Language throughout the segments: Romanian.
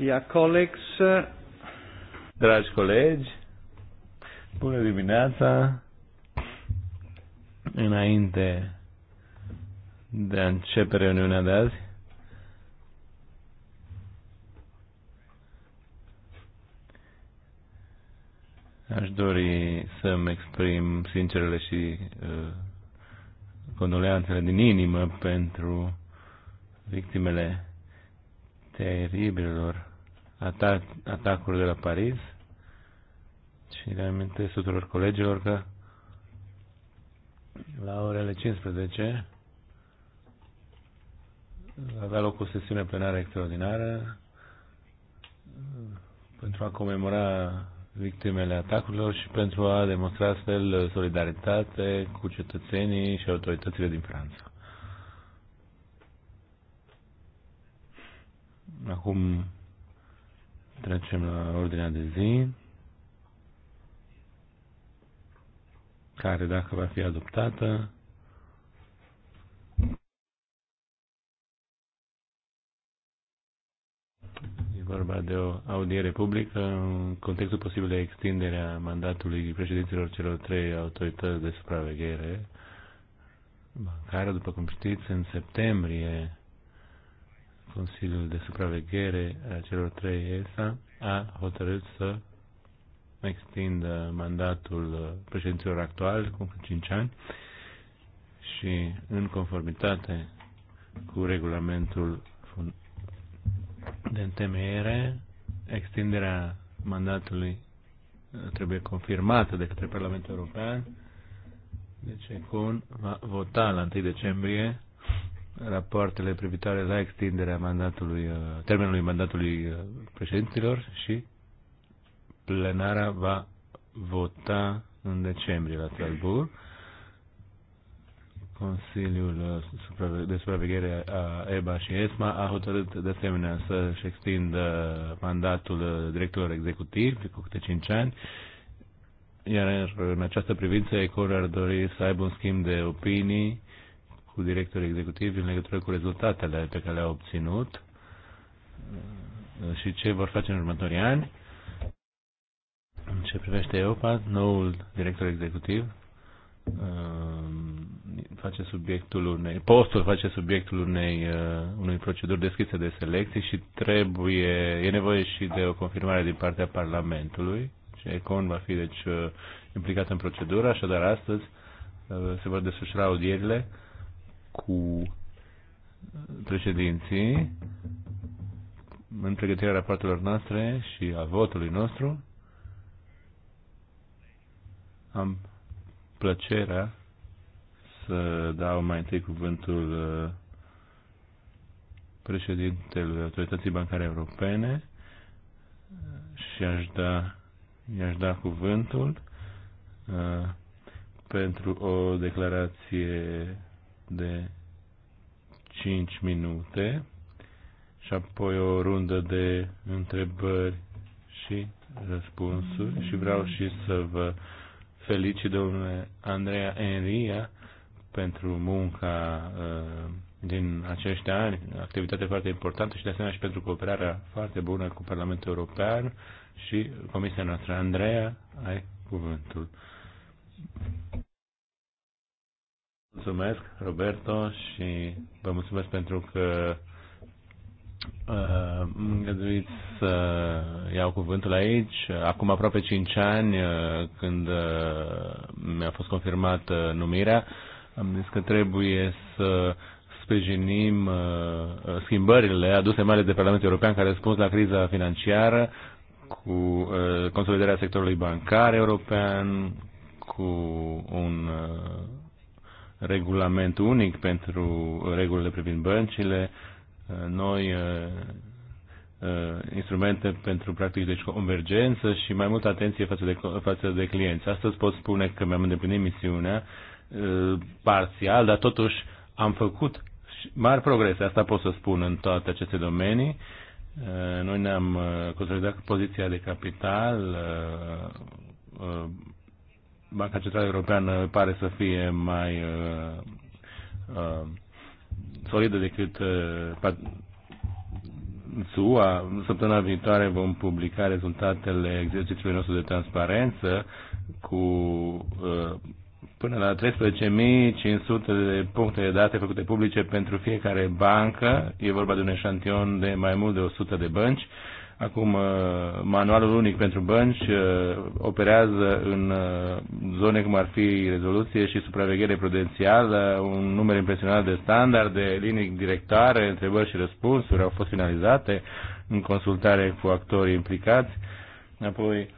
Dear colleagues, dragi colegi, bună dimineața. Înainte de a începe reuniunea de azi, aș dori să-mi exprim sincerele și uh, condoleanțele din inimă pentru victimele teribilor atac, atacuri de la Paris și reamintesc tuturor colegilor că la orele 15 va avea loc o sesiune plenară extraordinară pentru a comemora victimele atacurilor și pentru a demonstra astfel solidaritate cu cetățenii și autoritățile din Franța. Acum Trecem la ordinea de zi, care, dacă va fi adoptată, e vorba de o audiere publică în contextul posibil de extinderea mandatului președinților celor trei autorități de supraveghere care după cum știți, în septembrie Consiliul de Supraveghere a celor trei ESA a hotărât să extindă mandatul președinților actual cu 5 ani și în conformitate cu regulamentul de întemeiere, extinderea mandatului trebuie confirmată de către Parlamentul European. Deci ECON va vota la 1 decembrie rapoartele privitoare la extinderea mandatului, uh, termenului mandatului uh, președinților și plenara va vota în decembrie la Strasbourg. Consiliul uh, de Supraveghere a EBA și ESMA a hotărât de asemenea să-și extindă mandatul directorului executiv cu câte 5 ani, iar în această privință ECOR ar dori să aibă un schimb de opinii cu directorii executivi în legătură cu rezultatele pe care le-au obținut și ce vor face în următorii ani. În ce privește EOPA, noul director executiv um, face subiectul unei, postul face subiectul unei, uh, unei proceduri deschise de selecție și trebuie, e nevoie și de o confirmare din partea Parlamentului. Econ va fi, deci, uh, implicat în procedură, așadar astăzi uh, se vor desfășura audierile cu președinții în pregătirea rapoartelor noastre și a votului nostru. Am plăcerea să dau mai întâi cuvântul uh, președintelui Autorității Bancare Europene și aș da, i-aș da cuvântul uh, pentru o declarație de 5 minute și apoi o rundă de întrebări și răspunsuri și vreau și să vă felicit domnule Andreea Enria pentru munca uh, din acești ani, activitate foarte importantă și de asemenea și pentru cooperarea foarte bună cu Parlamentul European și Comisia noastră. Andreea, ai cuvântul. Mulțumesc, Roberto, și vă mulțumesc pentru că uh, îngăduiți să iau cuvântul aici. Acum aproape 5 ani, uh, când uh, mi-a fost confirmată uh, numirea, am zis că trebuie să sprijinim uh, schimbările aduse mai ales de Parlamentul European care răspuns la criza financiară cu uh, consolidarea sectorului bancar european, cu un uh, regulament unic pentru uh, regulile privind băncile, uh, noi uh, instrumente pentru practic de convergență și mai multă atenție față de, față de clienți. Astăzi pot spune că mi-am îndeplinit misiunea parțial, dar totuși am făcut mari progrese, asta pot să spun, în toate aceste domenii. Noi ne-am consolidat poziția de capital Banca Centrală Europeană pare să fie mai uh, uh, solidă decât uh, SUA. Săptămâna viitoare vom publica rezultatele exercițiului nostru de transparență cu uh, până la 13.500 de puncte de date făcute publice pentru fiecare bancă. E vorba de un eșantion de mai mult de 100 de bănci. Uh, Acum, uh, manualul unic pentru bănci uh, operează în uh, zone cum ar fi rezoluție și supraveghere prudențială, un număr impresionant de standarde, linii directoare, întrebări și răspunsuri au fost finalizate în consultare cu actorii implicați. Apoi,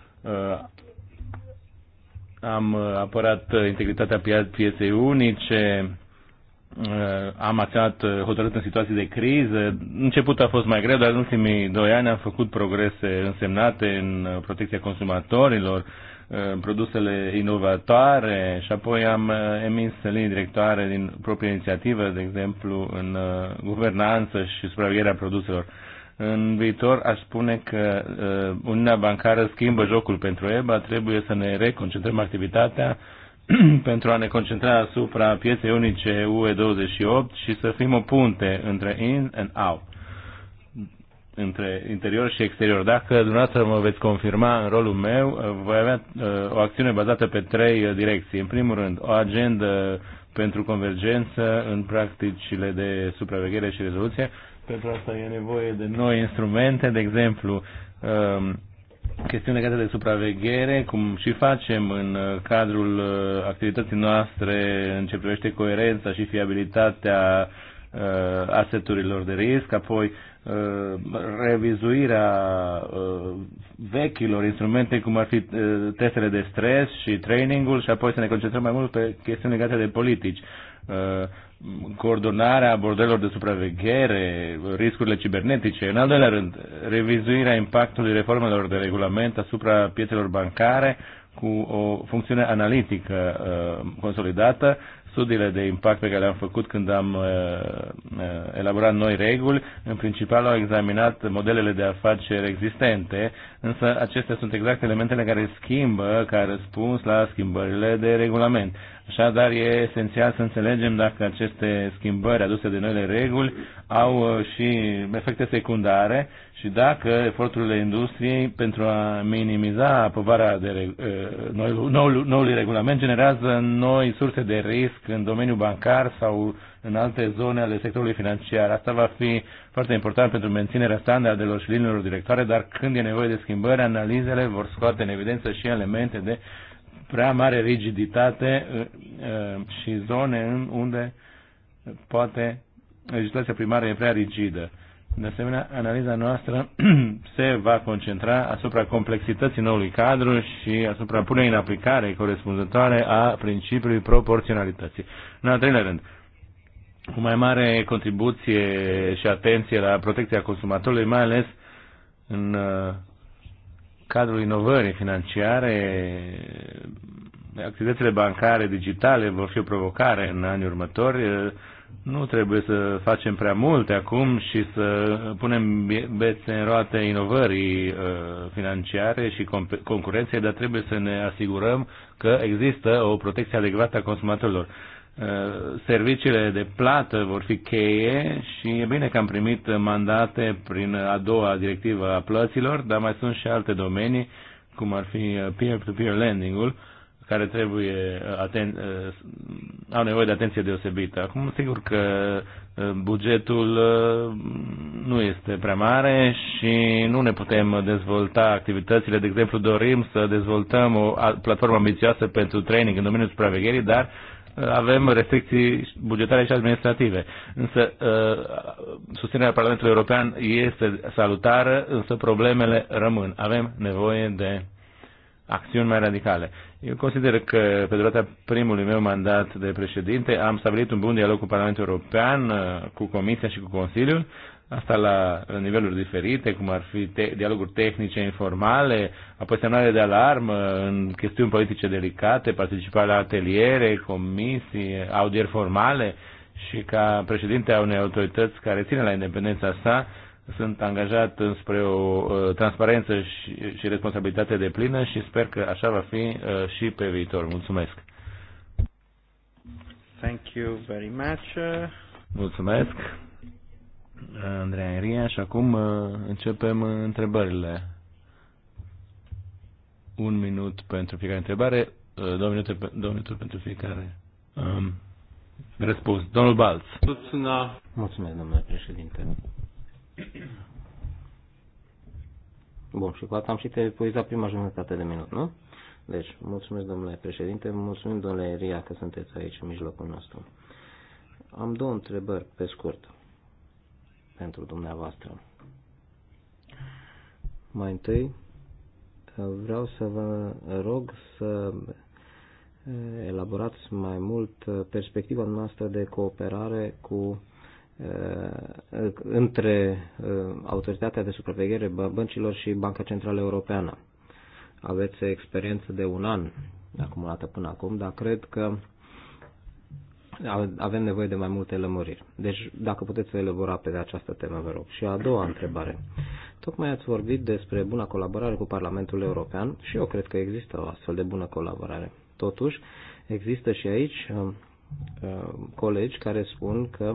am apărat integritatea pieței unice, Eh, am acționat eh, hotărât în situații de criză. Început a fost mai greu, dar în ultimii doi ani am făcut progrese însemnate în eh, protecția consumatorilor, produsele inovatoare și apoi am emis linii directoare din proprie inițiativă, de exemplu, în guvernanță și supravegherea produselor. În viitor aș spune că Uniunea Bancară schimbă jocul pentru EBA, trebuie să ne reconcentrăm activitatea pentru a ne concentra asupra pieței unice UE28 și să fim o punte între in and out, între interior și exterior. Dacă dumneavoastră mă veți confirma în rolul meu, voi avea uh, o acțiune bazată pe trei uh, direcții. În primul rând, o agendă pentru convergență în practicile de supraveghere și rezoluție. Pentru asta e nevoie de noi instrumente, de exemplu, um, chestiuni legate de supraveghere, cum și facem în uh, cadrul uh, activității noastre în ce privește coerența și fiabilitatea uh, aseturilor de risc, apoi uh, revizuirea vechilor instrumente, cum ar fi testele de stres și trainingul și apoi să ne concentrăm mai mult pe chestiuni legate de politici coordonarea abordărilor de supraveghere, riscurile cibernetice. În al doilea rând, revizuirea impactului reformelor de regulament asupra piețelor bancare cu o funcțiune analitică uh, consolidată studiile de impact pe care le-am făcut când am uh, uh, elaborat noi reguli, în principal au examinat modelele de afaceri existente, însă acestea sunt exact elementele care schimbă ca răspuns la schimbările de regulament. Așadar, e esențial să înțelegem dacă aceste schimbări aduse de noile reguli au uh, și efecte secundare și dacă eforturile industriei pentru a minimiza povara de, uh, noului, noului, noului regulament generează noi surse de risc în domeniul bancar sau în alte zone ale sectorului financiar. Asta va fi foarte important pentru menținerea standardelor și liniilor directoare, dar când e nevoie de schimbări, analizele vor scoate în evidență și elemente de prea mare rigiditate uh, uh, și zone unde poate legislația primară e prea rigidă de asemenea, analiza noastră se va concentra asupra complexității noului cadru și asupra punerii în aplicare corespunzătoare a principiului proporționalității. În al treilea rând, cu mai mare contribuție și atenție la protecția consumatorului, mai ales în uh, cadrul inovării financiare, activitățile bancare digitale vor fi o provocare în anii următori uh, nu trebuie să facem prea multe acum și să punem bețe în roate inovării uh, financiare și concurenței, dar trebuie să ne asigurăm că există o protecție adecvată a consumatorilor. Uh, serviciile de plată vor fi cheie și e bine că am primit mandate prin a doua directivă a plăților, dar mai sunt și alte domenii, cum ar fi uh, peer-to-peer lending-ul, care trebuie uh, aten- uh, au nevoie de atenție deosebită. Acum, sigur că uh, bugetul nu este prea mare și nu ne putem dezvolta activitățile. De exemplu, dorim să dezvoltăm o platformă ambițioasă pentru training în domeniul supravegherii, dar avem restricții bugetare și administrative. Însă susținerea Parlamentului European este salutară, însă problemele rămân. Avem nevoie de acțiuni mai radicale. Eu consider că pe durata primului meu mandat de președinte am stabilit un bun dialog cu Parlamentul European, cu Comisia și cu Consiliul, asta la niveluri diferite, cum ar fi te- dialoguri tehnice, informale, apoi semnale de alarmă în chestiuni politice delicate, participare la ateliere, comisii, audieri formale și ca președinte a unei autorități care ține la independența sa, sunt angajat spre o uh, transparență și, și responsabilitate de plină și sper că așa va fi uh, și pe viitor. Mulțumesc! Thank you very much. Mulțumesc, Andreea Iria, și acum uh, începem întrebările. Un minut pentru fiecare întrebare, două minute, două minute pentru fiecare. Um, răspuns. Domnul Balț. Mulțumesc, domnule președinte. Bun, și cu asta am și poizat prima jumătate de minut, nu? Deci, mulțumesc, domnule președinte, mulțumim, domnule Ria, că sunteți aici în mijlocul nostru. Am două întrebări, pe scurt, pentru dumneavoastră. Mai întâi, vreau să vă rog să elaborați mai mult perspectiva noastră de cooperare cu Uh, între uh, autoritatea de supraveghere băncilor și Banca Centrală Europeană. Aveți experiență de un an acumulată până acum, dar cred că avem nevoie de mai multe lămuriri. Deci, dacă puteți să elabora pe această temă, vă rog. Și a doua întrebare. Tocmai ați vorbit despre buna colaborare cu Parlamentul European și eu cred că există o astfel de bună colaborare. Totuși, există și aici uh, Uh, colegi care spun că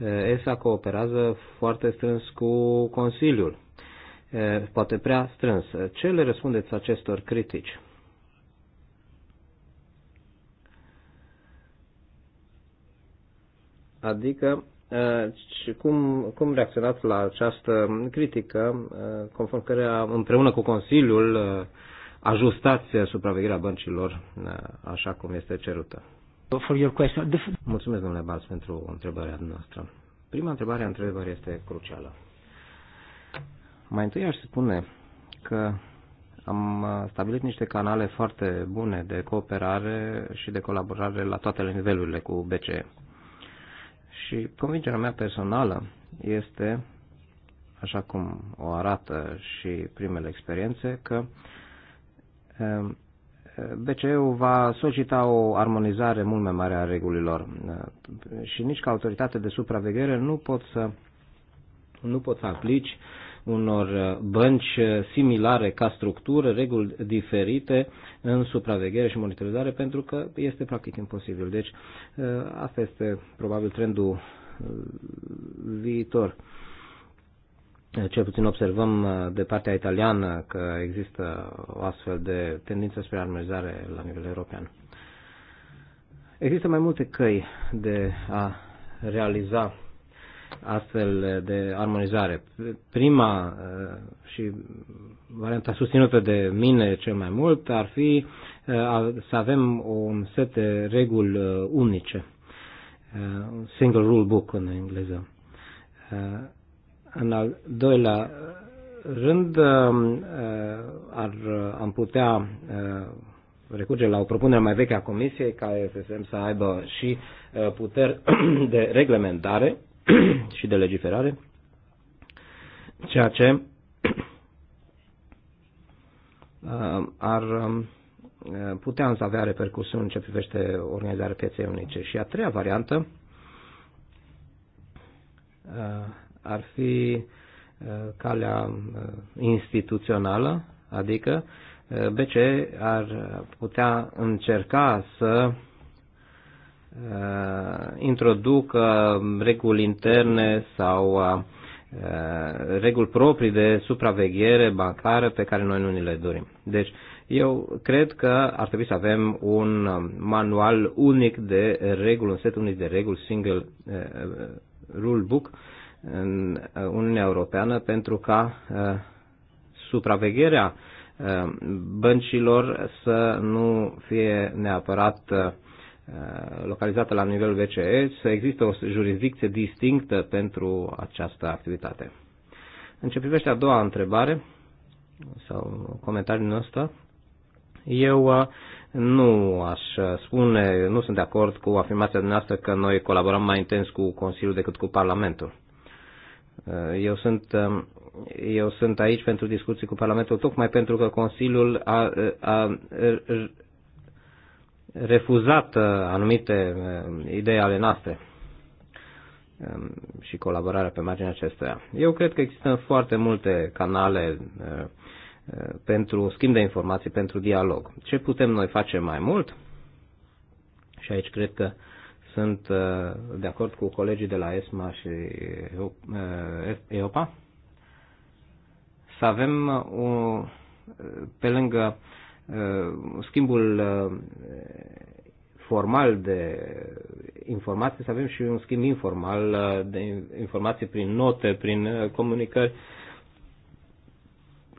uh, ESA cooperează foarte strâns cu Consiliul, uh, poate prea strâns. Ce le răspundeți acestor critici? Adică, cum, cum reacționați la această critică, conform cărea împreună cu Consiliul ajustați supravegherea băncilor așa cum este cerută? for your question. The... Mulțumesc, domnule Balz, pentru întrebarea noastră. Prima întrebare a întrebării este crucială. Mai întâi aș spune că am stabilit niște canale foarte bune de cooperare și de colaborare la toate nivelurile cu BCE. Și convingerea mea personală este, așa cum o arată și primele experiențe, că ehm, BCE-ul va solicita o armonizare mult mai mare a regulilor uh, și nici ca autoritate de supraveghere nu pot să, nu pot să aplici unor uh, bănci uh, similare ca structură, reguli diferite în supraveghere și monitorizare, pentru că este practic imposibil. Deci, asta este probabil trendul viitor cel puțin observăm uh, de partea italiană că există o astfel de tendință spre armonizare la nivel european. Există mai multe căi de a realiza astfel de armonizare. Prima uh, și varianta susținută de mine cel mai mult ar fi uh, să avem un set de reguli unice, single rule book în engleză în al doilea rând, um, uh, ar, uh, am putea uh, recurge la o propunere mai veche a Comisiei, ca SSM să aibă și puteri de reglementare și de legiferare, ceea ce ar um, putea însă avea repercusiuni în ce privește organizarea pieței unice. Și a treia variantă ar fi uh, calea uh, instituțională, adică uh, BCE ar putea încerca să introducă reguli interne sau reguli proprii de supraveghere bancară pe care noi nu ni le dorim. Deci, eu cred că ar trebui să avem un manual unic de reguli, un set unic de reguli, single rule book, în uh, Uniunea Europeană pentru ca uh, supravegherea uh, băncilor să nu fie neapărat localizată la nivelul BCE, să există o jurisdicție distinctă pentru această activitate. În ce privește a doua întrebare, sau comentariul nostru, eu nu aș spune, nu sunt de acord cu afirmația dumneavoastră că noi colaborăm mai intens cu Consiliul decât cu Parlamentul. Eu sunt, um, eu sunt aici pentru discuții cu Parlamentul tocmai pentru că Consiliul a, a refuzat uh, anumite uh, idei ale noastre um, și colaborarea pe marginea acestuia. Eu cred că există foarte multe canale uh, pentru schimb de informații, pentru dialog. Ce putem noi face mai mult? Și aici cred că uh, sunt uh, de acord cu colegii de la ESMA și uh, EOPA să avem uh, o, pe lângă schimbul formal de informații, să avem și un schimb informal de informații prin note, prin comunicări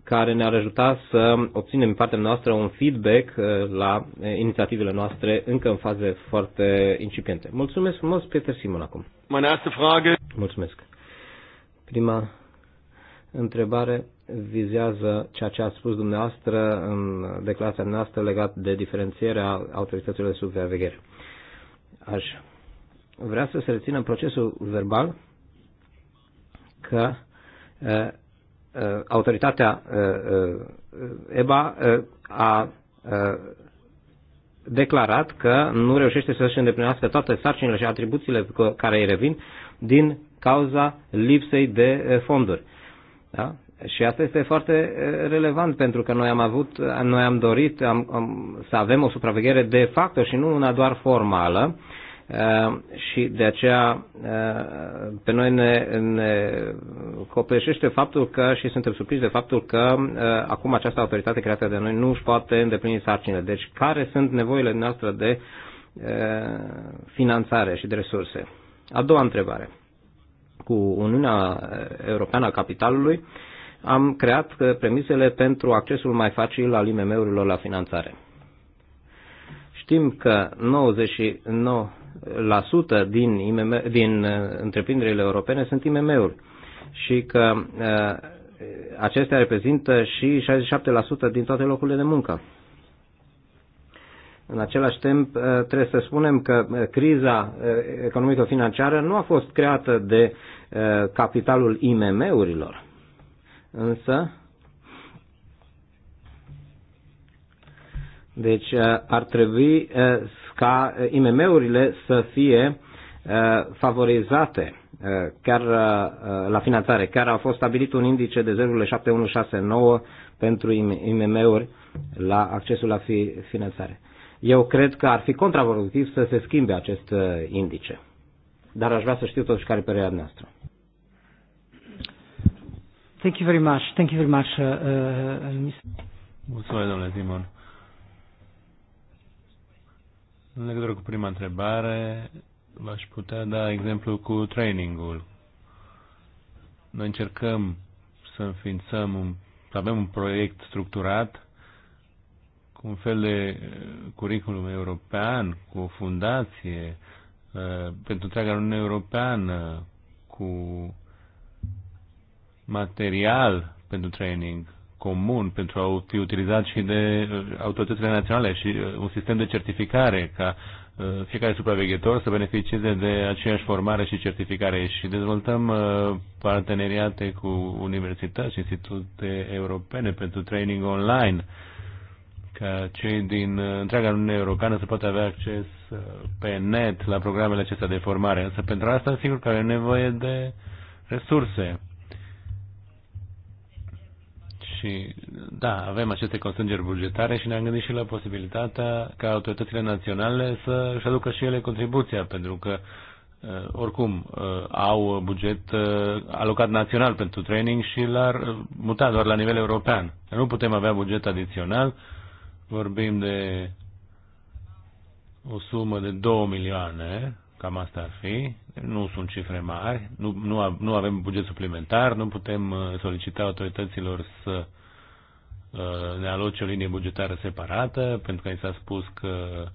care ne-ar ajuta să obținem din partea noastră un feedback uh, la uh, inițiativele noastre încă în faze foarte incipiente. Mulțumesc frumos, Peter Simon, acum. Meine erste Frage. Mulțumesc. Prima întrebare vizează ceea ce a spus dumneavoastră în declarația noastră legat de diferențierea autorităților de supraveghere. Aș vrea să se rețină procesul verbal că uh, Uh, autoritatea uh, uh, EBA a declarat că nu reușește să-și îndeplinească toate sarcinile și atribuțiile care îi revin din cauza lipsei de fonduri. Da? Și asta este foarte relevant pentru că noi am avut, noi am dorit am, am, să avem o supraveghere de facto și nu una doar formală Ehm, și de aceea ehm, pe noi ne, ne copleșește faptul că și suntem surprinși de faptul că ehm, acum această autoritate creată de noi nu își poate îndeplini sarcinile. Deci care sunt nevoile noastre de finanțare și de resurse? A doua întrebare. Cu Uniunea Europeană a Capitalului am creat eh, premisele pentru accesul mai facil al IMM-urilor la finanțare. Știm că 99 din, IMM, din uh, întreprinderile europene sunt IMM-uri și că uh, acestea reprezintă și 67% din toate locurile de muncă. În același timp, uh, trebuie să spunem că criza economico-financiară nu a fost creată de capitalul IMM-urilor, însă deci ar trebui ca eh, IMM-urile să fie eh, favorizate eh, chiar la finanțare. Chiar a fost stabilit un indice de 0,7169 pentru IMM-uri la accesul la finanțare. Eu cred că ar fi contraproductiv să se schimbe acest indice. Dar aș vrea să știu totuși care e părerea noastră. Thank you very much. Thank you very much. Uh, uh, uh Mulțumesc, domnule Simon. În legătură cu prima întrebare, v-aș putea da exemplu cu trainingul. Noi încercăm să înființăm, un, să avem un proiect structurat cu un fel de eh, curriculum european, cu o fundație eh, pentru întreaga Uniune Europeană, cu material pentru training comun pentru a fi utilizat și de uh, autoritățile naționale și uh, un sistem de certificare ca uh, fiecare supraveghetor să beneficieze de aceeași formare și certificare și dezvoltăm parteneriate cu universități și institute europene pentru training online ca cei din întreaga Uniune Europeană să poată avea acces pe net la programele acestea de formare. Însă pentru asta sigur că are nevoie de resurse și, da, avem aceste constrângeri bugetare și ne-am gândit și la posibilitatea ca autoritățile naționale să își aducă și ele contribuția, pentru că uh, oricum uh, au buget uh, alocat național pentru training și l-ar muta doar la nivel european. Nu putem avea buget adițional, vorbim de o sumă de 2 milioane Cam asta ar fi. Nu sunt cifre mari, nu, nu, nu avem buget suplimentar, nu putem uh, solicita autorităților să uh, ne aloce o linie bugetară separată, pentru că i s-a spus că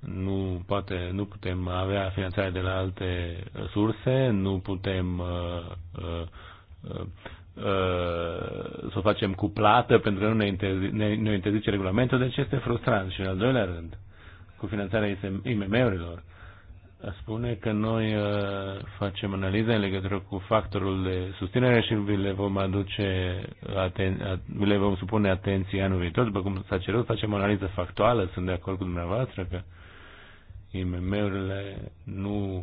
nu, poate, nu putem avea finanțare de la alte uh, surse, nu putem uh, uh, uh, să o facem cu plată pentru că nu ne interzice, ne, ne interzice regulamentul, deci este frustrant. Și în al doilea rând, cu finanțarea IMM-urilor spune că noi uh, facem analiza în legătură cu factorul de susținere și vi le vom aduce, aten- le vom supune atenție anul viitor. După cum s-a cerut, facem o analiză factuală, sunt de acord cu dumneavoastră că IMM-urile nu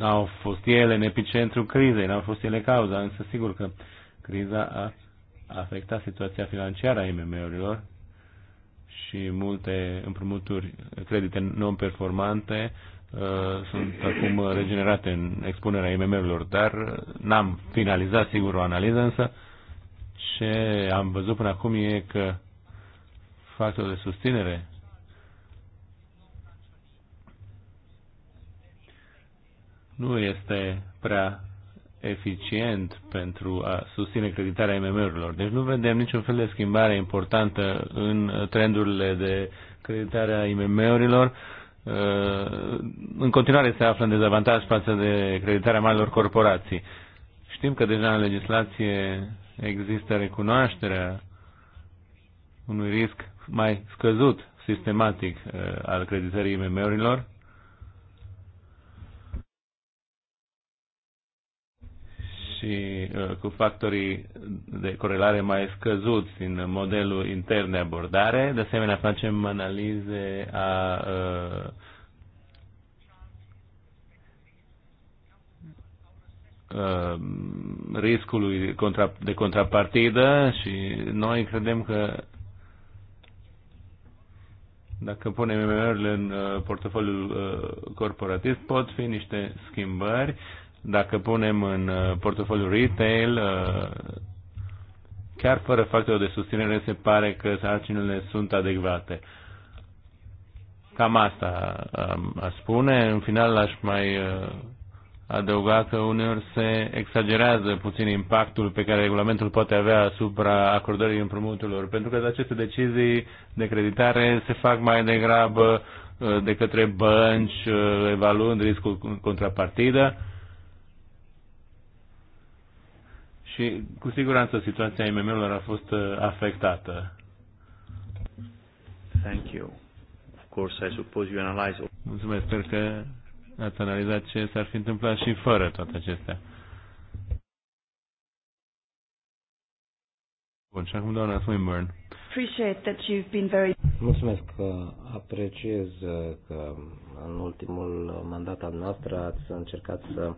au fost ele în epicentru crizei, n-au fost ele cauza, însă sigur că criza a afectat situația financiară a IMM-urilor și multe împrumuturi, credite non-performante Uh, sunt acum regenerate în expunerea IMM-urilor, dar n-am finalizat sigur o analiză, însă ce am văzut până acum e că factorul de susținere nu este prea eficient pentru a susține creditarea IMM-urilor. Deci nu vedem niciun fel de schimbare importantă în trendurile de creditare a IMM-urilor Uh, în continuare se află în dezavantaj față de creditarea marilor corporații. Știm că deja în legislație există recunoașterea unui risc mai scăzut sistematic uh, al creditării IMM-urilor și uh, cu factorii de corelare mai scăzuți în modelul intern de abordare. De asemenea, facem analize a uh, uh, riscului de contrapartidă și noi credem că dacă punem MMR-urile în portofoliul corporatist, pot fi niște schimbări dacă punem în uh, portofoliul retail, uh, chiar fără factorul de susținere, se pare că sarcinile sunt adecvate. Cam asta a spune. În final aș mai uh, adăuga că uneori se exagerează puțin impactul pe care regulamentul poate avea asupra acordării împrumuturilor, pentru că aceste decizii de creditare se fac mai degrabă de către bănci, evaluând riscul contrapartidă și cu siguranță situația IMM-urilor a fost uh, afectată. Thank you. Of course, I suppose you analyze Mulțumesc, sper că ați analizat ce s-ar fi întâmplat și fără toate acestea. Bun, și acum doamna Swinburne. Appreciate that you've been very... Mulțumesc că apreciez uh, că în ultimul mandat al noastră ați încercat să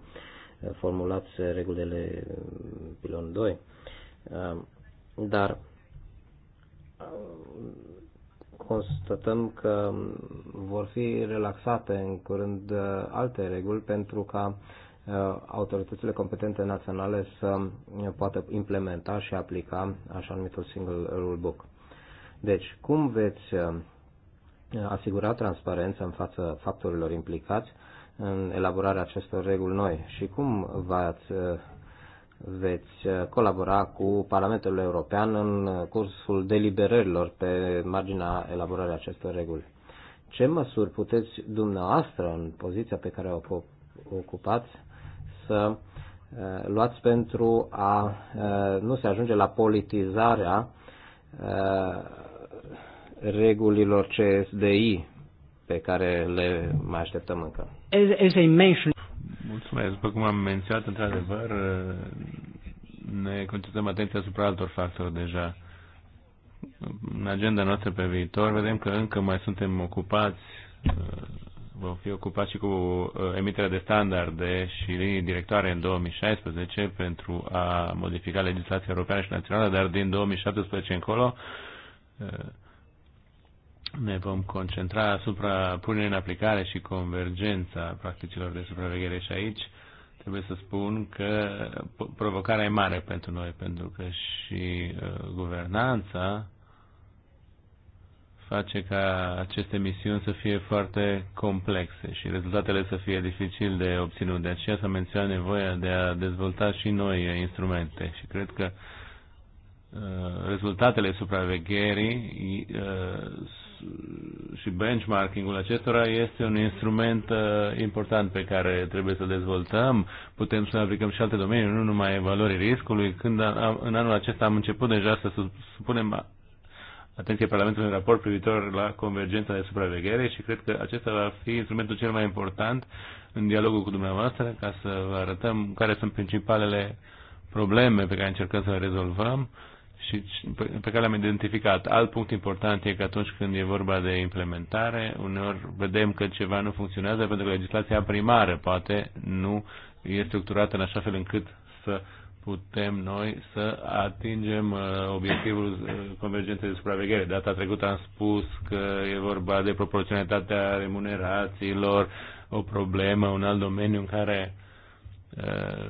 formulați regulile pilon 2, dar uh, constatăm că vor fi relaxate în curând uh, alte reguli pentru ca uh, autoritățile competente naționale să poată implementa și aplica așa numitul single rule book. Deci, cum veți asigura transparență în fața factorilor implicați în elaborarea acestor reguli noi și cum v-ați, uh, veți uh, colabora cu Parlamentul European în uh, cursul deliberărilor pe marginea elaborării acestor reguli. Ce măsuri puteți dumneavoastră, în poziția pe care o ocupați, să luați pentru a nu se ajunge la politizarea regulilor CSDI pe care le mai așteptăm încă. As, as I mentioned... Mulțumesc. După cum am menționat, într-adevăr, ne concentrăm atenția asupra altor factori deja. În agenda noastră pe viitor vedem că încă mai suntem ocupați, vom fi ocupați și cu uh, emiterea de standarde și linii directoare în 2016 pentru a modifica legislația europeană și națională, dar din 2017 încolo uh, ne vom concentra asupra punerii în aplicare și convergența practicilor de supraveghere și aici trebuie să spun că provocarea e mare pentru noi, pentru că și uh, guvernanța face ca aceste misiuni să fie foarte complexe și rezultatele să fie dificil de obținut. De aceea s-a menționat nevoia de a dezvolta și noi instrumente și cred că uh, rezultatele supravegherii uh, și benchmarking-ul acestora este un instrument uh, important pe care trebuie să dezvoltăm. Putem să aplicăm și alte domenii, nu numai valori riscului. Când am, în anul acesta am început deja să supunem atenție Parlamentului în raport privitor la convergența de supraveghere și cred că acesta va fi instrumentul cel mai important în dialogul cu dumneavoastră ca să vă arătăm care sunt principalele probleme pe care încercăm să le rezolvăm și pe care le-am identificat. Alt punct important e că atunci când e vorba de implementare, uneori vedem că ceva nu funcționează pentru că legislația primară poate nu e structurată în așa fel încât să putem noi să atingem uh, obiectivul uh, convergenței de supraveghere. Data trecută am spus că e vorba de proporționalitatea remunerațiilor, o problemă, un alt domeniu în care uh,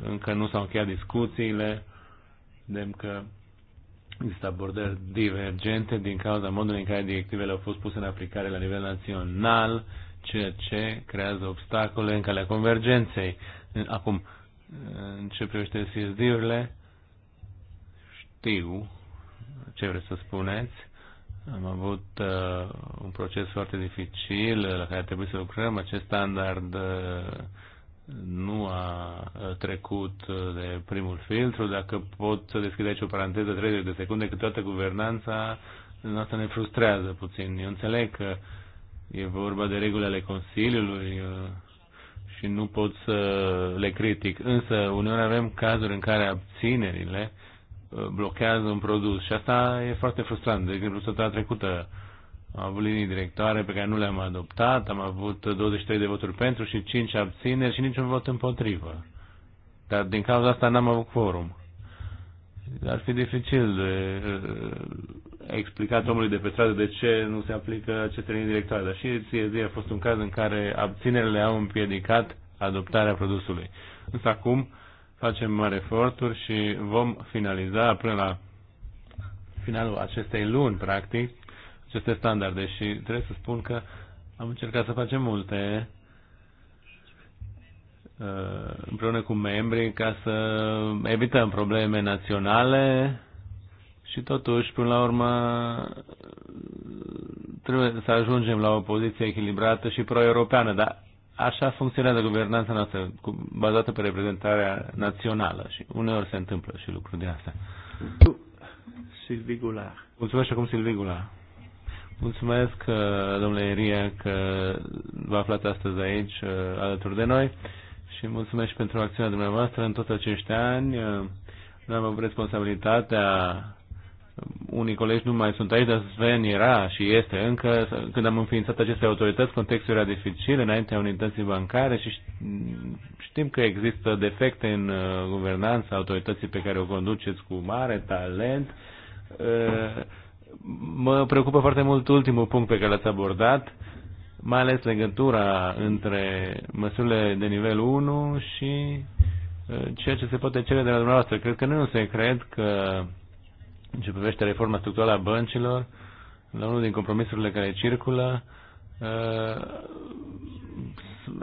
încă nu s-au încheiat discuțiile. Vedem că Există abordări divergente din cauza modului în care directivele au fost puse în aplicare la nivel național, ceea ce creează obstacole în calea convergenței. Acum, în ce privește CSD-urile, știu ce vreți să spuneți. Am avut uh, un proces foarte dificil la care trebuie să lucrăm. Acest standard uh, nu a trecut de primul filtru. Dacă pot să deschid aici o paranteză 30 de secunde, că toată guvernanța noastră ne frustrează puțin. Eu înțeleg că e vorba de regulile Consiliului uh, și nu pot să le critic. Însă, uneori avem cazuri în care abținerile uh, blochează un produs și asta e foarte frustrant. De exemplu, săptămâna trecută am avut linii directoare pe care nu le-am adoptat, am avut 23 de voturi pentru și 5 abțineri și niciun vot împotrivă. Dar din cauza asta n-am avut quorum. Ar fi dificil de eh, explicat omului de pe stradă de ce nu se aplică aceste linii directoare. Dar și ție a fost un caz în care abținerile au împiedicat adoptarea produsului. Însă acum facem mari eforturi și vom finaliza până la finalul acestei luni, practic, aceste standarde și trebuie să spun că am încercat să facem multe uh, împreună cu membrii ca să evităm probleme naționale și totuși, până la urmă, trebuie să ajungem la o poziție echilibrată și pro-europeană, dar așa funcționează guvernanța noastră, bazată pe reprezentarea națională și uneori se întâmplă și lucruri de astea. Silvi Gular. Mulțumesc acum Silvigula. Mulțumesc, uh, domnule Iria, că vă aflați astăzi aici uh, alături de noi și mulțumesc și pentru acțiunea dumneavoastră în toți acești ani. Uh, nu am avut responsabilitatea unii colegi nu mai sunt aici, dar Sven era și este încă. Când am înființat aceste autorități, contextul era dificil înaintea unității bancare și știm că există defecte în guvernanța autorității pe care o conduceți cu mare talent mă preocupă foarte mult ultimul punct pe care l-ați abordat, mai ales legătura între măsurile de nivel 1 și uh, ceea ce se poate cere de la dumneavoastră. Cred că nu un cred că în ce privește reforma structurală a băncilor, la unul din compromisurile care circulă, uh,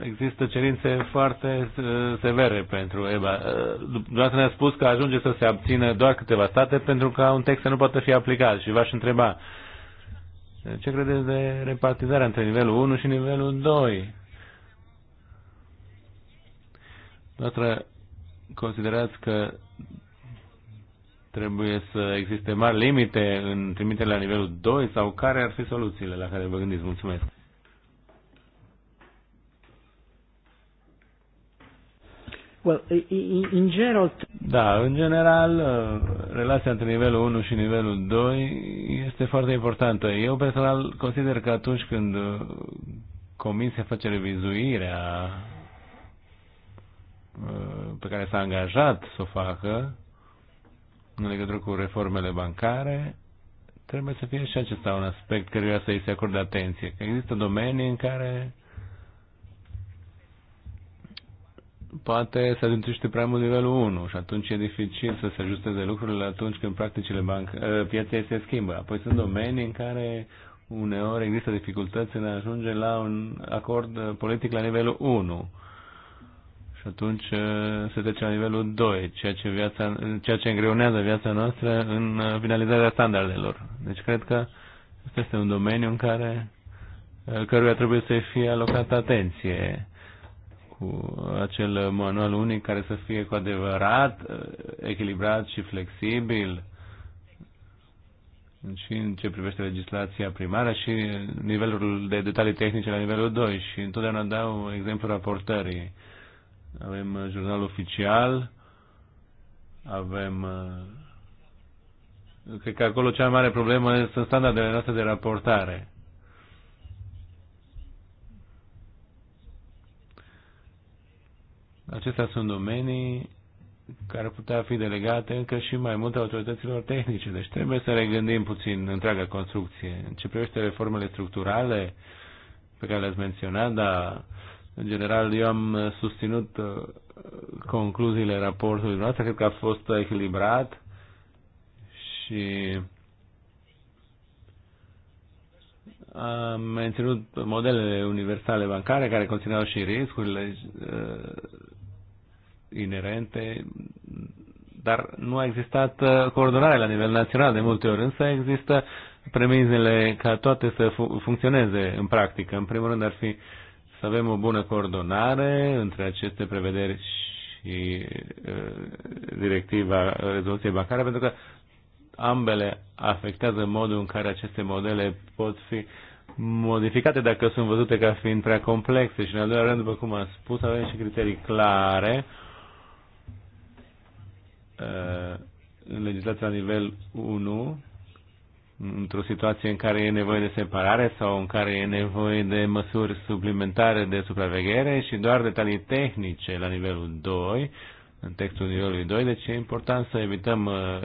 există cerințe foarte uh, severe pentru EBA. Uh, dumneavoastră ne-a spus că ajunge să se abțină doar câteva state pentru că un text să nu poate fi aplicat și v-aș întreba ce credeți de repartizarea între nivelul 1 și nivelul 2? Dumneavoastră considerați că trebuie să existe mari limite în trimiterea la nivelul 2 sau care ar fi soluțiile la care vă gândiți? Mulțumesc! Well, in general... Da, în general, uh, relația între nivelul 1 și nivelul 2 este foarte importantă. Eu personal consider că atunci când uh, comisia face revizuirea uh, pe care s-a angajat să o facă în legătură cu reformele bancare, trebuie să fie și acesta un aspect căruia să îi se acorde atenție, că există domenii în care poate se adâncește prea mult nivelul 1 și atunci e dificil să se ajusteze lucrurile atunci când practicile banc- ă, pieței se schimbă. Apoi sunt domenii în care uneori există dificultăți în a ajunge la un acord politic la nivelul 1 și atunci ă, se trece la nivelul 2, ceea ce, viața, ceea ce îngreunează viața noastră în finalizarea standardelor. Deci cred că este un domeniu în care ă, căruia trebuie să fie alocată atenție cu acel manual unic care să fie cu adevărat uh, echilibrat și flexibil și în ce privește legislația primară și nivelul de detalii tehnice la nivelul 2 și întotdeauna dau exemplu raportării. Avem uh, jurnal oficial, avem uh, cred că acolo cea mai mare problemă sunt standardele noastre de raportare. acestea sunt domenii care putea fi delegate încă și mai mult autorităților tehnice. Deci trebuie să regândim puțin întreaga construcție. În ce privește reformele structurale pe care le-ați menționat, dar în general eu am susținut uh, concluziile raportului noastră, cred că a fost echilibrat și am menținut modelele universale bancare care conțineau și riscurile uh, inerente, dar nu a existat uh, coordonare la nivel național de multe ori, însă există premizele ca toate să funcționeze în practică. În primul rând ar fi să avem o bună coordonare între aceste prevederi și uh, directiva uh, rezoluției bancare, pentru că ambele afectează modul în care aceste modele pot fi modificate dacă sunt văzute ca fiind prea complexe și, în al doilea rând, după cum am spus, avem și criterii clare uh, Uh, în legislația la nivel 1 într-o situație în care e nevoie de separare sau în care e nevoie de măsuri suplimentare de supraveghere și doar detalii tehnice la nivelul 2, în textul nivelului 2, deci e important să evităm uh,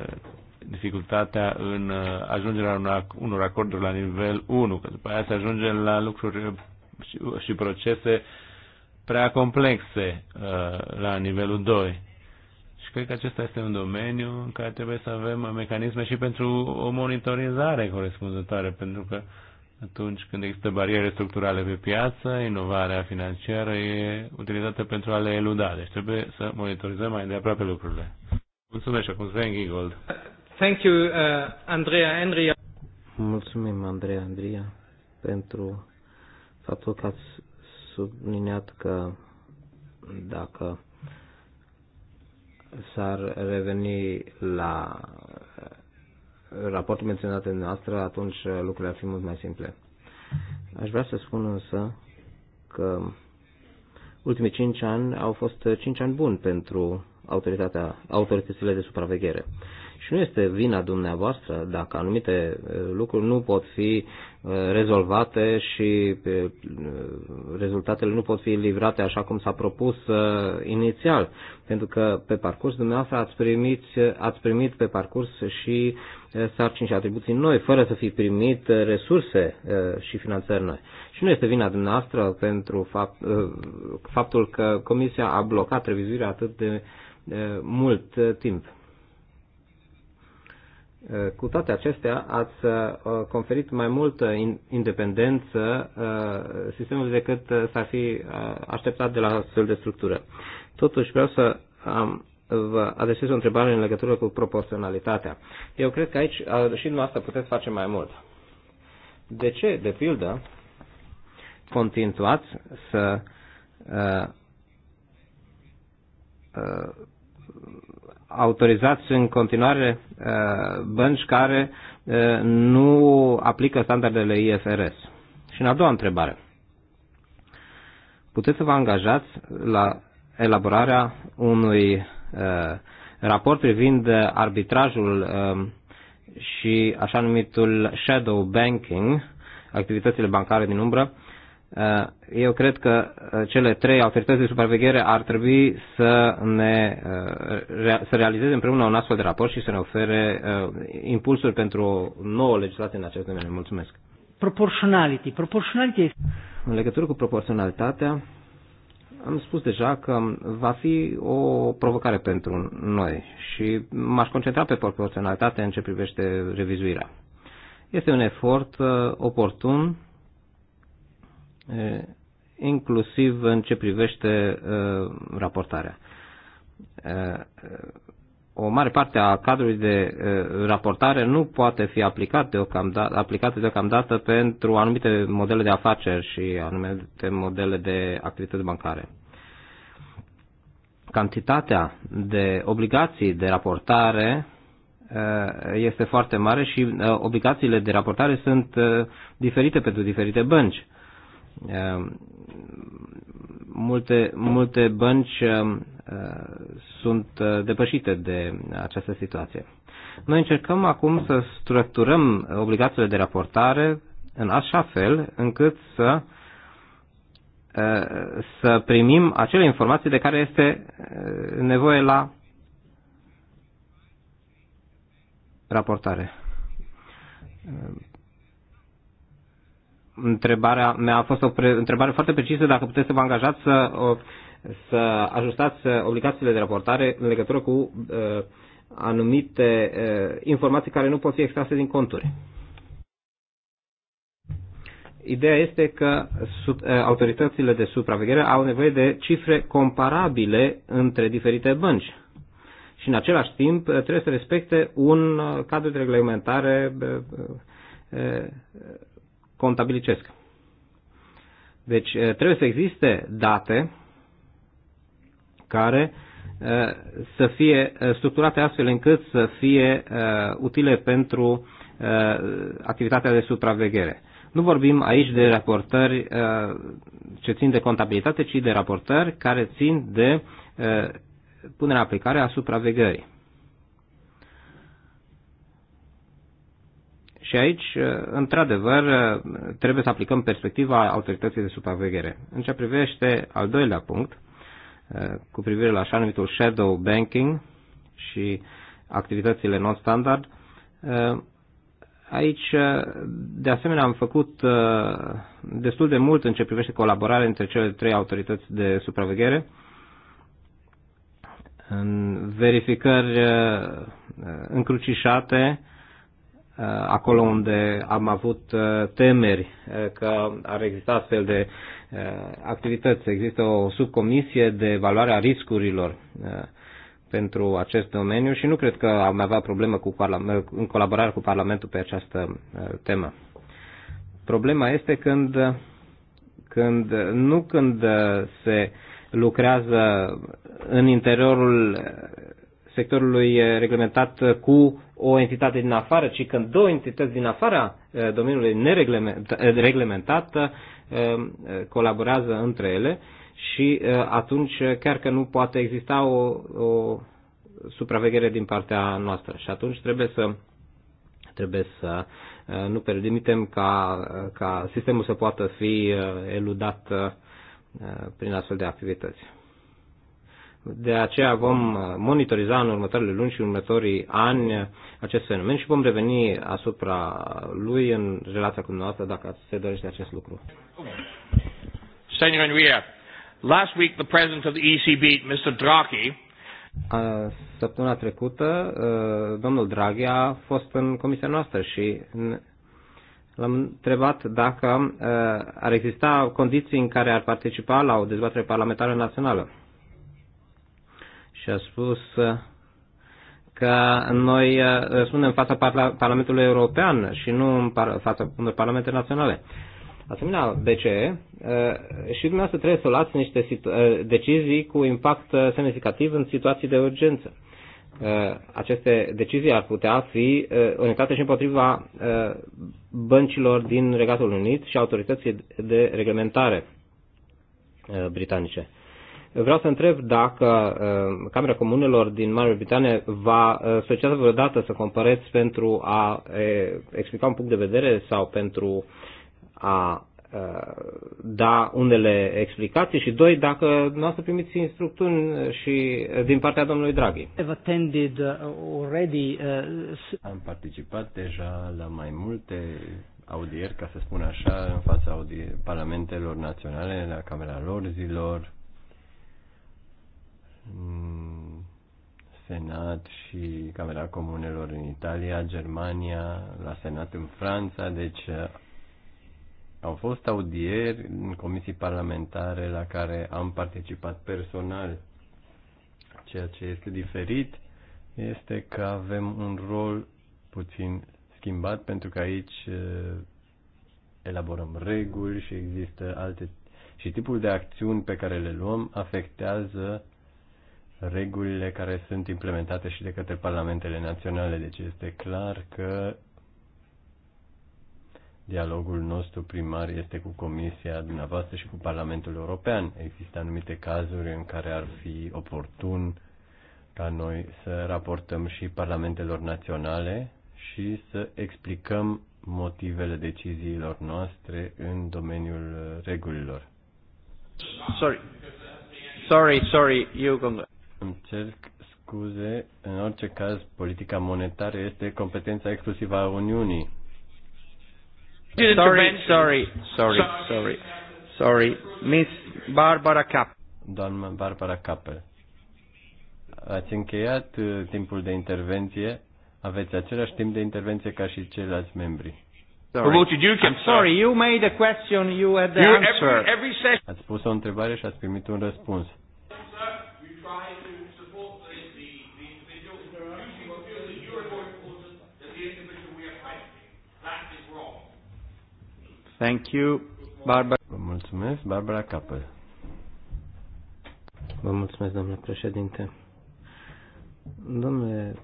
dificultatea în uh, ajungerea unor acorduri la nivel 1, că după aceea se ajunge la lucruri și procese prea complexe la nivelul 2. Și deci, cred că acesta este un domeniu în care trebuie să avem mecanisme și pentru o monitorizare corespunzătoare, pentru că atunci când există bariere structurale pe piață, inovarea financiară e utilizată pentru a le eluda. Deci trebuie să monitorizăm mai de aproape lucrurile. Mulțumesc și acum Sven Giegold. Thank you, uh, Andrea Andrea. Mulțumim, Andrea, Andrea, pentru faptul că ați subliniat că dacă s-ar reveni la eh, raportul menționat de noastră, atunci eh, lucrurile ar fi mult mai simple. Aș vrea să spun însă că ultimii cinci ani au fost eh, cinci ani buni pentru autoritatea, autoritățile de supraveghere. Și nu este vina dumneavoastră dacă anumite lucruri nu pot fi rezolvate și rezultatele nu pot fi livrate așa cum s-a propus uh, inițial, pentru că pe parcurs dumneavoastră ați primit, ați primit pe parcurs și uh, sarcini și atribuții noi, fără să fi primit uh, resurse și finanțări noi. Și nu este vina dumneavoastră pentru fapt, faptul că Comisia a blocat revizuirea atât de mult timp. Eh, cu toate acestea, ați eh, conferit mai multă independență eh, sistemului decât s-ar fi așteptat de la astfel de structură. Totuși, vreau să am, vă adresez o întrebare în legătură cu proporționalitatea. Eu cred că aici și dumneavoastră puteți face mai mult. De ce, de pildă, continuați să uh, uh, autorizați în continuare uh, bănci care uh, nu aplică standardele IFRS. Și în a doua întrebare, puteți să vă angajați la elaborarea unui uh, raport privind arbitrajul și așa numitul shadow banking, activitățile bancare din umbră, Eh, eu cred că eh, cele trei autorități de supraveghere ar trebui să, ne, eh, să realizeze împreună un astfel de raport și să ne ofere impulsuri pentru o nouă legislație în acest domeniu. Mulțumesc. Proportionality. Proportionality. În legătură cu proporționalitatea, am spus deja că va fi o provocare pentru noi și m-aș concentra pe proporționalitate în ce privește revizuirea. Este un efort oportun inclusiv în ce privește raportarea. O mare parte a cadrului de raportare nu poate fi aplicat deocamdată, aplicată deocamdată pentru anumite modele de afaceri și anumite modele de activități bancare cantitatea de obligații de raportare este foarte mare și obligațiile de raportare sunt diferite pentru diferite bănci. Ehm, multe, multe bănci ehm, eh, sunt eh, depășite de această situație. Noi încercăm acum să structurăm obligațiile de raportare în așa fel încât să eh, să primim acele informații de care este nevoie la raportare. Ehm, întrebarea mea a fost o pre- întrebare foarte precisă dacă puteți să vă angajați să, să ajustați obligațiile de raportare în legătură cu uh, anumite uh, informații care nu pot fi extrase din conturi. Ideea este că sub, uh, autoritățile de supraveghere au nevoie de cifre comparabile între diferite bănci și în același timp uh, trebuie să respecte un uh, cadru de reglementare uh, contabilicesc. Deci eh, trebuie să existe date care eh, să fie eh, structurate astfel încât să fie utile pentru activitatea de supraveghere. Nu vorbim aici de raportări ce țin de contabilitate, ci de raportări care țin de punerea aplicare a supravegherii. Și aici, uh, într-adevăr, uh, trebuie să aplicăm perspectiva autorității de supraveghere. În ce privește al doilea punct, uh, cu privire la așa numitul shadow banking și activitățile non-standard, Aici, de asemenea, am făcut destul de mult în ce privește colaborarea între cele trei autorități de supraveghere, în verificări încrucișate, Uh, acolo unde am avut uh, temeri uh, că ar exista astfel de activități. Există o subcomisie de evaluare a riscurilor pentru acest domeniu și nu cred că am avea problemă cu în colaborare cu Parlamentul pe această temă. Problema este când, când nu când se lucrează în interiorul sectorului eh, reglementat eh, cu o entitate din afară, ci când două entități din afara eh, domeniului nereglementat colaborează între ele și atunci chiar că nu poate exista o, o supraveghere din partea noastră. Și atunci trebuie să trebuie să nu permitem ca, ca sistemul să poată fi eludat prin astfel de activități. De aceea vom monitoriza în următoarele luni și următorii ani acest fenomen și vom reveni asupra lui în relația cu noastră dacă se dorește acest lucru. Senor Enria, last week the president of the ECB, Mr. Draghi, a, săptămâna trecută, domnul Draghi a fost în comisia noastră și l-am întrebat dacă ar exista condiții în care ar participa la o dezbatere parlamentară națională și a spus uh, că noi uh, răspundem fața Parlamentului European și nu în fața unor parlamente naționale. Asemenea, BCE, uh, și dumneavoastră trebuie să luați niște decizii cu impact semnificativ în situații de urgență. Aceste decizii ar putea fi orientate și împotriva băncilor din Regatul Unit și autorității de reglementare britanice. Vreau să întreb dacă uh, Camera Comunelor din Marea Britanie va uh, solicita vreodată să compăreți pentru a explica un punct de vedere sau pentru a uh, da unele explicații și doi, dacă nu ați primit instrucțiuni și din partea domnului Draghi. Am participat deja la mai multe audieri, ca să spun așa, în fața parlamentelor naționale, la Camera Lorzilor, Mm, Senat și Camera Comunelor în Italia, Germania, la Senat în Franța, deci uh, au fost audieri în comisii parlamentare la care am participat personal. Ceea ce este diferit este că avem un rol puțin schimbat pentru că aici uh, elaborăm reguli și există alte și tipul de acțiuni pe care le luăm afectează regulile care sunt implementate și de către parlamentele naționale. Deci este clar că dialogul nostru primar este cu Comisia dumneavoastră și cu Parlamentul European. Există anumite cazuri în care ar fi oportun ca noi să raportăm și parlamentelor naționale și să explicăm motivele deciziilor noastre în domeniul regulilor. Sorry. Sorry, sorry, you îmi cer scuze, în orice caz, politica monetară este competența exclusivă a Uniunii. Sorry, sorry, sorry, sorry, sorry. Miss Barbara Cap. Doamna Barbara Capel. Ați încheiat uh, timpul de intervenție. Aveți același timp de intervenție ca și ceilalți membri. Sorry. I'm sorry, you made a question, you had the answer. Every, every Ați pus o întrebare și ați primit un răspuns. Thank you, Barbara. Vă mulțumesc, Barbara Capel. Vă mulțumesc, domnule președinte. Domnule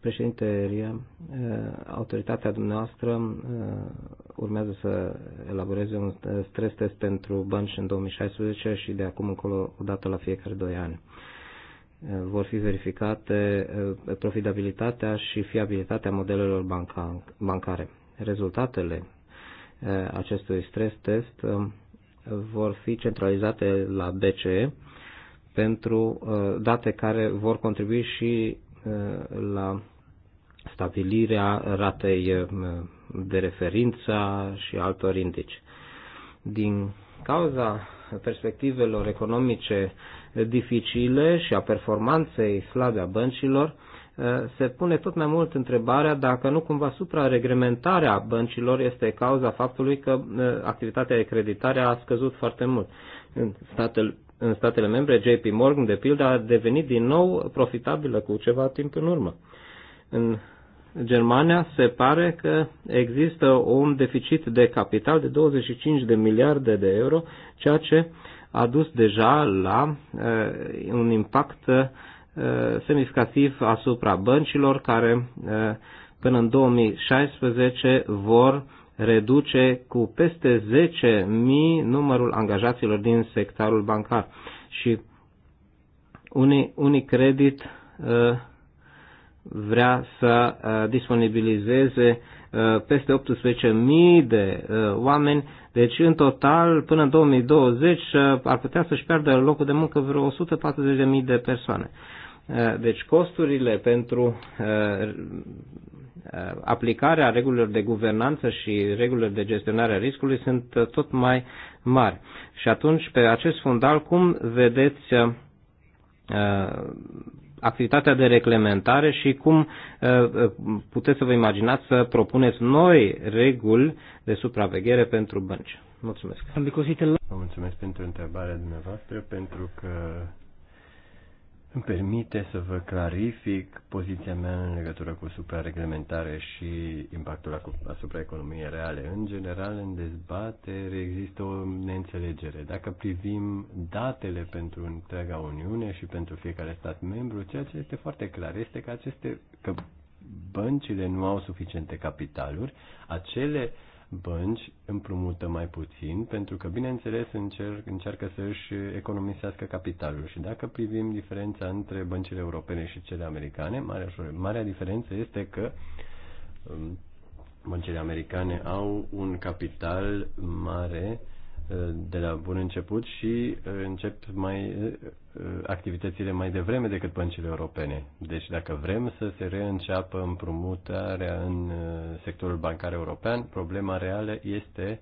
președinte Ria, eh, autoritatea dumneavoastră eh, urmează să elaboreze un stres test pentru bănci în 2016 și de acum încolo o dată la fiecare doi ani. Eh, vor fi verificate profitabilitatea și fiabilitatea modelelor bancare. Rezultatele Eh, acestui stres test eh, vor fi centralizate la BCE pentru eh, date care vor contribui și la stabilirea ratei de referință și altor indici. Din cauza perspectivelor economice dificile și a performanței slabe a băncilor, Eh, se pune tot mai mult întrebarea dacă nu cumva supra-reglementarea băncilor este cauza faptului că eh, activitatea de creditare a scăzut foarte mult. În statele, în statele membre, JP Morgan, de pildă, a devenit din nou profitabilă cu ceva timp în urmă. În Germania se pare că există un deficit de capital de 25 de miliarde de euro, ceea ce a dus deja la uh, un impact Uh, semnificativ asupra băncilor care uh, până în 2016 vor reduce cu peste 10.000 numărul angajaților din sectorul bancar. Și unii, unii credit uh, vrea să disponibilizeze peste 18.000 de oameni, deci în total până în 2020 ar putea să-și piardă locul de muncă vreo 140.000 de persoane. Uh, deci costurile pentru uh, uh, aplicarea regulilor de guvernanță și regulilor de gestionare a riscului sunt tot mai mari. Și atunci, pe acest fundal, cum vedeți activitatea de reglementare și cum puteți să vă imaginați să propuneți noi reguli de supraveghere pentru bănci? Mulțumesc. Vă mulțumesc pentru întrebarea dumneavoastră, pentru că îmi permite să vă clarific poziția mea în legătură cu suprareglementare și impactul asupra economiei reale. În general, în dezbatere există o neînțelegere. Dacă privim datele pentru întreaga Uniune și pentru fiecare stat membru, ceea ce este foarte clar este că aceste că băncile nu au suficiente capitaluri, acele bănci împrumută mai puțin, pentru că, bineînțeles, încerc, încearcă să își economisească capitalul. Și dacă privim diferența între băncile europene și cele americane, marea, marea diferență este că um, băncile americane au un capital mare uh, de la bun început și uh, încep mai uh, activitățile mai devreme decât băncile europene. Deci dacă vrem să se reînceapă împrumutarea în uh, sectorul bancar european, problema reală este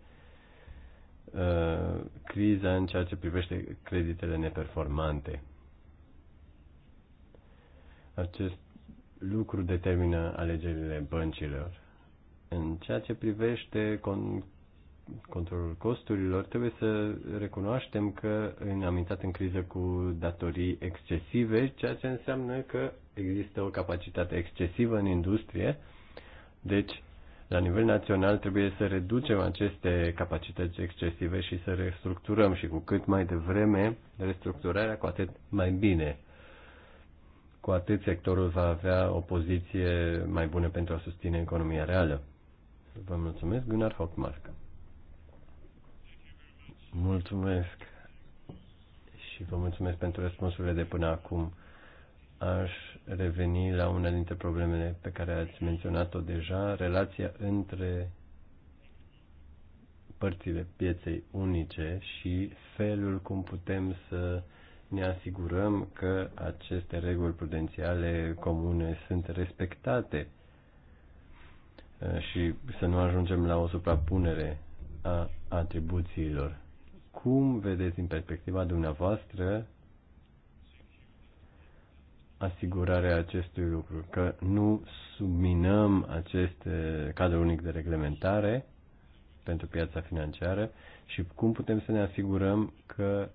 uh, criza în ceea ce privește creditele neperformante. Acest lucru determină alegerile băncilor. În ceea ce privește con- controlul costurilor, trebuie să recunoaștem că am intrat în criză cu datorii excesive, ceea ce înseamnă că există o capacitate excesivă în industrie. Deci, la nivel național trebuie să reducem aceste capacități excesive și să restructurăm și cu cât mai devreme restructurarea, cu atât mai bine. Cu atât sectorul va avea o poziție mai bună pentru a susține economia reală. Vă mulțumesc, Gunnar Hockmark. Mulțumesc și vă mulțumesc pentru răspunsurile de până acum. Aș reveni la una dintre problemele pe care ați menționat-o deja, relația între părțile pieței unice și felul cum putem să ne asigurăm că aceste reguli prudențiale comune sunt respectate ă, și să nu ajungem la o suprapunere a atribuțiilor cum vedeți din perspectiva dumneavoastră asigurarea acestui lucru, că nu subminăm acest eh, cadru unic de reglementare pentru piața financiară și cum putem să ne asigurăm că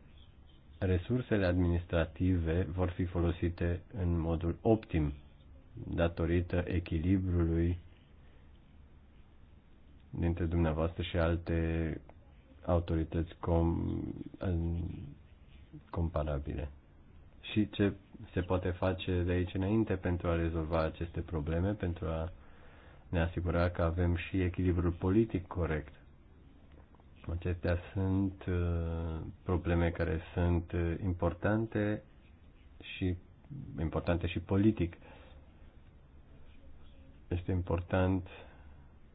resursele administrative vor fi folosite în modul optim datorită echilibrului dintre dumneavoastră și alte autorități com, comparabile. Și ce se poate face de aici înainte pentru a rezolva aceste probleme, pentru a ne asigura că avem și echilibrul politic corect. Acestea sunt uh, probleme care sunt uh, importante și importante și politic. Este important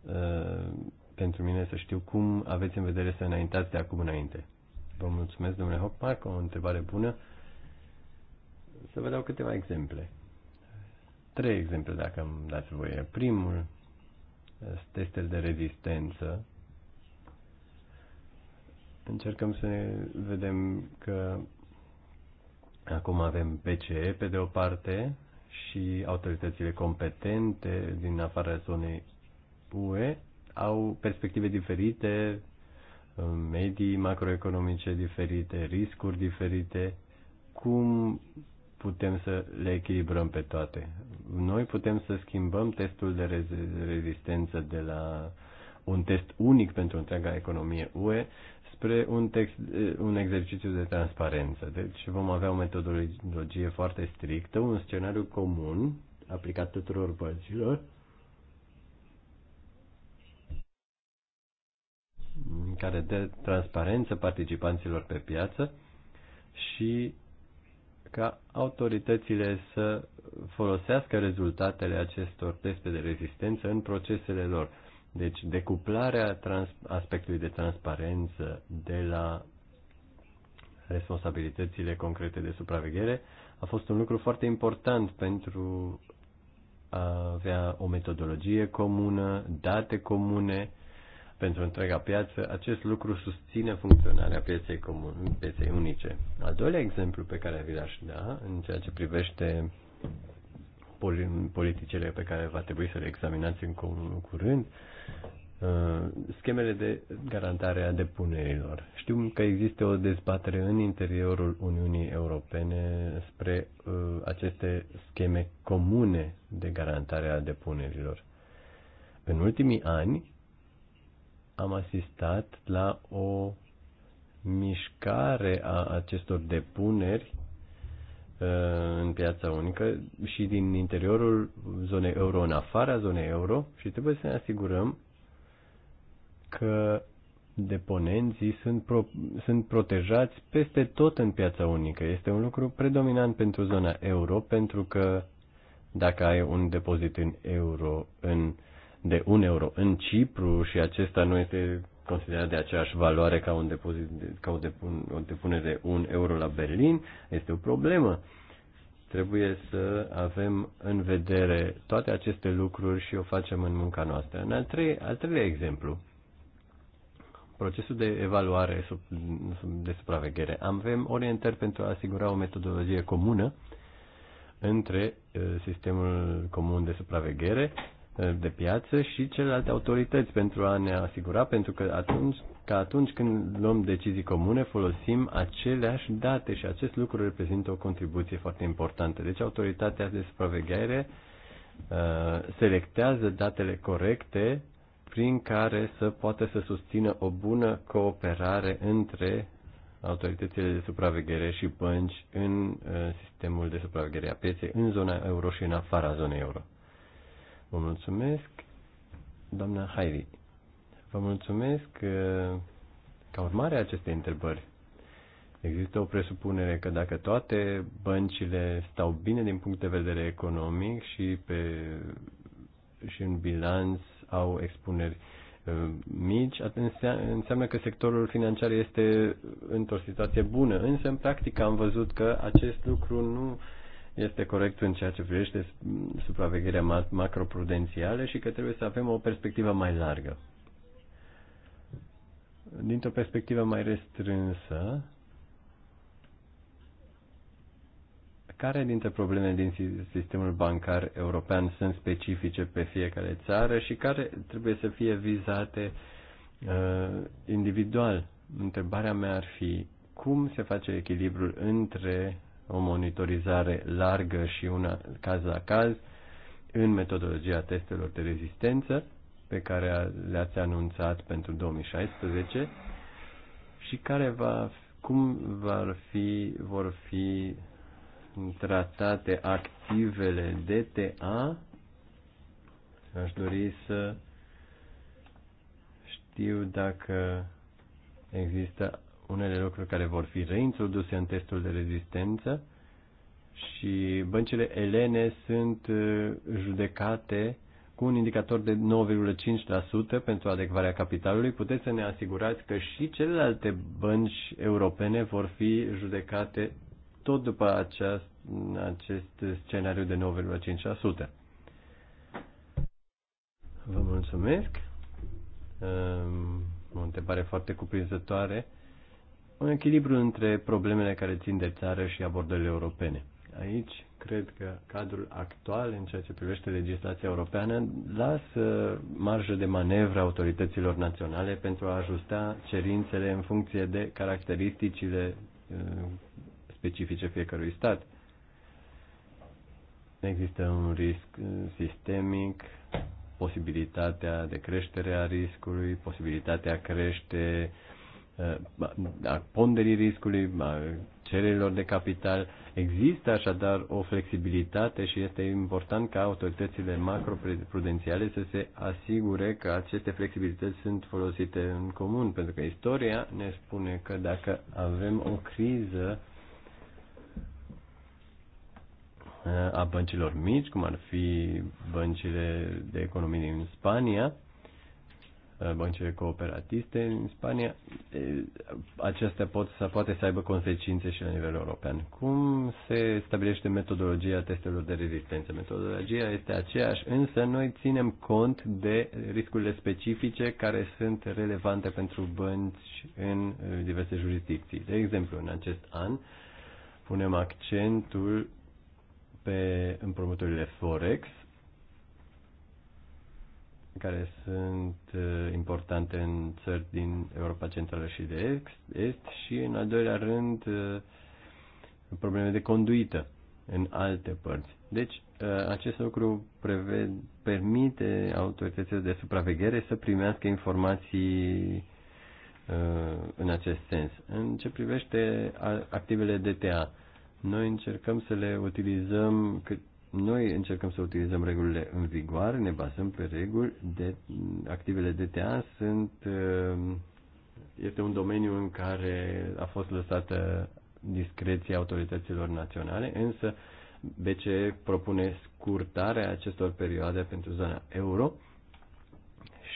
uh, pentru mine să știu cum aveți în vedere să înaintați de acum înainte. Vă mulțumesc, domnule Hockmark, o întrebare bună. Să vă dau câteva exemple. Trei exemple, dacă îmi dați voie. Primul, testele de rezistență. Încercăm să ne vedem că acum avem PCE pe de o parte și autoritățile competente din afara zonei UE au perspective diferite, um, medii macroeconomice diferite, riscuri diferite. Cum putem să le echilibrăm pe toate? Noi putem să schimbăm testul de rezistență de la un test unic pentru întreaga economie UE spre un, text, eh, un exercițiu de transparență. Deci vom avea o metodologie foarte strictă, un scenariu comun aplicat tuturor părților care dă transparență participanților pe piață și ca autoritățile să folosească rezultatele acestor teste de rezistență în procesele lor. Deci decuplarea trans- aspectului de transparență de la responsabilitățile concrete de supraveghere a fost un lucru foarte important pentru a avea o metodologie comună, date comune pentru întreaga piață, acest lucru susține funcționarea pieței, comun, pieței unice. Al doilea exemplu pe care vi l-aș da în ceea ce privește politicele pe care va trebui să le examinați în curând, uh, schemele de garantare a depunerilor. Știu că există o dezbatere în interiorul Uniunii Europene spre uh, aceste scheme comune de garantare a depunerilor. În ultimii ani, am asistat la o mișcare a acestor depuneri uh, în piața unică și din interiorul zonei euro în afara zonei euro și trebuie să ne asigurăm că deponenții sunt, pro, sunt protejați peste tot în piața unică. Este un lucru predominant pentru zona euro pentru că dacă ai un depozit în euro în uh, de un euro în Cipru și acesta nu este considerat de aceeași valoare ca, un depozit, ca o, depun, o depunere de un euro la Berlin, este o problemă. Trebuie să avem în vedere toate aceste lucruri și o facem în munca noastră. În al, trei, al treilea exemplu, procesul de evaluare sub, de supraveghere. Avem orientări pentru a asigura o metodologie comună între uh, sistemul comun de supraveghere Eh, de piață și celelalte autorități pentru a ne asigura, pentru că atunci, că atunci când luăm decizii comune folosim aceleași date și acest lucru reprezintă o contribuție foarte importantă. Deci autoritatea de supraveghere eh, selectează datele corecte prin care să poată să susțină o bună cooperare între autoritățile de supraveghere și bănci în eh, sistemul de supraveghere a pieței în zona euro și în afara zonei euro. Vă mulțumesc, doamna Heidi. Vă mulțumesc uh, ca urmare a acestei întrebări. Există o presupunere că dacă toate băncile stau bine din punct de vedere economic și, pe, și în bilanț au expuneri uh, mici, înseamnă că sectorul financiar este într-o situație bună. Însă, în practică, am văzut că acest lucru nu este corect în ceea ce privește supravegherea macroprudențială și că trebuie să avem o perspectivă mai largă. Dintr-o perspectivă mai restrânsă, care dintre problemele din sistemul bancar european sunt specifice pe fiecare țară și care trebuie să fie vizate uh, individual? Întrebarea mea ar fi cum se face echilibrul între o monitorizare largă și una caz la caz în metodologia testelor de rezistență pe care le-ați anunțat pentru 2016 și care va, cum va fi, vor fi tratate activele DTA. Aș dori să știu dacă există unele lucruri care vor fi reintroduse în testul de rezistență și băncile elene sunt uh, judecate cu un indicator de 9,5% pentru adecvarea capitalului, puteți să ne asigurați că și celelalte bănci europene vor fi judecate tot după aceast, acest scenariu de 9,5%. Vă mulțumesc. O întrebare foarte cuprinzătoare un echilibru între problemele care țin de țară și abordările europene. Aici cred că cadrul actual în ceea ce privește legislația europeană lasă marjă de manevră autorităților naționale pentru a ajusta cerințele în funcție de caracteristicile uh, specifice fiecărui stat. Există un risc uh, sistemic, posibilitatea de creștere a riscului, posibilitatea crește uh, Eh, a ponderii riscului, a cererilor de capital. Există așadar o flexibilitate și este important ca autoritățile macroprudențiale să se asigure că aceste flexibilități sunt folosite în comun, pentru că istoria ne spune că dacă avem o criză eh, a băncilor mici, cum ar fi băncile de economie din Spania, Uh, băncile cooperatiste în Spania, uh, acestea pot, să, poate să aibă consecințe și la nivel european. Cum se stabilește metodologia testelor de rezistență? Metodologia este aceeași, însă noi ținem cont de riscurile specifice care sunt relevante pentru bănci în uh, diverse jurisdicții. De exemplu, în acest an punem accentul pe împrumuturile Forex, care sunt uh, importante în țări din Europa Centrală și de Est și, în al doilea rând, uh, probleme de conduită în alte părți. Deci, uh, acest lucru preved, permite autorităților de supraveghere să primească informații în acest sens. În ce privește activele DTA, noi încercăm să le utilizăm cât noi încercăm să utilizăm regulile în vigoare, ne bazăm pe reguli. De, activele DTA sunt, uh, este un domeniu în care a fost lăsată discreția autorităților naționale, însă BCE propune scurtarea acestor perioade pentru zona euro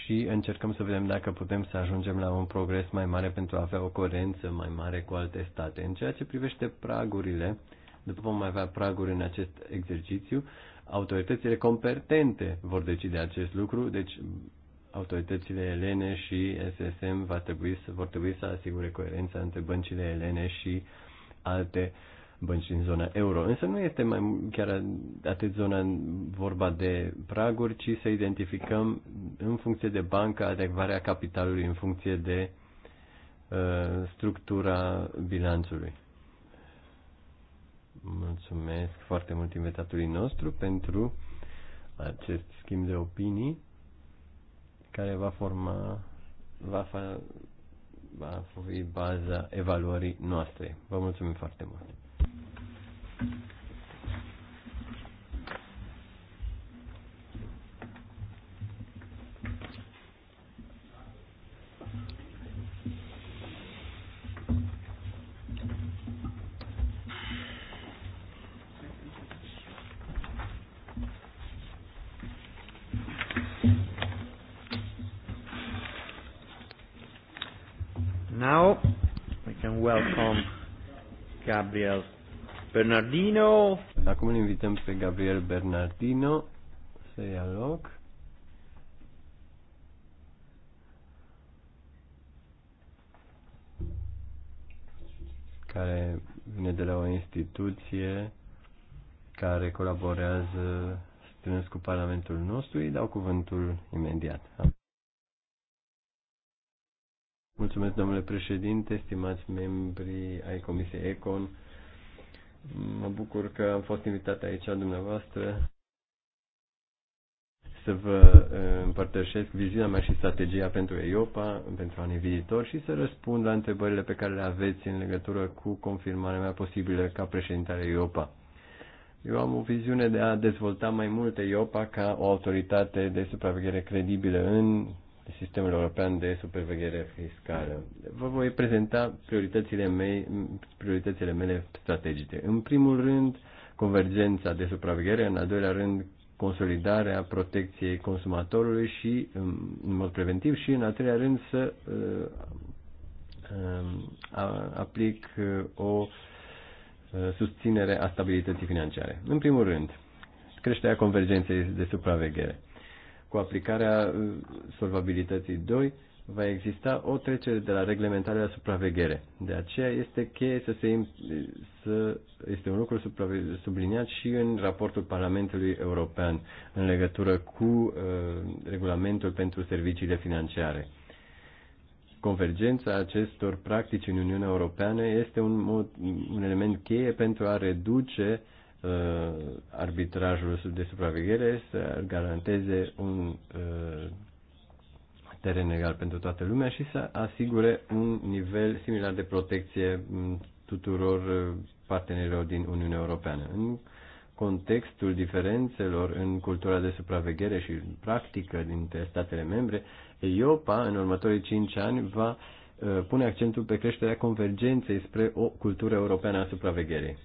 și încercăm să vedem dacă putem să ajungem la un progres mai mare pentru a avea o coerență mai mare cu alte state. În ceea ce privește pragurile, după vom avea praguri în acest exercițiu, autoritățile competente vor decide acest lucru, deci autoritățile elene și SSM va trebui să, vor trebui să asigure coerența între băncile elene și alte bănci din zona euro. Însă nu este mai chiar atât zona vorba de praguri, ci să identificăm în funcție de bancă adecvarea capitalului în funcție de uh, structura bilanțului. Mulțumesc foarte mult invitatului nostru pentru acest schimb de opinii care va forma, va, fa, va fi baza evaluării noastre. Vă mulțumim foarte mult! Gabriel Bernardino. Acum îl invităm pe Gabriel Bernardino să ia loc. care vine de la o instituție care colaborează strâns cu Parlamentul nostru, îi dau cuvântul imediat. Mulțumesc, domnule președinte, stimați membri ai Comisiei Econ. Mă bucur că am fost invitat aici dumneavoastră să vă împărtășesc viziunea mea și strategia pentru EIOPA pentru anii viitor și să răspund la întrebările pe care le aveți în legătură cu confirmarea mea posibilă ca președinte al EIOPA. Eu am o viziune de a dezvolta mai mult EIOPA ca o autoritate de supraveghere credibilă în Sistemul European de supraveghere Fiscală. Vă voi prezenta prioritățile, mei, prioritățile mele strategice. În primul rând, convergența de supraveghere, în al doilea rând, consolidarea protecției consumatorului și, um, în mod preventiv, și, în al treilea rând, să uh, um, aplic uh, o uh, susținere a stabilității financiare. În primul rând, creșterea convergenței de supraveghere. Cu aplicarea uh, solvabilității 2 va exista o trecere de la reglementare la supraveghere. De aceea este cheie să se să, este un lucru subliniat și în raportul Parlamentului European în legătură cu uh, regulamentul pentru serviciile financiare. Convergența acestor practici în Uniunea Europeană este un, mod, un element cheie pentru a reduce uh, Uh, arbitrajul de supraveghere să garanteze un uh, teren egal pentru toată lumea și să asigure un nivel similar de protecție tuturor uh, partenerilor din Uniunea Europeană. În contextul diferențelor în cultura de supraveghere și practică dintre statele membre, EIOPA în următorii cinci ani va pune accentul pe creșterea convergenței spre o cultură europeană a supravegherii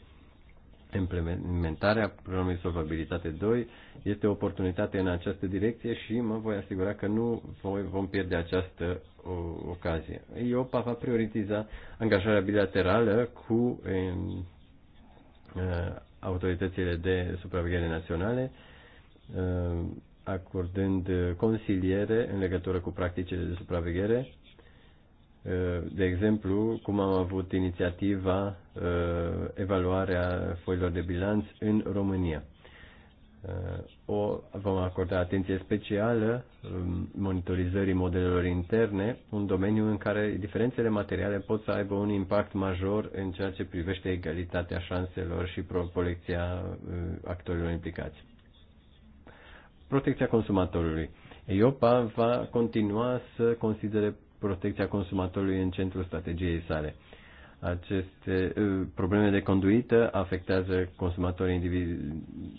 implementarea programului Solvabilitate 2 este o oportunitate în această direcție și mă voi asigura că nu vom pierde această ocazie. IOPA va prioritiza angajarea bilaterală cu eh, autoritățile de supraveghere naționale, eh, acordând consiliere în legătură cu practicile de supraveghere Eh, de exemplu, cum am avut inițiativa eh, evaluarea foilor de bilanț în România. Eh, o vom acorda atenție specială mm, monitorizării modelelor interne, un domeniu în care diferențele materiale pot să aibă un impact major în ceea ce privește egalitatea șanselor și protecția actorilor implicați. Protecția consumatorului. EIOPA va continua să considere protecția consumatorului în centrul strategiei sale. Aceste uh, probleme de conduită afectează consumatorii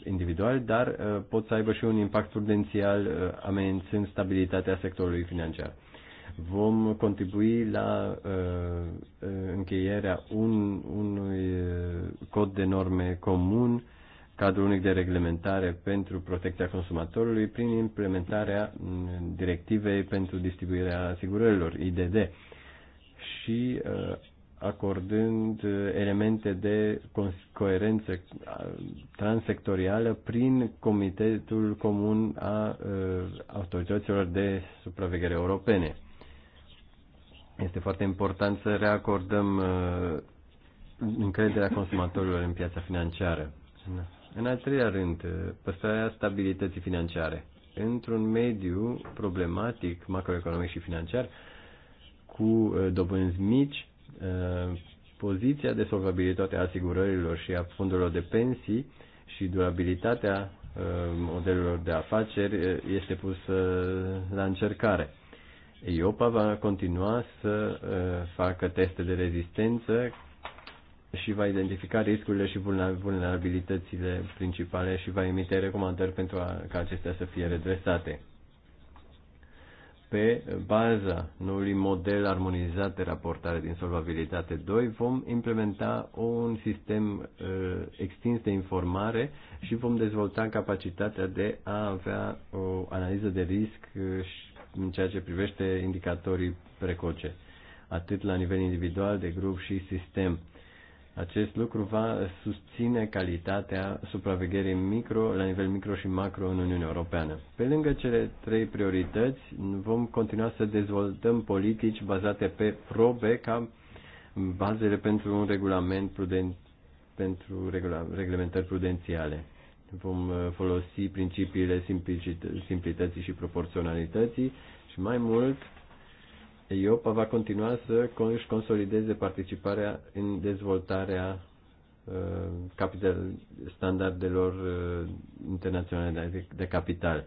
individuali, dar uh, pot să aibă și un impact prudențial uh, amenințând stabilitatea sectorului financiar. Vom contribui la încheierea un, unui cod de norme comun cadrul unic de reglementare pentru protecția consumatorului prin implementarea directivei pentru distribuirea asigurărilor, IDD, și uh, acordând elemente de coerență uh, transsectorială prin Comitetul Comun a uh, Autorităților de Supraveghere Europene. Este foarte important să reacordăm încrederea consumatorilor în piața financiară. În al treilea rând, păstrarea stabilității financiare. Într-un mediu problematic macroeconomic și financiar, cu uh, dobânzi mici, uh, poziția de solvabilitate a asigurărilor și a fondurilor de pensii și durabilitatea uh, modelelor de afaceri este pusă la încercare. EIOPA va continua să facă teste de rezistență și va identifica riscurile și vulnerabilitățile principale și va emite recomandări pentru a, ca acestea să fie redresate. Pe baza noului model armonizat de raportare din Solvabilitate 2 vom implementa un sistem uh, extins de informare și vom dezvolta capacitatea de a avea o analiză de risc uh, în ceea ce privește indicatorii precoce, atât la nivel individual, de grup și sistem acest lucru va susține calitatea supravegherii micro, la nivel micro și macro în Uniunea Europeană. Pe lângă cele trei priorități, vom continua să dezvoltăm politici bazate pe probe ca bazele pentru un regulament prudent, pentru reglementări prudențiale. Vom uh, folosi principiile simplității și proporționalității și mai mult Iopa va continua să își consolideze participarea în dezvoltarea uh, capital, standardelor uh, internaționale de capital.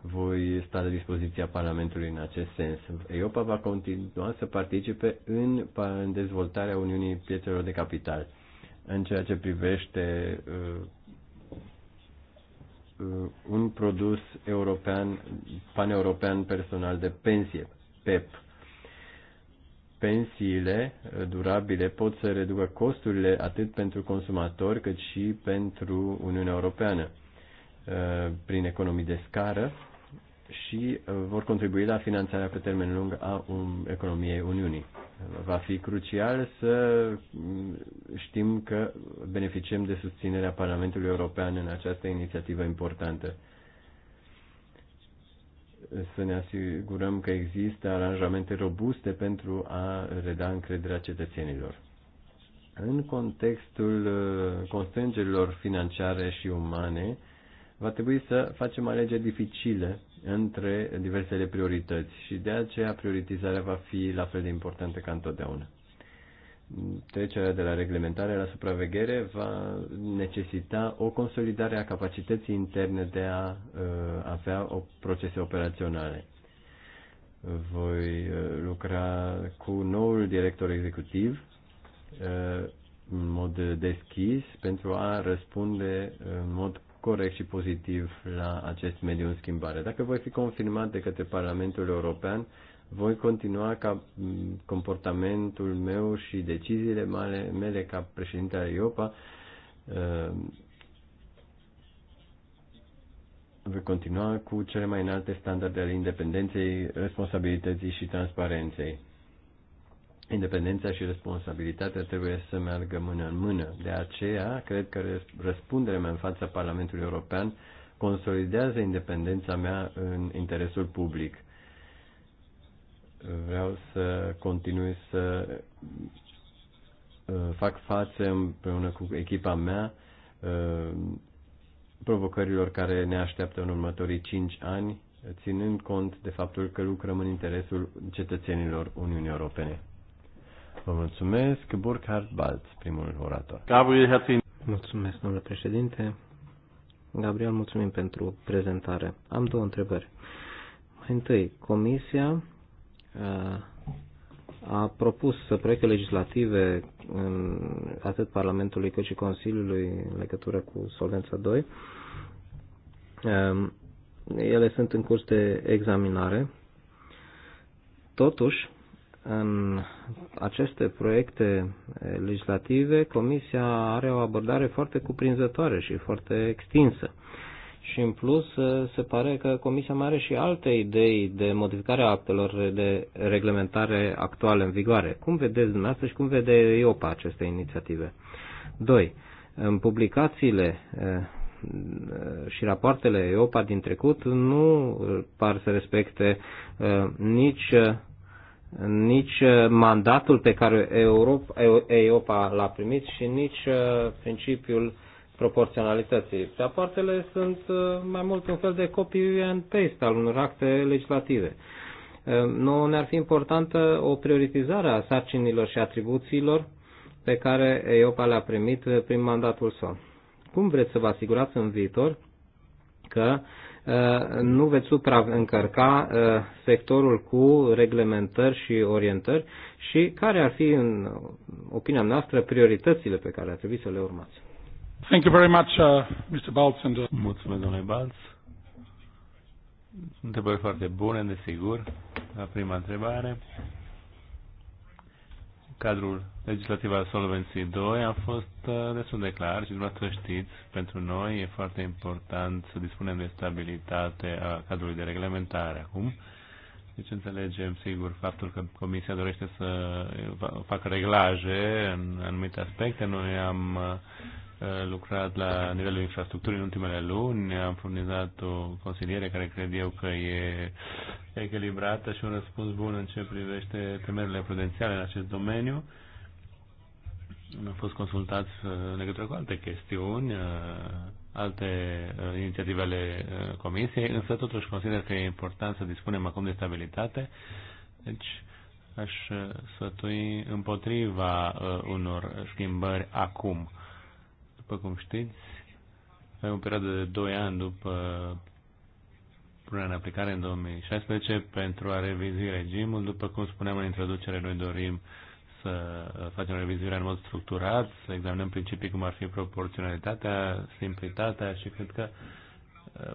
Voi sta la dispoziția Parlamentului în acest sens. Europa va continua să participe în, în dezvoltarea Uniunii Piețelor de Capital. În ceea ce privește uh, un produs european, pan-european personal de pensie, PEP pensiile uh, durabile pot să reducă costurile atât pentru consumatori cât și pentru Uniunea Europeană uh, prin economii de scară și uh, vor contribui la finanțarea pe termen lung a um, economiei Uniunii. Va fi crucial să mm, știm că beneficiem de susținerea Parlamentului European în această inițiativă importantă să ne asigurăm că există aranjamente robuste pentru a reda încrederea cetățenilor. În contextul uh, constrângerilor financiare și umane, va trebui să facem alegeri dificile între diversele priorități și de aceea prioritizarea va fi la fel de importantă ca întotdeauna trecerea de la reglementare la supraveghere va necesita o consolidare a capacității interne de a uh, avea o procese operaționale. Voi uh, lucra cu noul director executiv uh, în mod deschis pentru a răspunde uh, în mod corect și pozitiv la acest mediu în schimbare. Dacă voi fi confirmat de către Parlamentul European, voi continua ca comportamentul meu și deciziile mele, mele ca președinte al IOPA uh, voi continua cu cele mai înalte standarde ale independenței, responsabilității și transparenței. Independența și responsabilitatea trebuie să meargă mână în mână. De aceea, cred că răspunderea mea în fața Parlamentului European consolidează independența mea în interesul public vreau să continui să uh, fac față împreună cu echipa mea uh, provocărilor care ne așteaptă în următorii 5 ani, ținând cont de faptul că lucrăm în interesul cetățenilor Uniunii Europene. Vă mulțumesc, Burkhard Balz, primul orator. Gabriel Mulțumesc, domnule președinte. Gabriel, mulțumim pentru prezentare. Am două întrebări. Mai întâi, Comisia a propus proiecte legislative în, atât Parlamentului cât și Consiliului în legătură cu Solvența 2. Ele sunt în curs de examinare. Totuși, în aceste proiecte legislative, Comisia are o abordare foarte cuprinzătoare și foarte extinsă. Și în plus, ă, se pare că Comisia mai are și alte idei de modificare a actelor de reglementare actuale în vigoare. Cum vedeți dumneavoastră și cum vede EIOPA aceste inițiative? 2. În publicațiile ă, și rapoartele EOPA din trecut nu par să respecte ă, nici, nici mandatul pe care Europa, EOPA l-a primit și nici principiul proporționalității. Rapoartele sunt uh, mai mult un fel de copy and paste al unor acte legislative. Uh, nu ne-ar fi importantă o prioritizare a sarcinilor și atribuțiilor pe care EIOPA le-a primit uh, prin mandatul său. Cum vreți să vă asigurați în viitor că nu veți supraîncărca sectorul cu reglementări și orientări și care ar fi, în opinia noastră, prioritățile pe care ar trebui să le urmați? Thank you very much, uh, Mr. Balz. And, uh... Mulțumesc, domnule Balz. Întrebări foarte bune, desigur. La prima întrebare, cadrul legislativ al Solvency 2 a fost uh, destul de clar și dumneavoastră știți, pentru noi e foarte important să dispunem de stabilitate a cadrului de reglementare acum. Deci înțelegem, sigur, faptul că Comisia dorește să facă reglaje în anumite aspecte. Noi am uh, Uh, lucrat la nivelul infrastructurii în ultimele luni, am furnizat o consiliere care cred eu că e echilibrată și un răspuns bun în ce privește temerile prudențiale în acest domeniu. Am fost consultați uh, în legătură cu alte chestiuni, uh, alte inițiative ale Comisiei, însă totuși consider că e important să dispunem acum de stabilitate. Deci, aș sfătui împotriva unor schimbări acum după cum știți, avem o perioadă de 2 ani după punerea în aplicare în 2016 pentru a revizui regimul. După cum spuneam în introducere, noi dorim să facem revizuirea în mod structurat, să examinăm principii cum ar fi proporționalitatea, simplitatea și cred că uh,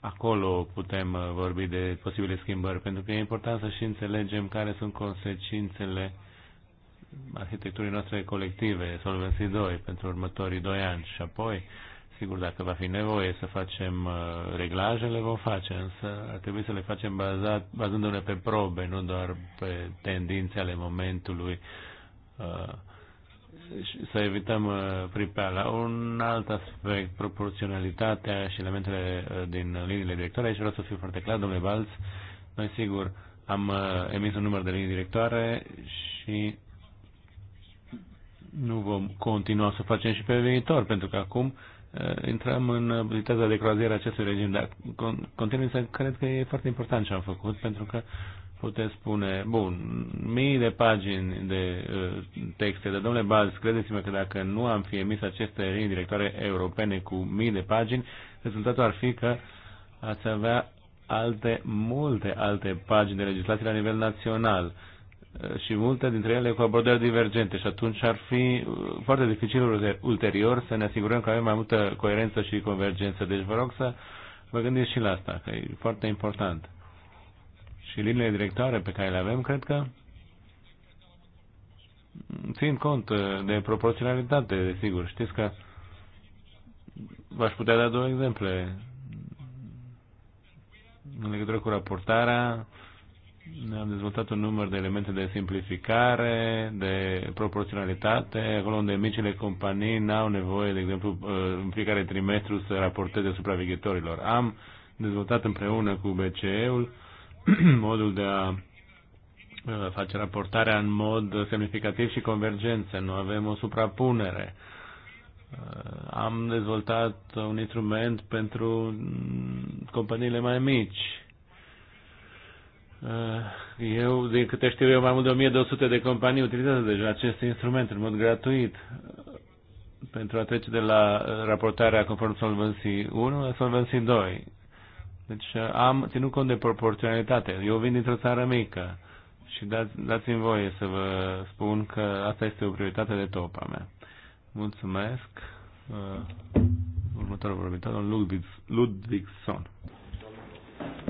acolo putem uh, vorbi de posibile schimbări, pentru că e important să și înțelegem care sunt consecințele uh, arhitecturii noastre colective, Solvency 2, pentru următorii doi ani și apoi, sigur, dacă va fi nevoie să facem uh, reglaje, le vom face, însă ar trebui să le facem bazat, bazându-ne pe probe, nu doar pe tendințe ale momentului, uh, să evităm uh, pripeala. Un alt aspect, proporționalitatea și elementele din liniile directoare, aici vreau să fiu foarte clar, domnule Balț, noi sigur am emis un număr de linii directoare și nu vom continua să facem și pe viitor, pentru că acum intrăm în viteza de croazieră acestui regim, dar continui să cred că e foarte important ce am făcut, pentru că puteți spune, bun, mii de pagini de uh, texte, dar domnule Baz, credeți-mă că dacă nu am fi emis aceste linii directoare europene cu mii de pagini, rezultatul ar fi că ați avea alte, multe alte pagini de legislație la nivel național. Uh, Eh, și multe dintre ele cu abordări divergente și atunci ar fi eh, foarte dificil ulterior să ne asigurăm că avem mai multă coerență și convergență. Deci vă rog să vă gândiți și la asta, că e foarte important. Și liniile directoare pe care le avem, cred că țin cont eh, de proporționalitate, desigur. Știți că v-aș putea da două exemple în legătură cu raportarea am dezvoltat un număr de elemente de simplificare, de proporționalitate, acolo unde micile companii n-au nevoie, de exemplu, în fiecare trimestru să raporteze supraveghetorilor. Am dezvoltat împreună cu BCE-ul modul de a face raportarea în mod semnificativ și convergență. Nu avem o suprapunere. Am dezvoltat un instrument pentru companiile mai mici Eh, eu, din câte știu eu, mai mult de 1200 de companii utilizează deja acest instrument în mod gratuit eh, pentru a trece de la eh, raportarea conform Solvency 1 la Solvency 2. Deci am ținut cont de proporționalitate. Eu vin dintr-o țară mică și dați, mi voie să vă spun că asta este o prioritate de top a mea. Mulțumesc. Următorul vorbitor, Ludvigson.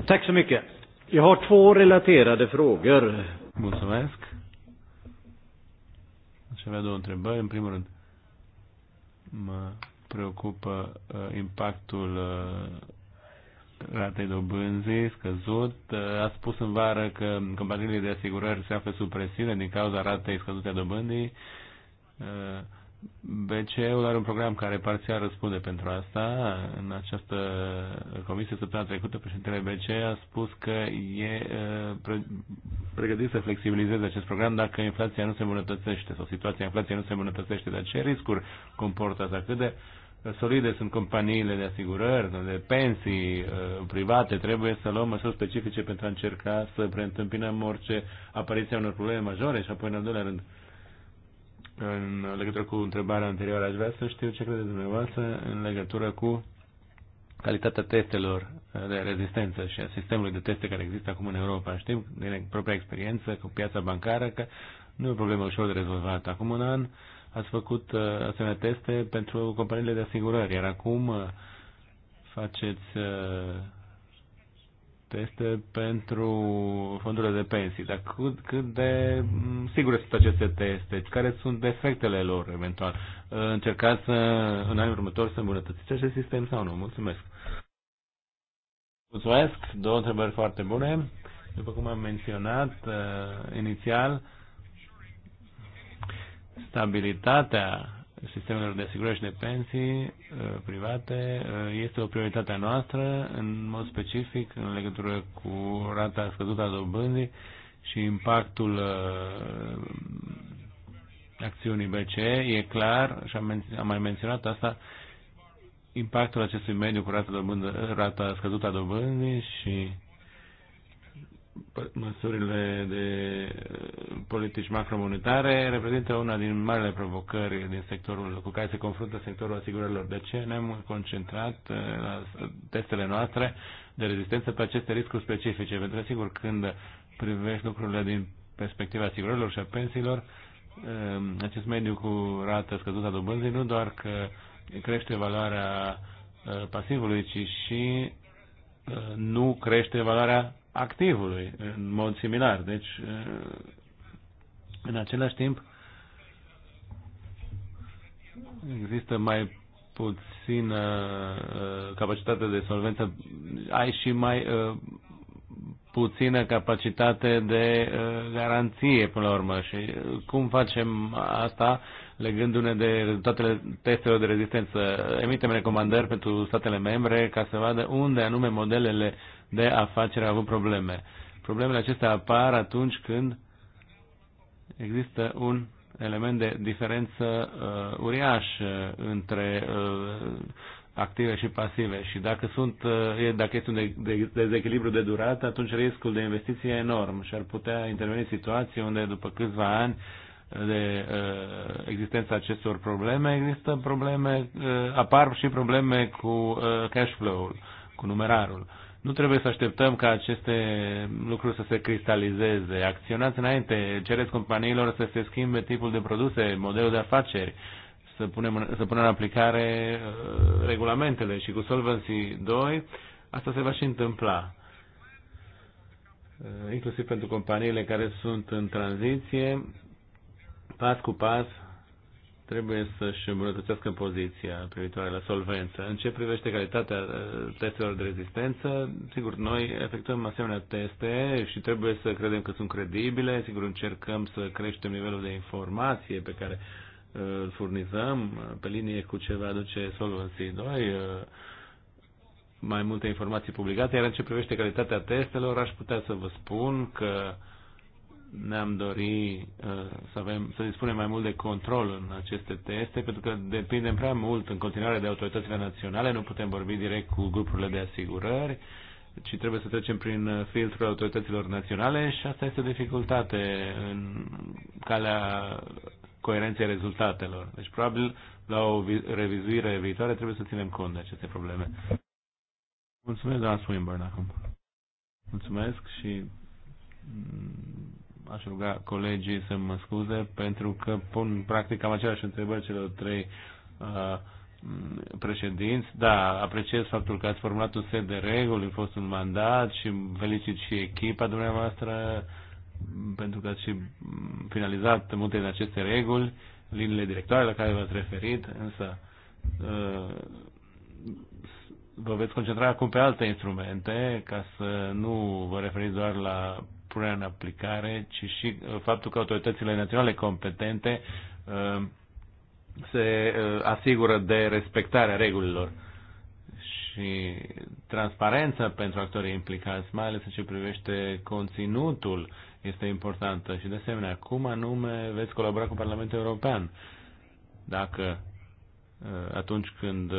Tack så mycket. Jag har två relaterade frågor. Mulțumesc. Aș deci avea două întrebări. În primul rând, mă preocupă uh, impactul uh, ratei dobânzii scăzut. Uh, ați spus în vară că companiile de asigurări se află sub presiune din cauza ratei scăzute a dobânzii. Uh, BCE-ul are un program care parțial răspunde pentru asta. În această comisie săptămâna trecută, președintele BCE a spus că e uh, pregătit să flexibilizeze acest program dacă inflația nu se îmbunătățește sau situația inflației nu se îmbunătățește. Dar ce riscuri comportă asta? Cât de solide sunt companiile de asigurări, de pensii uh, private, trebuie să luăm măsuri specifice pentru a încerca să preîntâmpinăm orice apariție a unor probleme majore și apoi în al doilea rând în legătură cu întrebarea anterioară, aș vrea să știu ce credeți dumneavoastră în legătură cu calitatea testelor de rezistență și a sistemului de teste care există acum în Europa. Știm din propria experiență cu piața bancară că nu e o problemă ușor de rezolvat. Acum un an ați făcut uh, asemenea teste pentru companiile de asigurări, iar acum uh, faceți uh, este pentru fondurile de pensii, dar cât, cât de mm, sigure sunt aceste teste, care sunt defectele lor eventual. Uh, încercați să, în anul următor să îmbunătățiți acest sistem sau nu? Mulțumesc! Mulțumesc! Două întrebări foarte bune. După cum am menționat uh, inițial, stabilitatea sistemelor de asigurări și de pensii uh, private uh, este o prioritate a noastră, în mod specific în legătură cu rata scăzută a dobânzii și impactul uh, acțiunii BCE. E clar, și am, am mai menționat asta, impactul acestui mediu cu rata, dobândă, rata scăzută a dobânzii și măsurile de uh, politici macromonetare reprezintă una din marile provocări din sectorul cu care se confruntă sectorul asigurărilor. De ce ne-am concentrat uh, la testele noastre de rezistență pe aceste riscuri specifice? Pentru că, sigur, când privești lucrurile din perspectiva asigurărilor și a pensiilor, um, acest mediu cu rată scăzută a dobânzii nu doar că crește valoarea uh, pasivului, ci și nu crește valoarea activului în mod similar. Deci, eh, în același timp, există mai puțină eh, capacitate de solvență, ai și mai eh, puțină capacitate de garanție până la urmă și cum facem asta legându-ne de rezultatele testelor de rezistență. Emitem recomandări pentru statele membre ca să vadă unde anume modelele de afacere au avut probleme. Problemele acestea apar atunci când există un element de diferență uh, uriaș uh, între uh, active și pasive și dacă, sunt, uh, dacă este un de, dezechilibru de durată, atunci riscul de investiție e enorm și ar putea interveni situații unde după câțiva ani uh, de uh, existența acestor probleme, există probleme, uh, apar și probleme cu uh, cash flow-ul, cu numerarul. Nu trebuie să așteptăm ca aceste lucruri să se cristalizeze. Acționați înainte, cereți companiilor să se schimbe tipul de produse, modelul de afaceri, să punem, să punem în aplicare uh, regulamentele și cu Solvency 2 asta se va și întâmpla uh, inclusiv pentru companiile care sunt în tranziție, pas cu pas, trebuie să-și îmbunătățească poziția privitoare la solvență. În ce privește calitatea uh, testelor de rezistență, sigur, noi efectuăm asemenea teste și trebuie să credem că sunt credibile, sigur, încercăm să creștem nivelul de informație pe care uh, îl furnizăm pe linie cu ce va aduce Solvency 2, uh, mai multe informații publicate, iar în ce privește calitatea testelor, aș putea să vă spun că ne-am dori uh, să, avem, să dispunem mai mult de control în aceste teste, pentru că depindem prea mult în continuare de autoritățile naționale, nu putem vorbi direct cu grupurile de asigurări, ci trebuie să trecem prin uh, filtrul autorităților naționale și asta este o dificultate în calea coerenței rezultatelor. Deci, probabil, la o revizuire viitoare trebuie să ținem cont de aceste probleme. Mulțumesc, doamna Swinburne, acum. Mulțumesc și mm, aș ruga colegii să mă scuze pentru că pun practic am aceleași întrebări celor trei uh, președinți. Da, apreciez faptul că ați formulat un set de reguli, a fost un mandat și felicit și echipa dumneavoastră pentru că ați și finalizat multe din aceste reguli, liniile directoare la care v-ați referit, însă uh, vă veți concentra acum pe alte instrumente ca să nu vă referiți doar la punerea în aplicare, ci și uh, faptul că autoritățile naționale competente uh, se uh, asigură de respectarea regulilor și transparența pentru actorii implicați, mai ales în ce privește conținutul, este importantă și de asemenea, cum anume veți colabora cu Parlamentul European dacă atunci când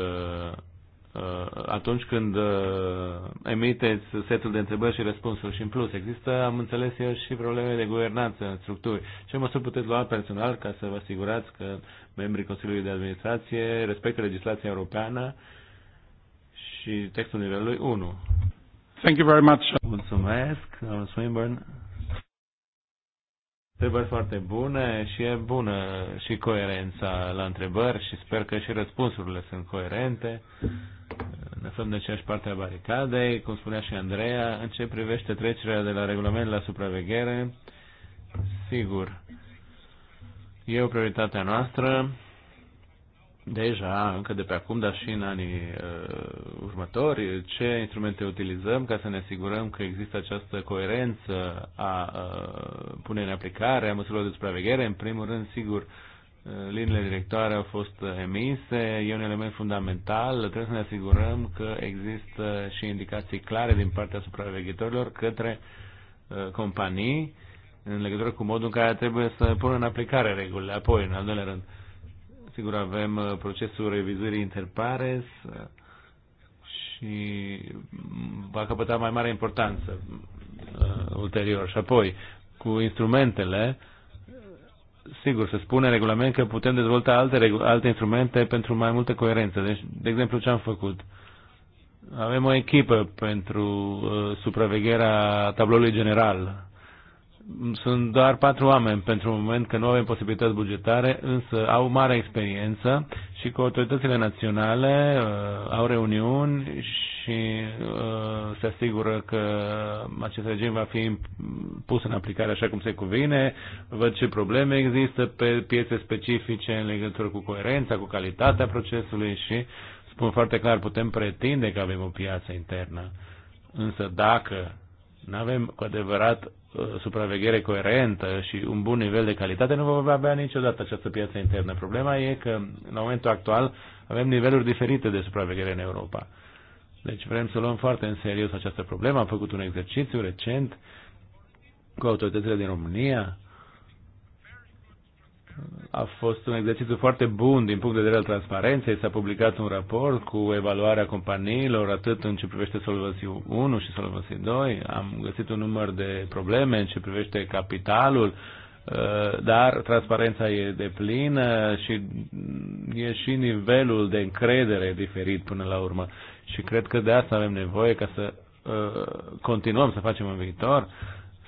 Uh, atunci când uh, emiteți setul de întrebări și răspunsuri. Și în plus, există, am înțeles eu, și probleme de guvernanță în structuri. Ce măsuri puteți lua personal ca să vă asigurați că membrii Consiliului de Administrație respectă legislația europeană și textul nivelului 1? Thank you very much. Mulțumesc, domnul Swinburne. Întrebări foarte bune și e bună și coerența la întrebări și sper că și răspunsurile sunt coerente lăsăm de deci, aceeași parte a baricadei, cum spunea și Andreea, în ce privește trecerea de la regulament la supraveghere, sigur, e o prioritate noastră, deja, încă de pe acum, dar și în anii uh, următori, ce instrumente utilizăm ca să ne asigurăm că există această coerență a uh, punerii în aplicare a măsurilor de supraveghere, în primul rând, sigur, uh, liniile directoare au fost emise, e un element fundamental, trebuie să ne asigurăm că există și indicații clare din partea supraveghetorilor către uh, companii în legătură cu modul în care trebuie să pună în aplicare regulile. Apoi, în al doilea rând, sigur avem uh, procesul revizuirii interpares uh, și va căpăta mai mare importanță ulterior. Și apoi, cu instrumentele, uh, sigur, se spune în regulament că putem dezvolta alte, alte instrumente pentru mai multă coerență. Deci, de exemplu, ce am făcut? Avem o echipă pentru uh, supravegherea tabloului general sunt doar patru oameni pentru un moment, că nu avem posibilități bugetare, însă au mare experiență și cu autoritățile naționale uh, au reuniuni și uh, se asigură că acest regim va fi pus în aplicare așa cum se cuvine, văd ce probleme există pe piețe specifice în legătură cu coerența, cu calitatea procesului și spun foarte clar, putem pretinde că avem o piață internă. Însă dacă nu avem cu adevărat uh, supraveghere coerentă și un bun nivel de calitate, nu vom avea niciodată această piață internă. Problema e că, în momentul actual, avem niveluri diferite de supraveghere în Europa. Deci vrem să luăm foarte în serios această problemă. Am făcut un exercițiu recent cu autoritățile din România, a fost un exercițiu foarte bun din punct de vedere al transparenței. S-a publicat un raport cu evaluarea companiilor, atât în ce privește Solvency 1 și Solvency 2. Am găsit un număr de probleme în ce privește capitalul, uh, dar transparența e de plină și e și nivelul de încredere diferit până la urmă. Și cred că de asta avem nevoie ca să uh, continuăm să facem în viitor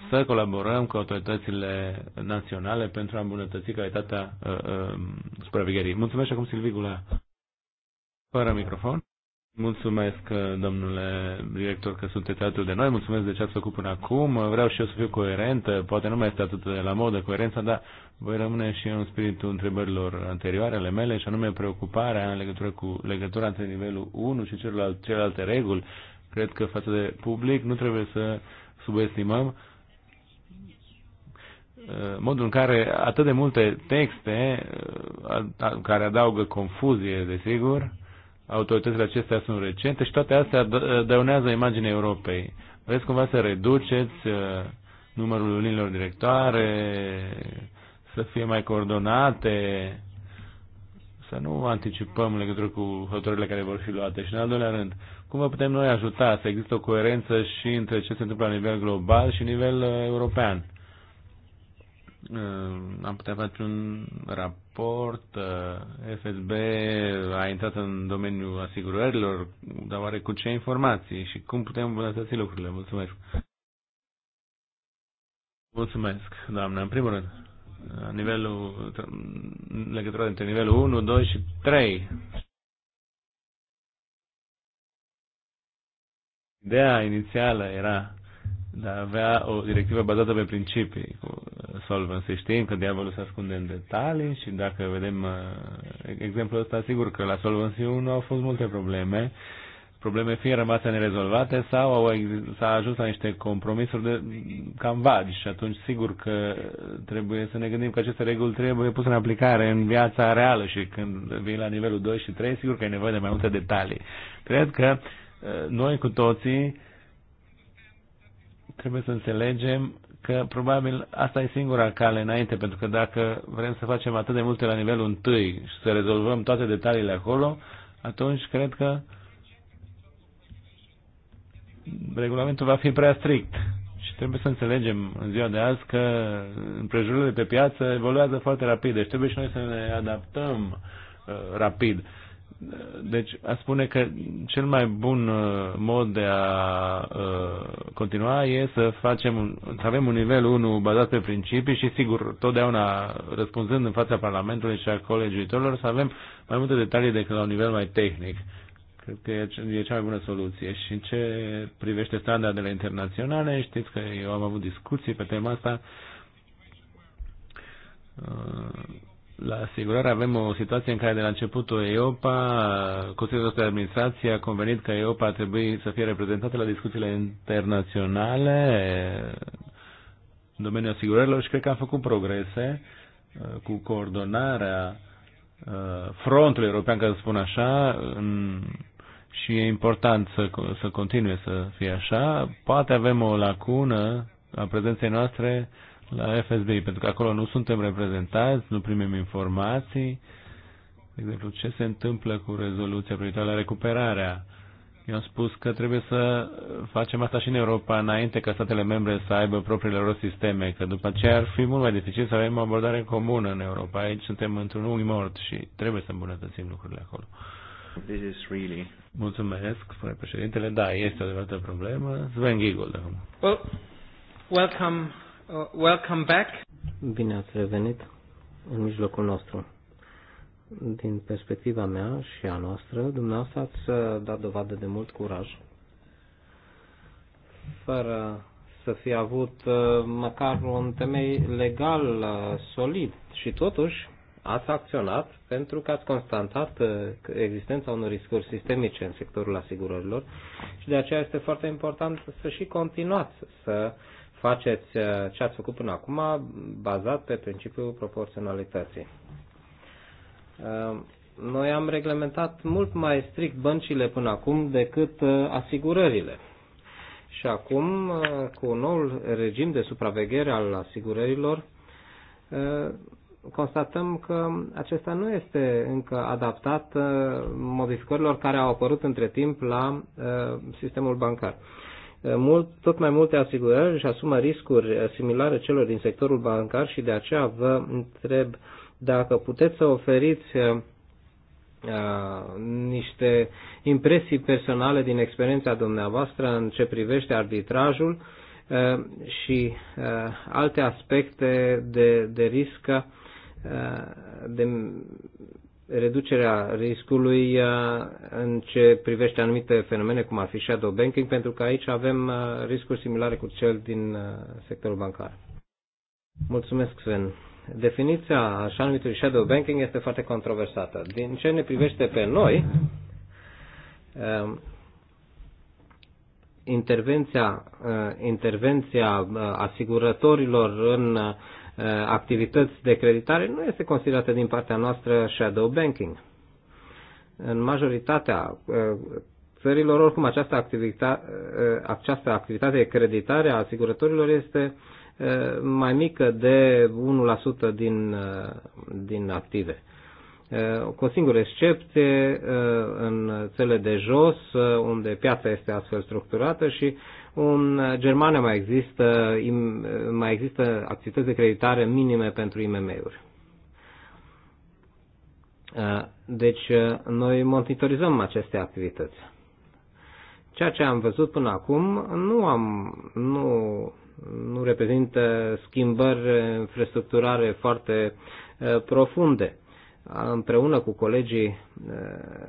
să colaborăm cu autoritățile naționale pentru a îmbunătăți calitatea uh, uh, supravegherii. Mulțumesc acum Silvi Gula. Fără microfon. Mulțumesc, uh, domnule director, că sunteți atât de noi. Mulțumesc de ce ați făcut până acum. Vreau și eu să fiu coerent. Poate nu mai este atât de la modă coerența, dar voi rămâne și eu în spiritul întrebărilor anterioare ale mele, și anume preocuparea în legătură cu legătura între nivelul 1 și celelalte, celelalte reguli. Cred că față de public nu trebuie să subestimăm Uh, modul în care atât de multe texte uh, care adaugă confuzie, desigur, autoritățile acestea sunt recente și toate astea uh, dăunează imaginea Europei. Vreți cumva să reduceți numărul linilor directoare, să fie mai coordonate, să nu anticipăm legătură cu hotărârile care vor fi luate. Și în al doilea rând, cum vă putem noi ajuta să există o coerență și între ce se întâmplă la nivel global și nivel european? uh, am putea face un raport, Uh, FSB a intrat în domeniul asigurărilor, dar oare cu ce informații și cum putem îmbunătăți lucrurile? Mulțumesc! Mulțumesc, doamnă. În primul rând, nivelul, legătura între nivelul 1, 2 și 3. Ideea inițială era de a avea o directivă bazată pe principii cu solvency. Știm că diavolul se ascunde în detalii și dacă vedem uh, exemplul ăsta, sigur că la solvency 1 au fost multe probleme, probleme fie rămase nerezolvate sau au, s-a ajuns la niște compromisuri de, cam vagi și atunci sigur că trebuie să ne gândim că aceste reguli trebuie puse în aplicare în viața reală și când vii la nivelul 2 și 3, sigur că ai nevoie de mai multe detalii. Cred că uh, noi cu toții trebuie să înțelegem că probabil asta e singura cale înainte, pentru că dacă vrem să facem atât de multe la nivelul întâi și să rezolvăm toate detaliile acolo, atunci cred că regulamentul va fi prea strict. Și trebuie să înțelegem în ziua de azi că împrejurile pe piață evoluează foarte rapid, deci trebuie și noi să ne adaptăm uh, rapid. Deci, a spune că cel mai bun uh, mod de a uh, continua e să facem, să avem un nivel 1 bazat pe principii și, sigur, totdeauna răspunzând în fața Parlamentului și a colegiuitorilor, să avem mai multe detalii decât la un nivel mai tehnic. Cred că e cea mai bună soluție. Și în ce privește standardele internaționale, știți că eu am avut discuții pe tema asta uh, la asigurare avem o situație în care de la începutul EOPA, Consiliul de Administrație a convenit că EOPA ar trebui să fie reprezentată la discuțiile internaționale în domeniul asigurărilor și cred că am făcut progrese uh, cu coordonarea uh, frontului european, ca să spun așa, în și e important să, să continue să fie așa. Poate avem o lacună a prezenței noastre uh, la FSBI, pentru că acolo nu suntem reprezentați, nu primim informații. De exemplu, ce se întâmplă cu rezoluția privitoare la recuperarea? Eu am spus că trebuie să facem asta și în Europa înainte ca statele membre să aibă propriile lor sisteme, că după aceea ar fi mult mai dificil să avem o abordare comună în Europa. Aici suntem într-un unghi mort și trebuie să îmbunătățim lucrurile acolo. This is really... Mulțumesc, spune președintele. Da, este o adevărată problemă. Sven de acum. Well, welcome Uh, welcome back. Bine ați revenit în mijlocul nostru. Din perspectiva mea și a noastră, dumneavoastră ați uh, dat dovadă de mult curaj, fără să fi avut uh, măcar un temei legal uh, solid și totuși ați acționat pentru că ați constatat existența unor riscuri sistemice în sectorul asigurărilor și de aceea este foarte important să și continuați să uh, faceți uh, ce ați făcut până acum bazat pe principiul proporționalității. Uh, noi am reglementat mult mai strict băncile până acum decât uh, asigurările. Și acum, cu noul regim de supraveghere al asigurărilor, constatăm că acesta nu este încă adaptat modificărilor care au apărut între timp la sistemul bancar. Eh, mult, tot mai multe asigurări își asumă riscuri eh, similare celor din sectorul bancar și de aceea vă întreb dacă puteți să oferiți eh, niște impresii personale din experiența dumneavoastră în ce privește arbitrajul și alte aspecte de, de risc de reducerea riscului uh, în ce privește anumite fenomene, cum ar fi shadow banking, pentru că aici avem uh, riscuri similare cu cel din uh, sectorul bancar. Mulțumesc, Sven. Definiția așa numitului shadow banking este foarte controversată. Din ce ne privește pe noi, um, intervenția, intervenția asigurătorilor în Uh, activități de creditare nu este considerată din partea noastră shadow banking. În majoritatea uh, țărilor, oricum această activitate, uh, această activitate de creditare a asigurătorilor este mai mică de 1% din, din active. Cu o singură excepție, în țele de jos, unde piața este astfel structurată și în Germania mai există, mai există activități de creditare minime pentru IMM-uri. Uh, deci uh, noi monitorizăm aceste activități. Ceea ce am văzut până acum nu, am, nu, nu reprezintă schimbări infrastructurare foarte uh, profunde. Împreună cu colegii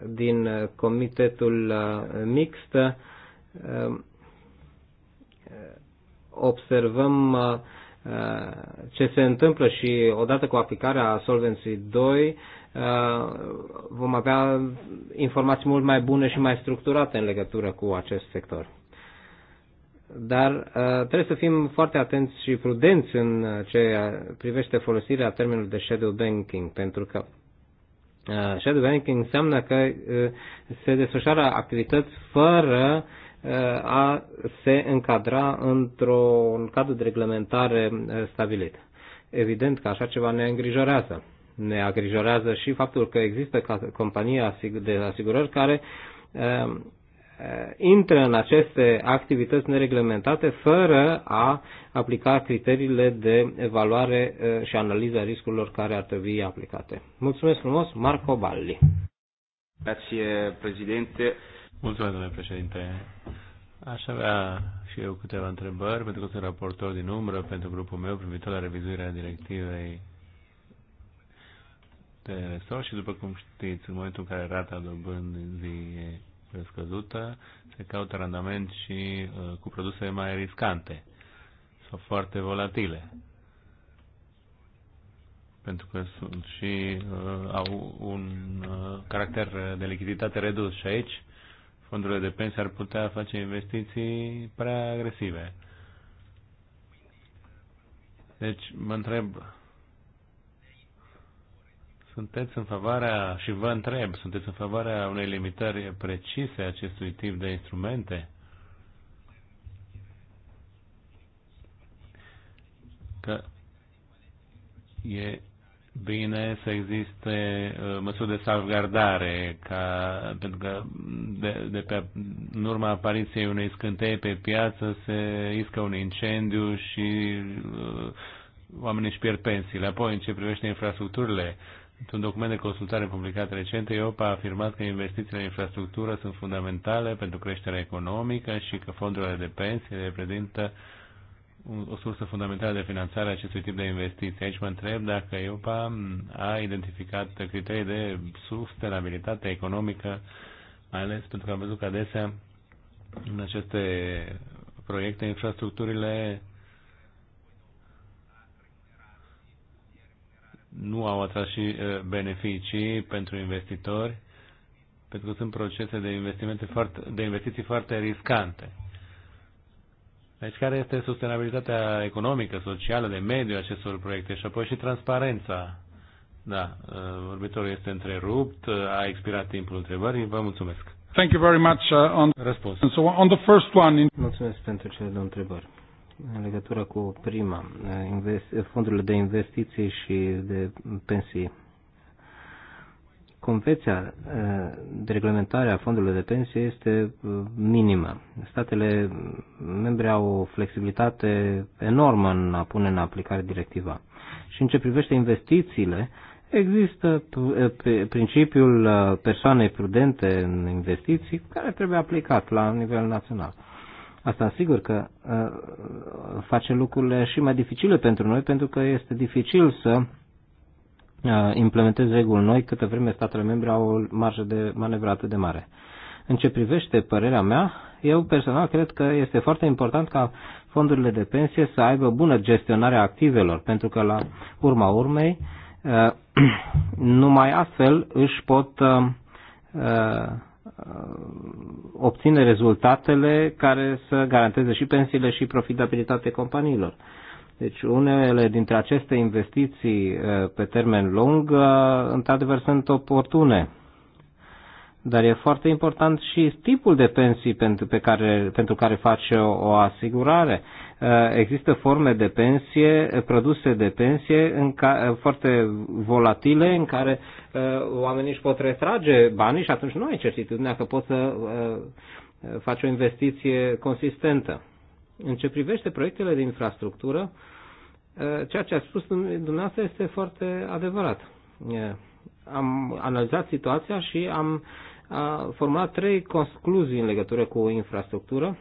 din comitetul mixt, observăm uh, uh, ce se întâmplă și odată cu aplicarea Solvency 2 uh, vom avea informații mult mai bune și mai structurate în legătură cu acest sector. Dar trebuie să fim foarte atenți și prudenți în ce privește folosirea termenului de shadow banking, pentru că shadow banking înseamnă că se desfășoară activități fără a se încadra într-un cadru de reglementare eh, stabilit. Evident că așa ceva ne îngrijorează. Ne îngrijorează și faptul că există companii de asigurări care eh, eh, intră în aceste activități nereglementate fără a aplica criteriile de evaluare și analiza riscurilor care ar trebui aplicate. Mulțumesc frumos, Marco Balli. Grazie, președinte. Mulțumesc, domnule președinte. Aș avea și eu câteva întrebări, pentru că sunt raportor din umbră pentru grupul meu privitor la revizuirea directivei de resort și, după cum știți, în momentul în care rata dobândii e scăzută, se caută randament și uh, cu produse mai riscante sau foarte volatile. Pentru că sunt și uh, au un uh, caracter de lichiditate redus și aici fondurile de pensie ar putea face investiții prea agresive. Deci mă întreb, sunteți în favoarea, și vă întreb, sunteți în favoarea unei limitări precise acestui tip de instrumente? Că e bine să existe uh, măsuri de salvgardare, ca, pentru că de, de pe, în urma apariției unei scânteie pe piață se iscă un incendiu și uh, oamenii își pierd pensiile. Apoi, în ce privește infrastructurile, într-un document de consultare publicat recent, EOPA a afirmat că investițiile în infrastructură sunt fundamentale pentru creșterea economică și că fondurile de pensie reprezintă uh, o sursă fundamentală de finanțare a acestui tip de investiții. Aici mă întreb dacă EUPA a identificat criterii de sustenabilitate economică, mai ales pentru că am văzut că adesea în aceste proiecte infrastructurile nu au atras și beneficii pentru investitori, pentru că sunt procese de, investimente foarte, de investiții foarte riscante. Deci care este sustenabilitatea economică, socială, de mediu a acestor proiecte și apoi și transparența. Da, uh, vorbitorul este întrerupt, uh, a expirat timpul întrebării, vă mulțumesc. Thank you very much uh, on răspuns. So on the first one in... Mulțumesc pentru cele două întrebări. În legătură cu prima, uh, invest... fondurile de investiții și de pensii Convenția eh, de reglementare a fondurilor de pensie este eh, minimă. Statele mm, membre au o flexibilitate enormă în a pune în aplicare directiva. Și în ce privește investițiile, există eh, principiul persoanei prudente în investiții care trebuie aplicat la nivel național. Asta sigur că face lucrurile și mai dificile pentru noi, pentru că este dificil să Uh, implementeze reguli noi câtă vreme statele membre au o marjă de manevră atât de mare. În ce privește părerea mea, eu personal cred că este foarte important ca fondurile de pensie să aibă bună gestionare a activelor, pentru că la urma urmei uh, numai astfel își pot uh, obține rezultatele care să garanteze și pensiile și profitabilitatea companiilor. Deci unele dintre aceste investiții eh, pe termen lung, eh, într-adevăr, sunt oportune. Dar e foarte important și tipul de pensii pentru, pe care, pentru care faci o, o asigurare. Eh, există forme de pensie, produse de pensie în ca, foarte volatile în care oamenii își pot retrage banii și atunci nu ai certitudinea că poți să faci o investiție consistentă. În ce privește proiectele de infrastructură, eh, ceea ce a spus dumneavoastră este foarte adevărat. Eh, am analizat situația și am formulat trei concluzii în legătură cu infrastructură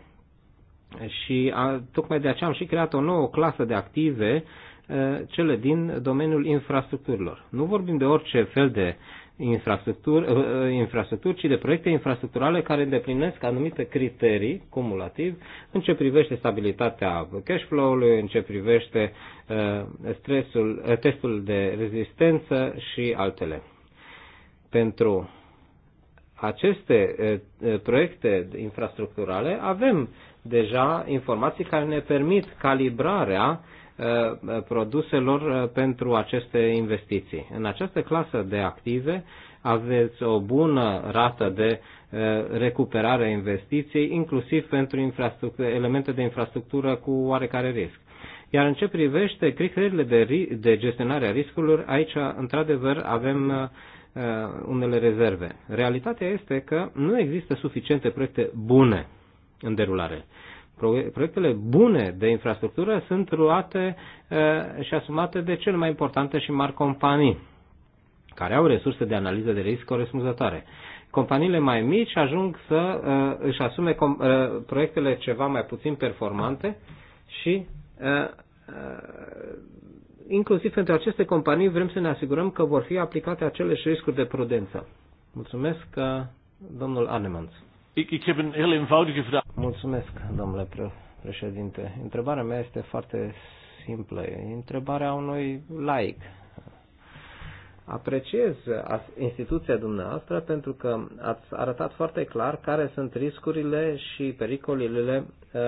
și a, tocmai de aceea am și creat o nouă clasă de active, eh, cele din domeniul infrastructurilor. Nu vorbim de orice fel de Uh, uh, infrastructuri, ci de proiecte infrastructurale care îndeplinesc anumite criterii cumulativ în ce privește stabilitatea cash flow-ului, în ce privește uh, stresul, testul de rezistență și altele. Pentru aceste proiecte infrastructurale avem deja informații care ne permit calibrarea Uh, uh, produselor uh, pentru aceste investiții. În această clasă de active aveți o bună rată de recuperare a investiției, inclusiv pentru elemente de infrastructură cu oarecare risc. Iar în ce privește criteriile de, de gestionare a riscurilor, aici, într-adevăr, avem uh, unele rezerve. Realitatea este că nu există suficiente proiecte bune în derulare proiectele bune de infrastructură sunt luate și asumate de cele mai importante și mari companii care au resurse de analiză de risc corespunzătoare. Companiile mai mici ajung să uh, își asume uh, proiectele ceva mai puțin performante și uh, uh, inclusiv pentru aceste companii vrem să ne asigurăm că vor fi aplicate aceleși riscuri de prudență. Mulțumesc, uh, domnul Arnemans. Ik, ik heb een heel eenvoudige vraag. Mulțumesc, domnule președinte. Întrebarea mea este foarte simplă. E întrebarea unui laic. Apreciez instituția dumneavoastră pentru că ați arătat foarte clar care sunt riscurile și pericolele uh,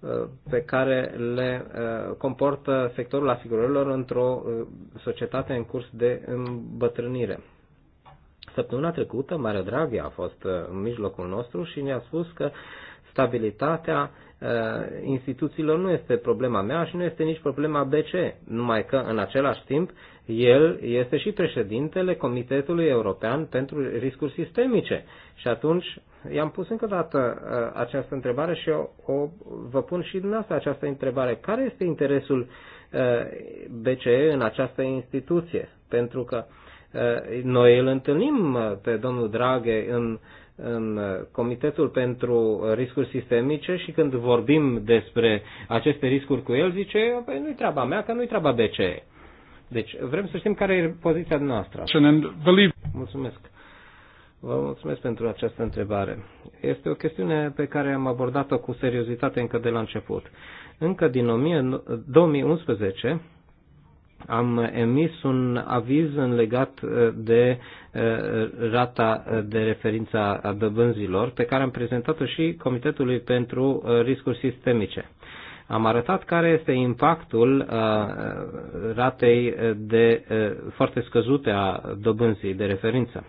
uh, pe care le uh, comportă sectorul asigurărilor într-o societate în curs de îmbătrânire. Săptămâna trecută, Mare Draghi a fost în mijlocul nostru și ne-a spus că stabilitatea ă, instituțiilor nu este problema mea și nu este nici problema BC, numai că în același timp el este și președintele Comitetului European pentru Riscuri Sistemice. Și atunci i-am pus încă o dată ă, această întrebare și o, o, vă pun și dumneavoastră această întrebare. Care este interesul ă, BCE în această instituție? Pentru că noi îl întâlnim pe domnul Draghe în în Comitetul pentru Riscuri Sistemice și când vorbim despre aceste riscuri cu el, zice, păi nu-i treaba mea, că nu-i treaba BCE. Deci vrem să știm care e poziția noastră. Mulțumesc. Vă mulțumesc pentru această întrebare. Este o chestiune pe care am abordat-o cu seriozitate încă de la început. Încă din 2011, am emis un aviz în legat uh, de uh, rata uh, de referință a dobânzilor, pe care am prezentat-o și Comitetului pentru Riscuri Sistemice. Am arătat care este impactul ratei de foarte scăzute a dobânzii de referință.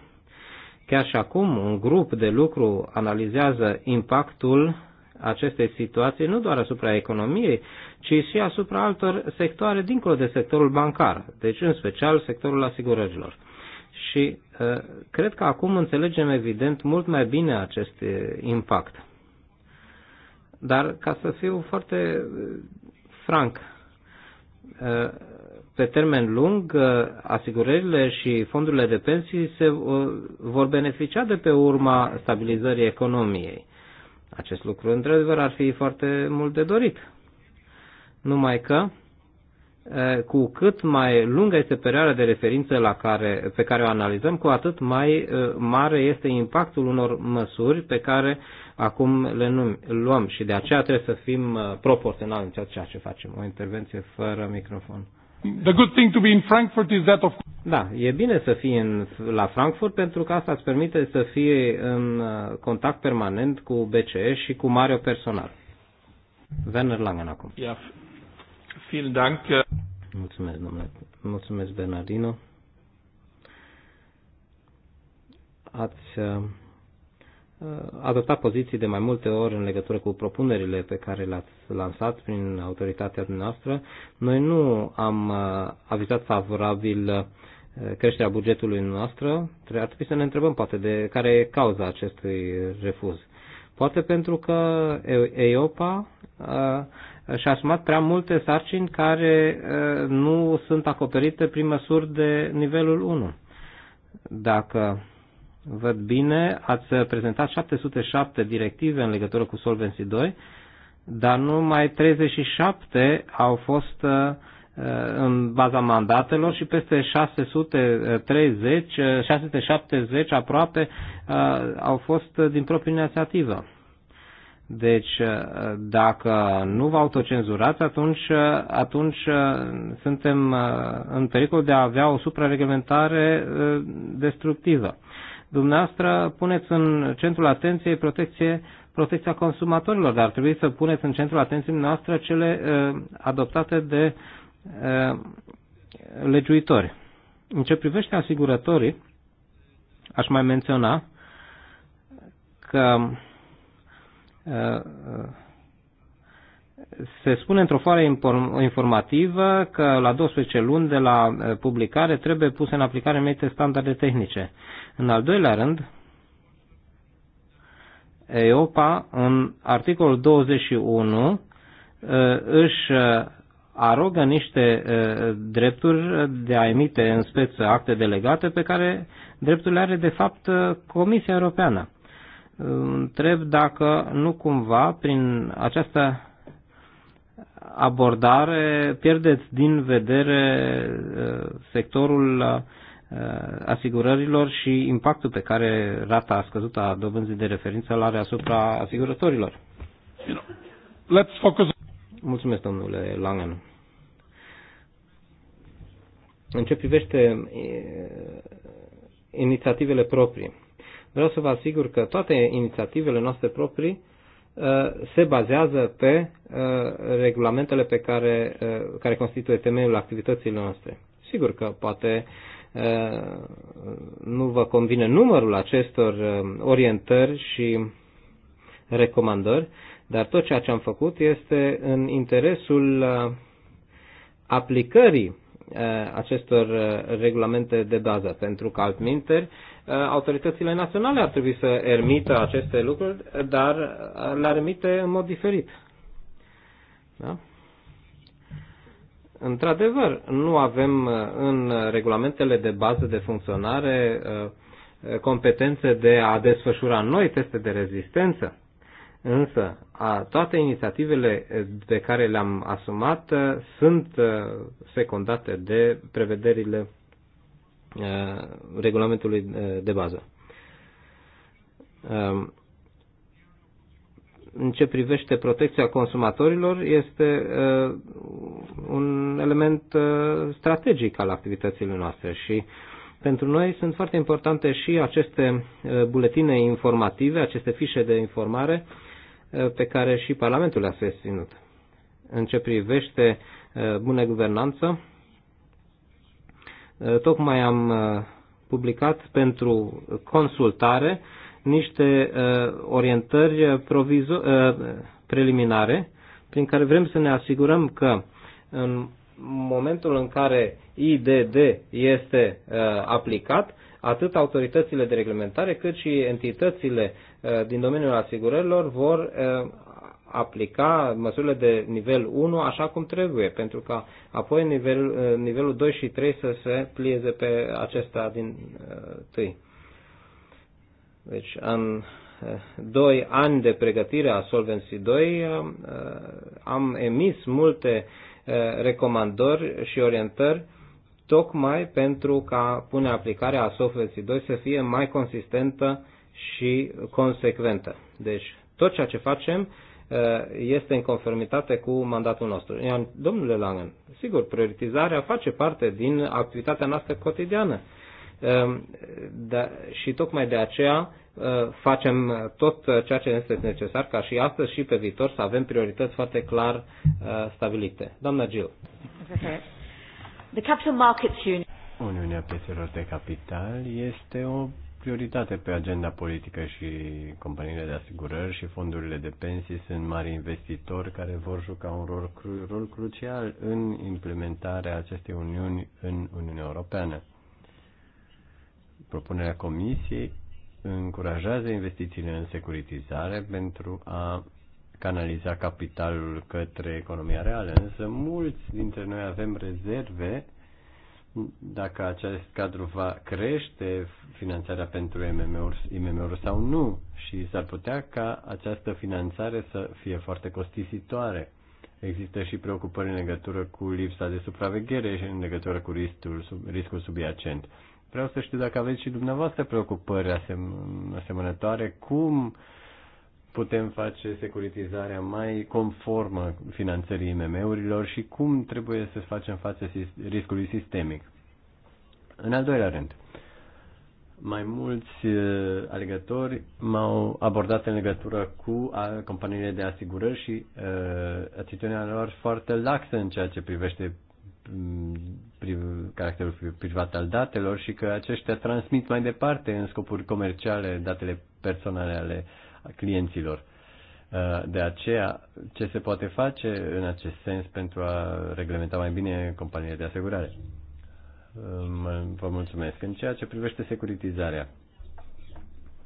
Chiar și acum, un grup de lucru analizează impactul acestei situații nu doar asupra economiei, ci și asupra altor sectoare dincolo de sectorul bancar, deci în special sectorul asigurărilor. Și uh, cred că acum înțelegem evident mult mai bine acest uh, impact. Dar ca să fiu foarte uh, franc, pe termen lung, asigurările și fondurile de pensii se vor beneficia de pe urma stabilizării economiei. Acest lucru, într-adevăr, ar fi foarte mult de dorit. Numai că, cu cât mai lungă este perioada de referință la care, pe care o analizăm, cu atât mai mare este impactul unor măsuri pe care acum le num, luăm și de aceea trebuie să fim proporționali în ceea ce facem. O intervenție fără microfon. The good thing to be in Frankfurt is that of da, e bine să fii în, la Frankfurt pentru că asta îți permite să fii în uh, contact permanent cu BCE și cu Mario personal. Werner Langen acum. Ja, vielen Dank. Mulțumesc, domnule. Mulțumesc, Bernardino. Ați uh, Uh, adoptat poziții de mai multe ori în legătură cu propunerile pe care le-ați lansat prin autoritatea dumneavoastră. Noi nu am uh, avizat favorabil uh, creșterea bugetului noastră. Ar trebui să ne întrebăm poate de care e cauza acestui refuz. Poate pentru că EIOPA și-a asumat prea multe sarcini care nu sunt acoperite prin măsuri de nivelul 1. Dacă văd bine, ați prezentat 707 directive în legătură cu Solvency 2, dar numai 37 au fost uh, uh, în baza mandatelor și peste 630, 670 uh, aproape au fost din proprie inițiativă. Deci, dacă nu vă autocenzurați, atunci, atunci suntem în pericol de a avea o suprareglementare destructivă. Dumneavoastră puneți în centrul atenției protecție, protecția consumatorilor, dar ar trebui să puneți în centrul atenției noastre cele uh, adoptate de uh, legiuitori. În ce privește asigurătorii, aș mai menționa că uh, uh se spune într-o foaie informativă că la 12 luni de la eh, publicare trebuie puse în aplicare anumite standarde tehnice. În al doilea rând, EOPA, în articolul 21, eh, își eh, arogă niște drepturi de a emite în speță acte delegate pe care drepturile are de fapt Comisia Europeană. Întreb dacă nu cumva prin această abordare pierdeți din vedere uh, sectorul uh, asigurărilor și impactul pe care rata scăzută a dobânzii de referință îl are asupra asigurătorilor. Let's focus. Mulțumesc, domnule Langen. În ce privește uh, inițiativele proprii, vreau să vă asigur că toate inițiativele noastre proprii Uh, se bazează pe uh, regulamentele pe care, uh, care constituie temeiul activităților noastre. Sigur că poate nu vă convine numărul acestor orientări și recomandări, dar tot ceea ce am făcut este în interesul aplicării acestor regulamente de bază, pentru că altminteri Eh, autoritățile naționale ar trebui să ermită aceste lucruri, dar eh, le ermite în mod diferit. Da? Într-adevăr, nu avem eh, în regulamentele de bază de funcționare competențe de a desfășura noi teste de rezistență, însă a, toate inițiativele de care le-am asumat sunt secundate de prevederile Uh, regulamentului uh, de bază. Um, în ce privește protecția consumatorilor, este uh, un element strategic al activităților noastre și pentru noi sunt foarte importante și aceste buletine informative, aceste fișe de informare pe care și Parlamentul le-a susținut. În ce privește bună guvernanță, Eh, tocmai am eh, publicat pentru consultare niște eh, orientări preliminare prin care vrem să ne asigurăm că în momentul în care IDD este aplicat, atât autoritățile de reglementare cât și entitățile din domeniul asigurărilor vor aplica măsurile de nivel 1 așa cum trebuie, pentru că apoi nivel, uh, nivelul 2 și 3 să se plieze pe acesta din uh, tâi. Deci, în uh, 2 ani de pregătire a Solvency 2 uh, am emis multe uh, recomandări și orientări tocmai pentru ca pune aplicarea a Solvency 2 să fie mai consistentă și consecventă. Deci, tot ceea ce facem uh, Uh, este în conformitate cu mandatul nostru. Iar, domnule Langen, sigur, prioritizarea face parte din activitatea noastră cotidiană. Um, de, da, și tocmai de aceea uh, facem tot ceea ce este necesar ca și astăzi și pe viitor să avem priorități foarte clar uh, stabilite. Doamna Gil. The Capital Markets Union. Uniunea pieselor de capital este o prioritate pe agenda politică și companiile de asigurări și fondurile de pensii sunt mari investitori care vor juca un rol, rol crucial în implementarea acestei uniuni în Uniunea Europeană. Propunerea Comisiei încurajează investițiile în securitizare pentru a canaliza capitalul către economia reală, însă mulți dintre noi avem rezerve dacă acest cadru va crește finanțarea pentru IMM-uri, imm sau nu și s-ar putea ca această finanțare să fie foarte costisitoare. Există și preocupări în legătură cu lipsa de supraveghere și în legătură cu riscul, sub, riscul subiacent. Vreau să știu dacă aveți și dumneavoastră preocupări asem, asemănătoare, cum uh, putem face securitizarea mai conformă finanțării IMM-urilor și cum trebuie să facem față riscului sistemic. În al doilea rând, mai mulți uh, alegători m-au abordat în legătură cu companiile de asigurări și uh, atitudinea lor foarte laxă în ceea ce privește mm, caracterul privat al datelor și că aceștia transmit mai departe în scopuri comerciale datele personale ale uh, a clienților. Uh, de aceea, ce se poate face în acest sens pentru a reglementa mai bine companiile de asigurare? Um, vă mulțumesc. În ceea ce privește securitizarea,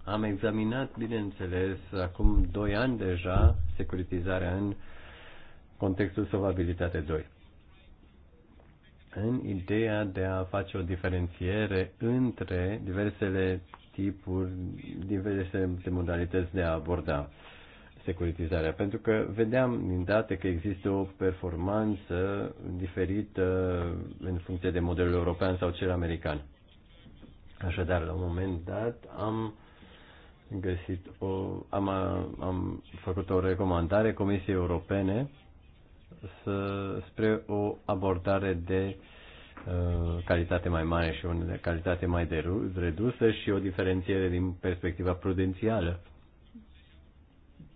am examinat, bineînțeles, acum 2 ani deja securitizarea în contextul solvabilitate 2. În ideea de a face o diferențiere între diversele tipuri, diverse de modalități de a aborda securitizarea, pentru că vedeam din date că există o performanță diferită în funcție de modelul european sau cel american. Așadar, la un moment dat am găsit o, am, am făcut o recomandare Comisiei Europene să, spre o abordare de uh, Uh, calitate mai mare și unele calitate mai de redusă și o diferențiere din perspectiva prudențială,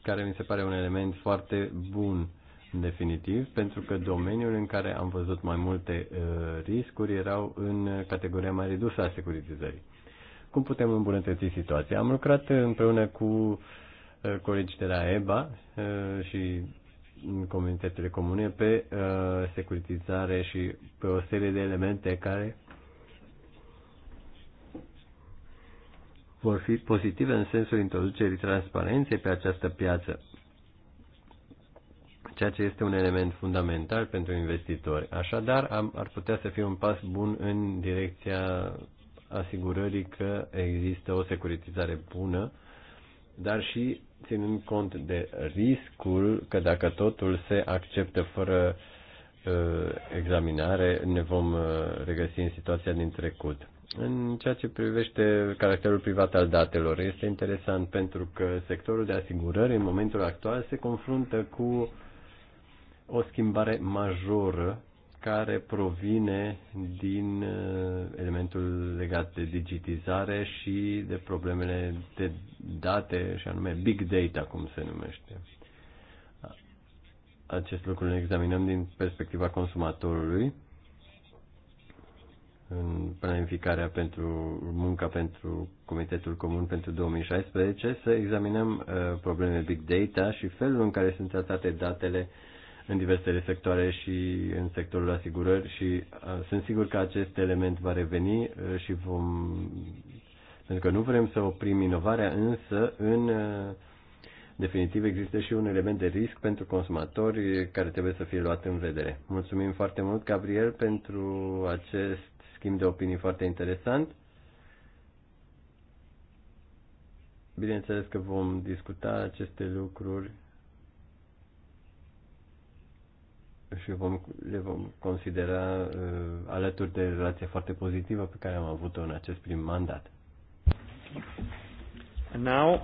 care mi se pare un element foarte bun în definitiv, pentru că domeniul în care am văzut mai multe uh, riscuri erau în categoria mai redusă a securitizării. Cum putem îmbunătăți situația? Am lucrat împreună cu uh, colegii de la EBA uh, și comunitățile comune pe uh, securitizare și pe o serie de elemente care vor fi pozitive în sensul introducerii transparenței pe această piață, ceea ce este un element fundamental pentru investitori. Așadar, am, ar putea să fie un pas bun în direcția asigurării că există o securitizare bună dar și ținând cont de riscul că dacă totul se acceptă fără uh, examinare, ne vom uh, regăsi în situația din trecut. În ceea ce privește caracterul privat al datelor, este interesant pentru că sectorul de asigurări în momentul actual se confruntă cu o schimbare majoră care provine din uh, elementul legat de digitizare și de problemele de date, și anume big data, cum se numește. Acest lucru ne examinăm din perspectiva consumatorului în planificarea pentru munca pentru Comitetul Comun pentru 2016 să examinăm uh, probleme big data și felul în care sunt tratate datele uh, în diversele sectoare și în sectorul asigurări și sunt sigur că acest element va reveni și vom pentru că nu vrem să oprim inovarea, însă în definitiv există și un element de risc pentru consumatori care trebuie să fie luat în vedere. Mulțumim foarte mult, Gabriel, pentru acest schimb de opinii foarte interesant. Bineînțeles că vom discuta aceste lucruri și vom, le vom considera uh, alături de relația foarte pozitivă pe care am avut-o în acest prim mandat. And now,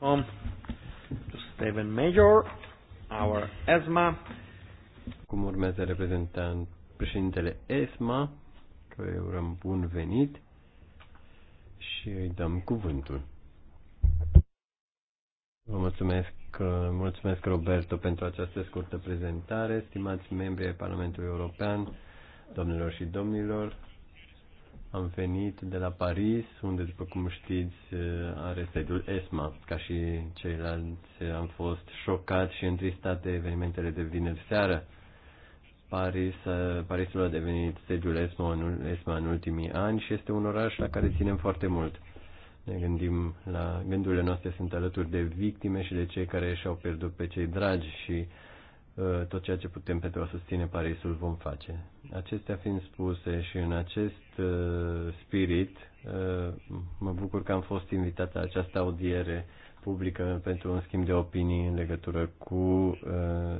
Um, Steven Major, our ESMA. Cum urmează reprezentant președintele ESMA, care eu urăm bun venit și îi dăm cuvântul. Vă mulțumesc, mulțumesc Roberto pentru această scurtă prezentare, stimați membri ai Parlamentului European, domnilor și domnilor, am venit de la Paris, unde, după cum știți, are sediul ESMA. Ca și ceilalți, am fost șocat și întristat de evenimentele de vineri seară. Paris, Parisul a devenit sediul ESMA în, ESMA în ultimii ani și este un oraș la care ținem foarte mult. Ne gândim la gândurile noastre sunt alături de victime și de cei care și-au pierdut pe cei dragi și uh, Uh, tot ceea ce putem pentru a susține Parisul vom face. Acestea fiind spuse și în acest uh, spirit, uh, mă bucur că am fost invitat la această audiere publică pentru un schimb de opinii în legătură cu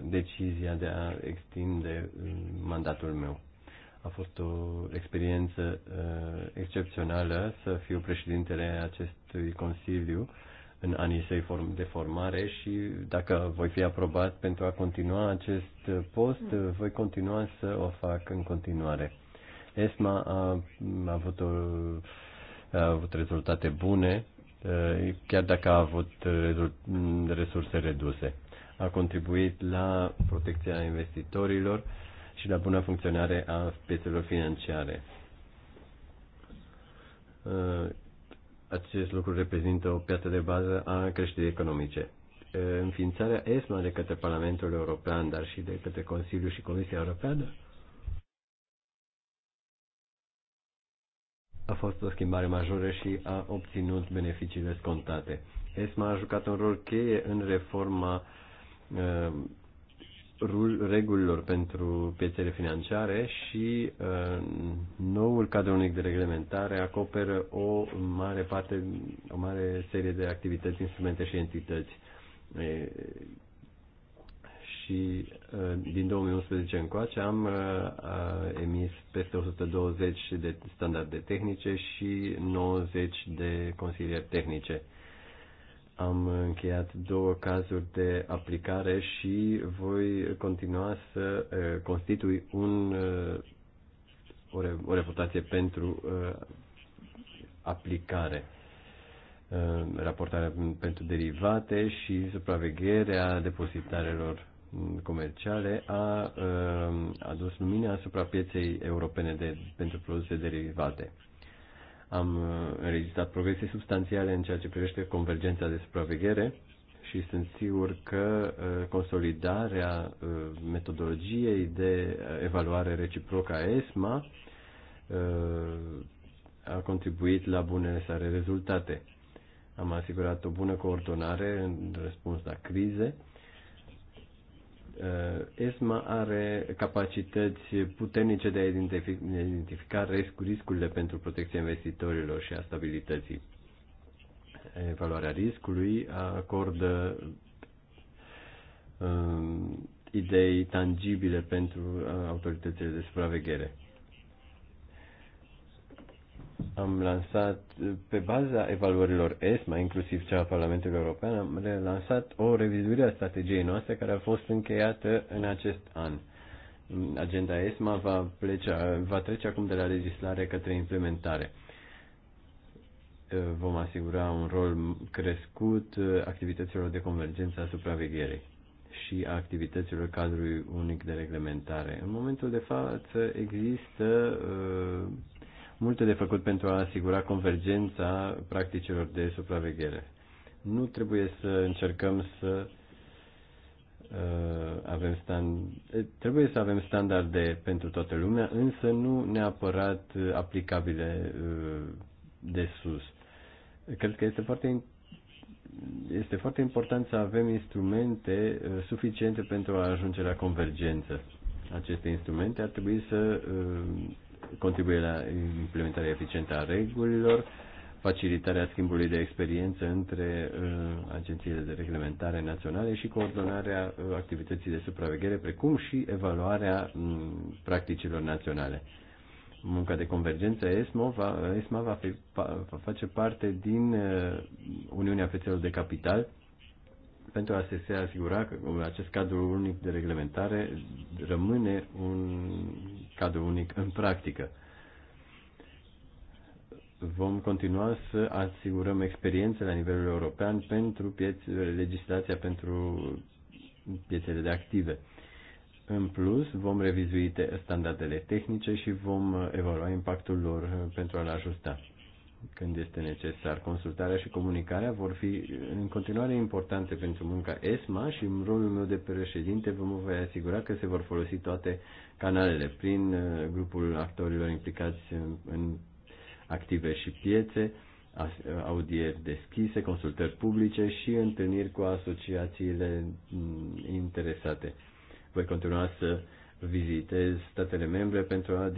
decizia de a extinde mandatul meu. A fost o experiență excepțională să fiu președintele acestui Consiliu în anii săi de formare și dacă voi fi aprobat pentru a continua acest post, mm. voi continua să o fac în continuare. ESMA a, a, avut, o, a avut rezultate bune, chiar dacă a avut resurse reduse. A contribuit la protecția investitorilor și la bună funcționare a piețelor financiare acest lucru reprezintă o piatră de bază a creșterii economice. Înființarea ESMA de către Parlamentul European, dar și de către Consiliul și Comisia Europeană, a fost o schimbare majoră și a obținut beneficiile scontate. ESMA a jucat un rol cheie în reforma regulilor pentru piețele financiare și uh, noul cadru unic de reglementare acoperă o mare parte, o mare serie de activități, instrumente și entități. E, și uh, din 2011 încoace am uh, uh emis peste 120 de standarde tehnice și 90 de consilieri tehnice. Uh, am încheiat două cazuri de aplicare și voi continua să constitui un, o, re, o reputație pentru aplicare raportarea pentru derivate și supravegherea depozitarelor comerciale a adus lumina asupra pieței europene de, pentru produse derivate. Am uh, înregistrat progrese substanțiale în ceea ce privește convergența de supraveghere și sunt sigur că uh, consolidarea uh, metodologiei de evaluare reciprocă a ESMA a contribuit la bune sale rezultate. Am asigurat o bună coordonare în răspuns la crize Uh, ESMA are capacități puternice de a identifica riscurile pentru protecția investitorilor și a stabilității. Evaluarea riscului acordă um, idei tangibile pentru uh, autoritățile de supraveghere am lansat, pe baza evaluărilor ESMA, inclusiv cea a Parlamentului European, am lansat o revizuire a strategiei noastre care a fost încheiată în acest an. Agenda ESMA va, pleca, va trece acum de la legislare către implementare. Vom asigura un rol crescut activităților de convergență a supravegherei și a activităților cadrului unic de reglementare. În momentul de față există uh, multe de făcut pentru a asigura convergența practicilor de supraveghere. Nu trebuie să încercăm să uh, avem stand, eh, trebuie să avem standarde pentru toată lumea, însă nu neapărat uh, aplicabile uh, de sus. Cred că este foarte este foarte important să avem instrumente uh, suficiente pentru a ajunge la convergență. Aceste instrumente ar trebui să uh, contribuie la implementarea eficientă a regulilor, facilitarea schimbului de experiență între uh, agențiile de reglementare naționale și coordonarea uh, activității de supraveghere, precum și evaluarea um, practicilor naționale. Munca de convergență ESMO va, ESMA va, fi, va face parte din uh, Uniunea Fețelor de Capital, pentru a se asigura că acest cadru unic de reglementare rămâne un cadru unic în practică. Vom continua să asigurăm experiențe la nivelul european pentru piețe, legislația pentru piețele de active. În plus, vom revizui standardele tehnice și vom evalua impactul lor pentru a le ajusta când este necesar. Consultarea și comunicarea vor fi în continuare importante pentru munca ESMA și în rolul meu de președinte vă voi asigura că se vor folosi toate canalele prin uh, grupul actorilor implicați în active și piețe, uh, audieri deschise, consultări publice și întâlniri cu asociațiile mm, interesate. Voi continua să vizitez statele membre pentru a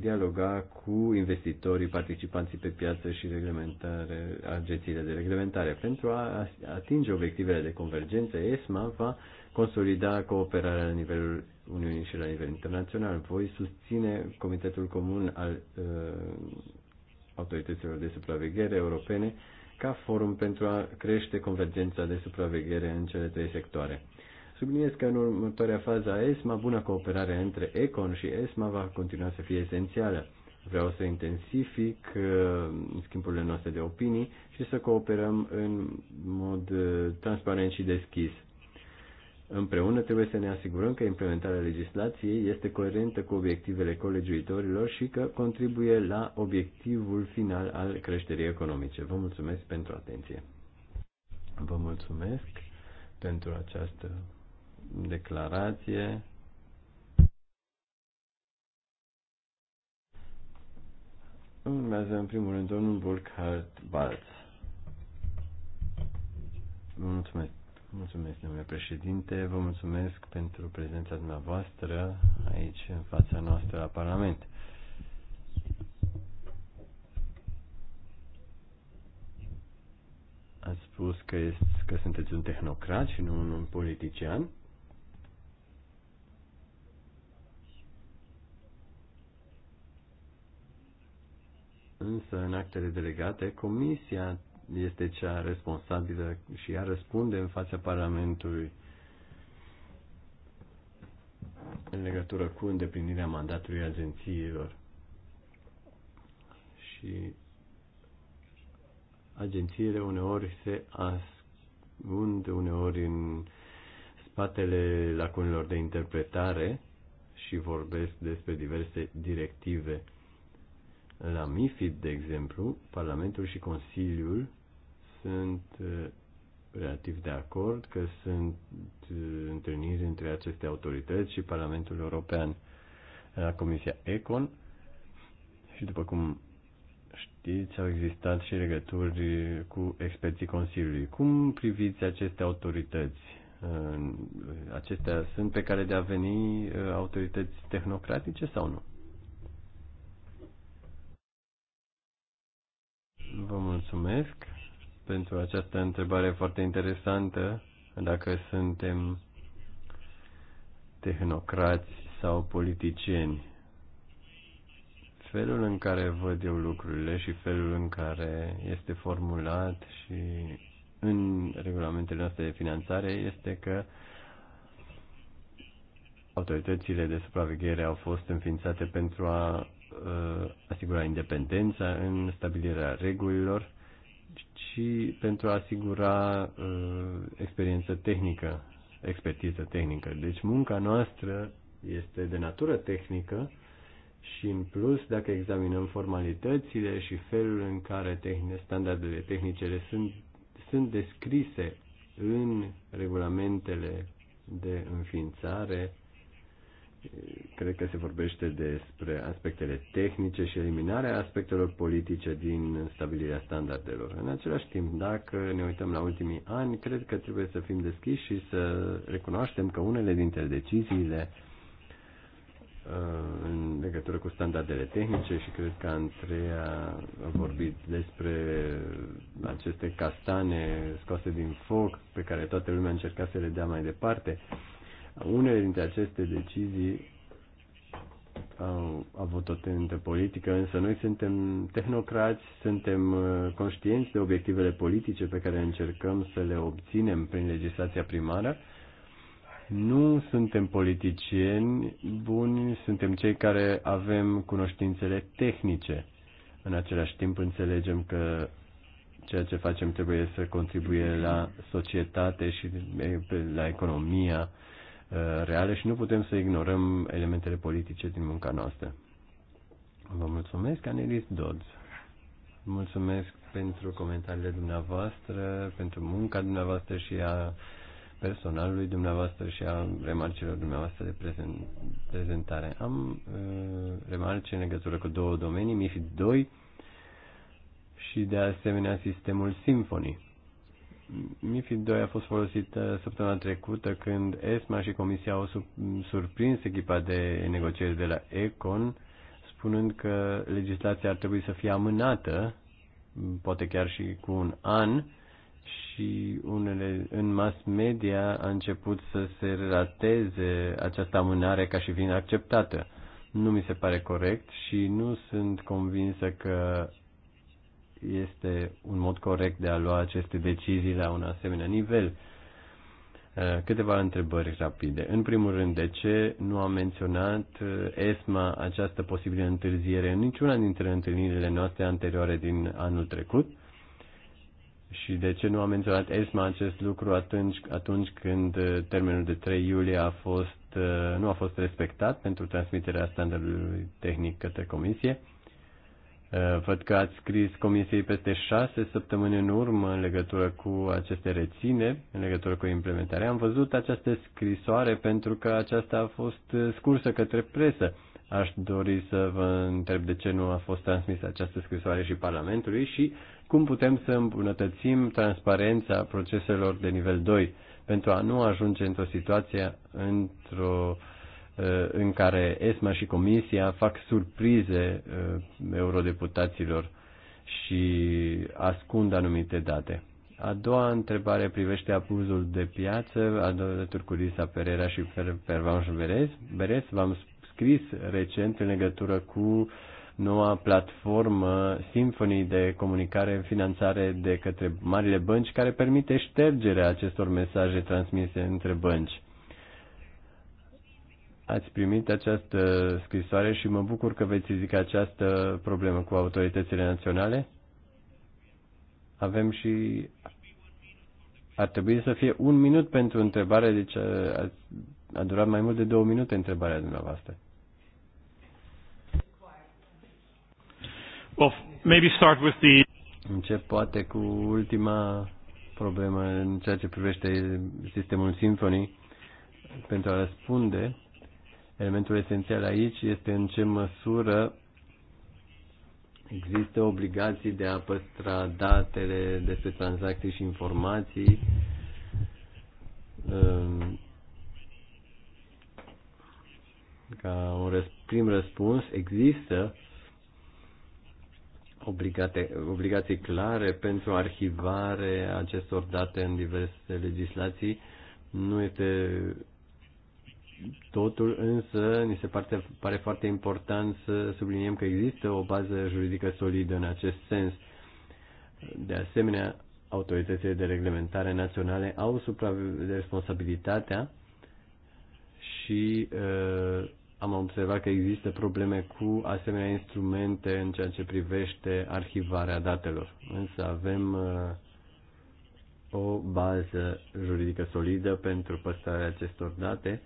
dialoga cu investitorii, participanții pe piață și reglementare, agențiile de reglementare. Pentru a atinge obiectivele de convergență, ESMA va consolida cooperarea la nivelul Uniunii și la nivel internațional. Voi susține Comitetul Comun al uh, Autorităților de Supraveghere Europene ca forum pentru a crește convergența de supraveghere în cele trei sectoare Subliniez că în următoarea fază a ESMA, buna cooperare între ECON și ESMA va continua să fie esențială. Vreau să intensific uh, schimburile noastre de opinii și să cooperăm în mod uh, transparent și deschis. Împreună trebuie să ne asigurăm că implementarea legislației este coerentă cu obiectivele colegiuitorilor și că contribuie la obiectivul final al creșterii economice. Vă mulțumesc pentru atenție. Vă mulțumesc pentru această declarație Urmează în primul rând domnul Burkhard Balz. Vă mulțumesc. Mulțumesc, domnule președinte. Vă mulțumesc pentru prezența dumneavoastră aici, în fața noastră, la Parlament. Ați spus că, este, că sunteți un tehnocrat și nu un, un politician. însă în actele delegate Comisia este cea responsabilă și ea răspunde în fața Parlamentului în legătură cu îndeplinirea mandatului agențiilor. Și agențiile uneori se ascund uneori în spatele lacunilor de interpretare și vorbesc despre diverse directive la MIFID, de exemplu, Parlamentul și Consiliul sunt uh, relativ de acord că sunt uh, întâlniri între aceste autorități și Parlamentul European la Comisia Econ și după cum știți, au existat și legături cu experții Consiliului. Cum priviți aceste autorități? Uh, acestea sunt pe care de a veni autorități tehnocratice sau nu? Vă mulțumesc pentru această întrebare foarte interesantă. Dacă suntem tehnocrați sau politicieni, felul în care văd eu lucrurile și felul în care este formulat și în regulamentele noastre de finanțare este că autoritățile de supraveghere au fost înființate pentru a Uh, asigura independența în stabilirea regulilor, ci pentru a asigura uh, experiență tehnică, expertiză tehnică. Deci munca noastră este de natură tehnică și în plus, dacă examinăm formalitățile și felul în care tehn- standardele tehnicele sunt, sunt descrise în regulamentele de înființare cred că se vorbește despre aspectele tehnice și eliminarea aspectelor politice din stabilirea standardelor. În același timp, dacă ne uităm la ultimii ani, cred că trebuie să fim deschiși și să recunoaștem că unele dintre deciziile uh, în legătură cu standardele tehnice și cred că Andreea a vorbit despre aceste castane scoase din foc pe care toată lumea încerca să le dea mai departe. Uh, unele dintre aceste decizii au avut o tendință politică, însă noi suntem tehnocrați, suntem uh, conștienți de obiectivele politice pe care încercăm să le obținem prin legislația primară. Nu suntem politicieni buni, suntem cei care avem cunoștințele tehnice. În același timp înțelegem că ceea ce facem trebuie să contribuie la societate și la economia Uh, reale și nu putem să ignorăm elementele politice din munca noastră. Vă mulțumesc, Anelis Dodds. Mulțumesc pentru comentariile dumneavoastră, pentru munca dumneavoastră și a personalului dumneavoastră și a remarcilor dumneavoastră de prezentare. Am uh, remarce în legătură cu două domenii, MIFID 2 și de asemenea sistemul Symfony. MIFID 2 a fost folosit săptămâna trecută când ESMA și Comisia au surprins echipa de negocieri de la ECON spunând că legislația ar trebui să fie amânată, poate chiar și cu un an, și unele în mass media a început să se relateze această amânare ca și fiind acceptată. Nu mi se pare corect și nu sunt convinsă că este un mod corect de a lua aceste decizii la un asemenea nivel. Uh, câteva întrebări rapide. În primul rând, de ce nu a menționat uh, ESMA această posibilă întârziere în niciuna dintre întâlnirile noastre anterioare din anul trecut? Și de ce nu a menționat ESMA acest lucru atunci, atunci când uh, termenul de 3 iulie a fost, nu a fost respectat pentru transmiterea standardului tehnic către comisie? Eh, văd că ați scris Comisiei peste șase săptămâni în urmă în legătură cu aceste reține, în legătură cu implementarea. Am văzut această scrisoare pentru că aceasta a fost eh, scursă către presă. Aș dori să vă întreb de ce nu a fost transmisă această scrisoare și Parlamentului și cum putem să îmbunătățim transparența proceselor de nivel 2 pentru a nu ajunge într-o situație, într-o uh, Uh, în care ESMA și Comisia fac surprize uh, eurodeputaților și ascund anumite date. A doua întrebare privește abuzul de piață, alături cu Lisa Pereira și Pervanș Berez. Berez, v-am scris recent în legătură cu noua platformă Symfony de comunicare în finanțare de către marile bănci, care permite ștergerea acestor mesaje transmise între bănci ați primit această scrisoare și mă bucur că veți ridica această problemă cu autoritățile naționale. Avem și ar trebui să fie un minut pentru întrebare, deci a, a durat mai mult de două minute întrebarea dumneavoastră. Well, maybe start with the... Încep poate cu ultima problemă în ceea ce privește sistemul Symfony pentru a răspunde Elementul esențial aici este în ce măsură există obligații de a păstra datele despre tranzacții și informații um, ca un prim răspuns există obligate, obligații clare pentru arhivare acestor date în diverse legislații. Nu este Totul însă ni se pare, pare foarte important să subliniem că există o bază juridică solidă în acest sens. De asemenea, autoritățile de reglementare naționale au responsabilitatea și uh, am observat că există probleme cu asemenea instrumente în ceea ce privește arhivarea datelor. Însă avem uh, o bază juridică solidă pentru păstrarea acestor date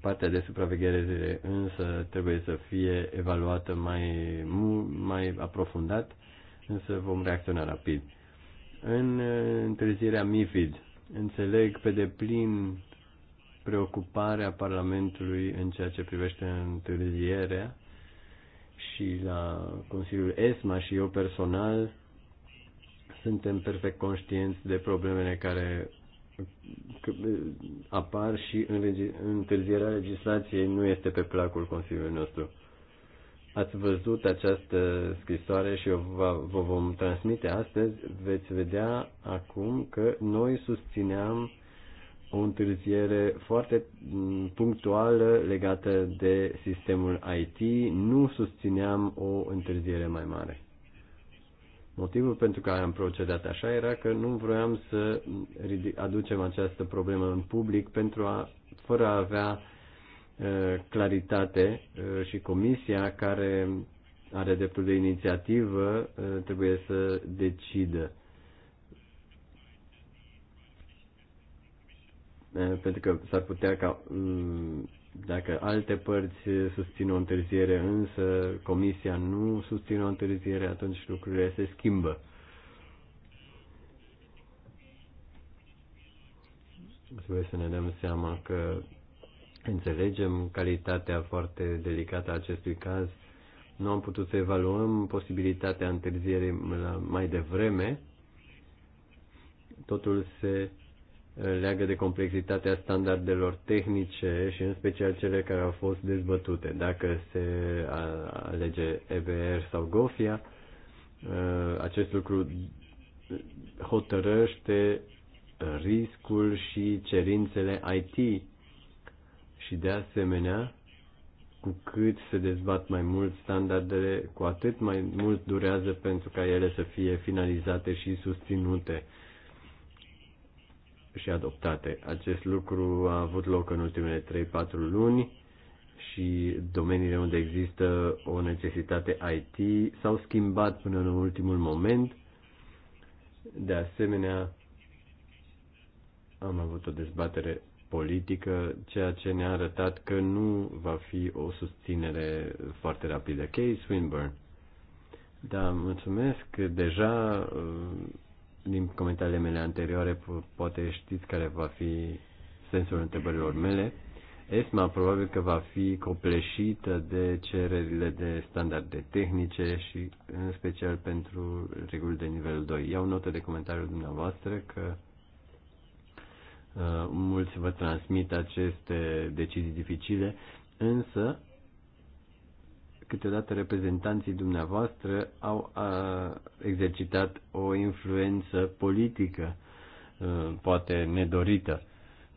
Partea de supraveghere însă trebuie să fie evaluată mai, mai aprofundat, însă vom reacționa rapid. În uh, întârzierea MIFID, înțeleg pe deplin preocuparea Parlamentului în ceea ce privește întârzierea și la Consiliul ESMA și eu personal suntem perfect conștienți de problemele care apar și întârzierea legislației nu este pe placul Consiliului nostru. Ați văzut această scrisoare și vă vom transmite astăzi. Veți vedea acum că noi susțineam o întârziere foarte punctuală legată de sistemul IT. Nu susțineam o întârziere mai mare. Motivul pentru care am procedat așa era că nu vroiam să aducem această problemă în public pentru a, fără a avea uh, claritate uh, și comisia care are dreptul de inițiativă uh, trebuie să decidă. Pentru că s-ar putea ca dacă alte părți susțin o întârziere, însă comisia nu susține o întârziere, atunci lucrurile se schimbă. Trebuie să ne dăm seama că înțelegem calitatea foarte delicată a acestui caz. Nu am putut să evaluăm posibilitatea întârzierii mai devreme. Totul se leagă de complexitatea standardelor tehnice și în special cele care au fost dezbătute. Dacă se alege EBR sau GOFIA, acest lucru hotărăște riscul și cerințele IT și de asemenea cu cât se dezbat mai mult standardele, cu atât mai mult durează pentru ca ele să fie finalizate și susținute și adoptate. Acest lucru a avut loc în ultimele 3-4 luni și domeniile unde există o necesitate IT s-au schimbat până în ultimul moment. De asemenea, am avut o dezbatere politică, ceea ce ne-a arătat că nu va fi o susținere foarte rapidă. Case Swinburne. Da, mulțumesc. Deja uh, din comentariile mele anterioare, poate știți care va fi sensul întrebărilor mele. ESMA probabil că va fi copleșită de cererile de standarde tehnice și în special pentru reguli de nivel 2. Iau notă de comentariul dumneavoastră că uh, mulți vă transmit aceste decizii dificile, însă câteodată reprezentanții dumneavoastră au a, exercitat o influență politică, poate nedorită.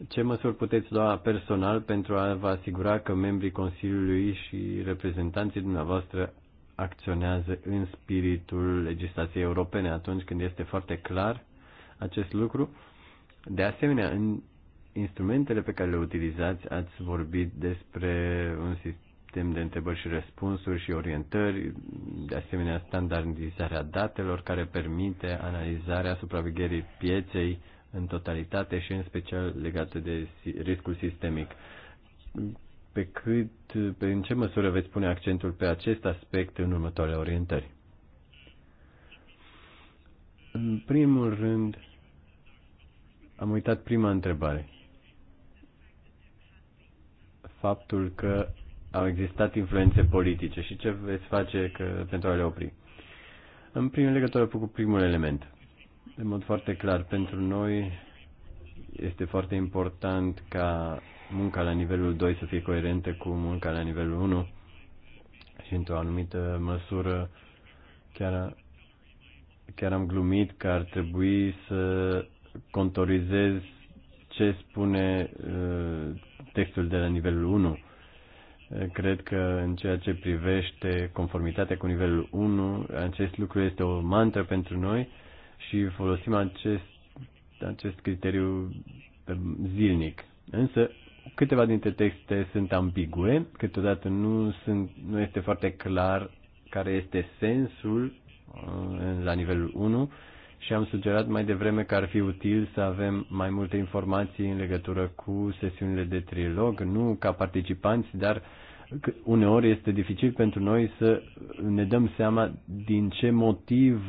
Ce măsuri puteți lua personal pentru a vă asigura că membrii Consiliului și reprezentanții dumneavoastră acționează în spiritul legislației europene atunci când este foarte clar acest lucru? De asemenea, în instrumentele pe care le utilizați ați vorbit despre un sistem sistem de întrebări și răspunsuri și orientări, de asemenea standardizarea datelor care permite analizarea supravegherii pieței în totalitate și în special legate de riscul sistemic. Pe cât, pe în ce măsură veți pune accentul pe acest aspect în următoarele orientări? În primul rând, am uitat prima întrebare. Faptul că au existat influențe politice și ce veți face că, pentru a le opri? În primul legătură cu primul element. în mod foarte clar, pentru noi este foarte important ca munca la nivelul 2 să fie coerentă cu munca la nivelul 1 și într-o anumită măsură chiar, chiar am glumit că ar trebui să contorizez ce spune uh, textul de la nivelul 1 Cred că în ceea ce privește conformitatea cu nivelul 1, acest lucru este o mantră pentru noi și folosim acest, acest criteriu zilnic. Însă, câteva dintre texte sunt ambigue, câteodată nu, sunt, nu este foarte clar care este sensul uh, la nivelul 1 și am sugerat mai devreme că ar fi util să avem mai multe informații în legătură cu sesiunile de trilog, nu ca participanți, dar uneori este dificil pentru noi să ne dăm seama din ce motiv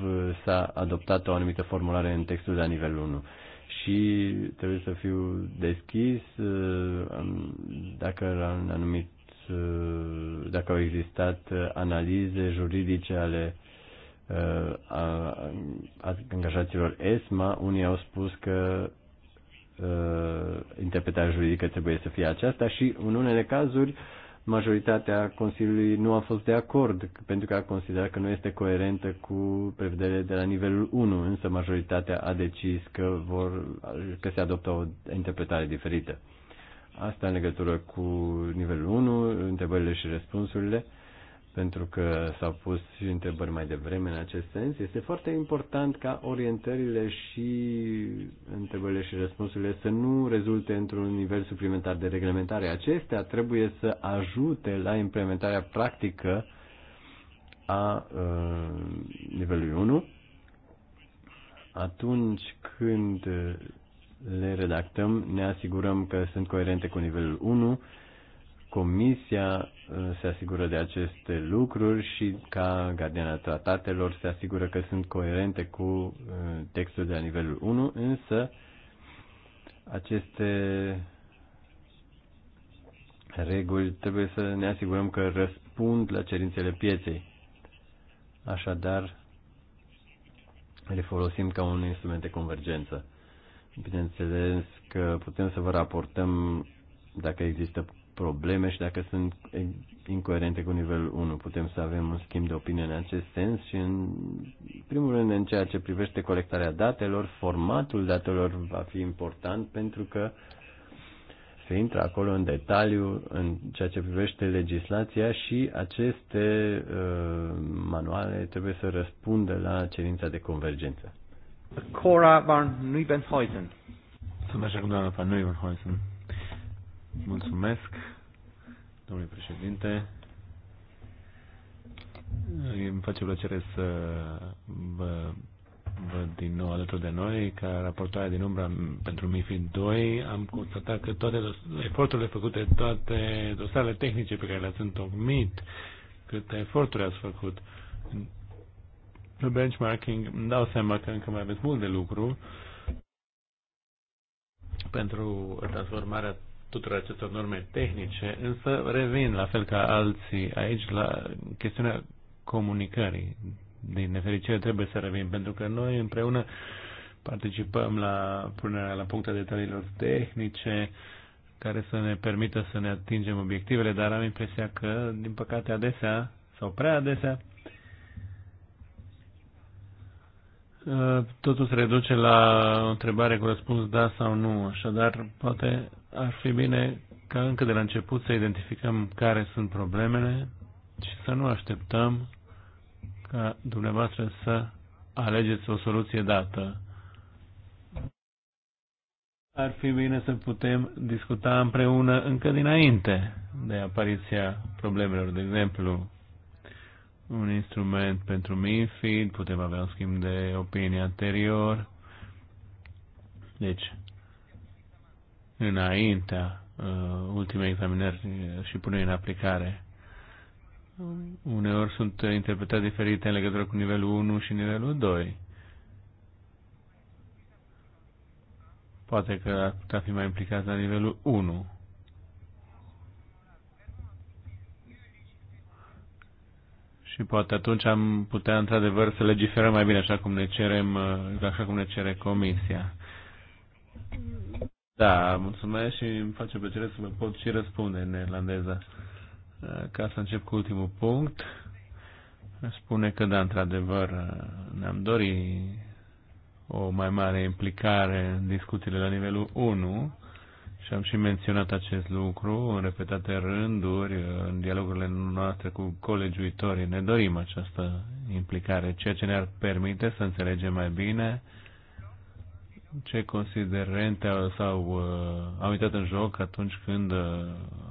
s-a adoptat o anumită formulare în textul la nivel 1 și trebuie să fiu deschis uh, dacă la un anumit uh, dacă au existat analize juridice ale a angajaților ESMA, unii au spus că interpretarea juridică trebuie să fie aceasta și în unele cazuri majoritatea Consiliului nu a fost de acord pentru că a considerat că nu este coerentă cu prevederile de la nivelul 1, însă majoritatea a decis că, vor, că se adoptă o interpretare diferită. Asta în legătură cu nivelul 1, întrebările și răspunsurile pentru că s-au pus și întrebări mai devreme în acest sens. Este foarte important ca orientările și întrebările și răspunsurile să nu rezulte într-un nivel suplimentar de reglementare. Acestea trebuie să ajute la implementarea practică a uh, nivelului 1 atunci când le redactăm, ne asigurăm că sunt coerente cu nivelul 1 Comisia uh, se asigură de aceste lucruri și ca gardiana tratatelor se asigură că sunt coerente cu uh, textul de la nivelul 1, însă aceste reguli trebuie să ne asigurăm că răspund la cerințele pieței. Așadar, le folosim ca un instrument de convergență. Bineînțeles că putem să vă raportăm dacă există probleme și dacă sunt incoerente cu nivelul 1. Putem să avem un schimb de opinie în acest sens și, în primul rând, în ceea ce privește colectarea datelor, formatul datelor va fi important pentru că se intră acolo în detaliu în ceea ce privește legislația și aceste uh, manuale trebuie să răspundă la cerința de convergență. Cora van Nuibenhuizen. Să mergem cu doamna van Nuibenhuizen. Mulțumesc, domnule președinte. Îmi face plăcere să vă văd din nou alături de noi. Ca raportoare din umbra pentru MIFID 2 am constatat că toate eforturile făcute, toate dosarele tehnice pe care le-ați întocmit, câte eforturi ați făcut pe benchmarking, îmi dau seama că încă mai aveți mult de lucru pentru transformarea tuturor acestor norme tehnice, însă revin, la fel ca alții aici, la chestiunea comunicării. Din nefericire trebuie să revin, pentru că noi împreună participăm la punerea la punctul detaliilor tehnice care să ne permită să ne atingem obiectivele, dar am impresia că, din păcate, adesea, sau prea adesea, totul se reduce la o întrebare cu răspuns da sau nu. Așadar, poate ar fi bine ca încă de la început să identificăm care sunt problemele și să nu așteptăm ca dumneavoastră să alegeți o soluție dată. Ar fi bine să putem discuta împreună încă dinainte de apariția problemelor. De exemplu, un instrument pentru MIFID, putem avea un schimb de opinie anterior. Deci, înaintea uh, ultimei examinări uh, și pune în aplicare. Uneori sunt interpretate diferite în legătură cu nivelul 1 și nivelul 2. Poate că ar putea fi mai implicat la nivelul 1. Și poate atunci am putea într-adevăr să legiferăm mai bine așa cum ne cerem, uh, așa cum ne cere comisia. Da, mulțumesc și îmi face plăcere să vă pot și răspunde în neerlandeză. Ca să încep cu ultimul punct, spune că, da, într-adevăr, ne-am dorit o mai mare implicare în discuțiile la nivelul 1 și am și menționat acest lucru în repetate rânduri, în dialogurile noastre cu colegiuitorii. Ne dorim această implicare, ceea ce ne-ar permite să înțelegem mai bine uh, ce considerente sau uh, au intrat în joc atunci când uh,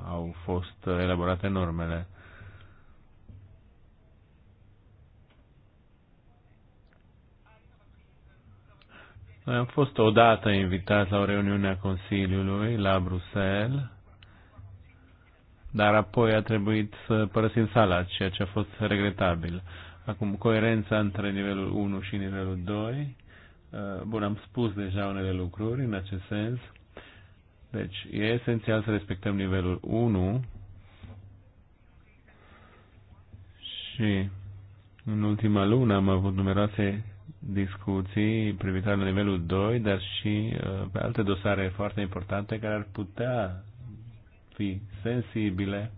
au fost elaborate normele. Noi am fost odată invitați la o reuniune a Consiliului la Bruxelles, dar apoi a trebuit să părăsim sala, ceea ce a fost regretabil. Acum, coerența între nivelul 1 și nivelul 2 Uh, bun, am spus deja unele lucruri în acest sens. Deci, e esențial să respectăm nivelul 1 și în ultima lună am avut numeroase discuții privitoare la nivelul 2, dar și uh, pe alte dosare foarte importante care ar putea fi sensibile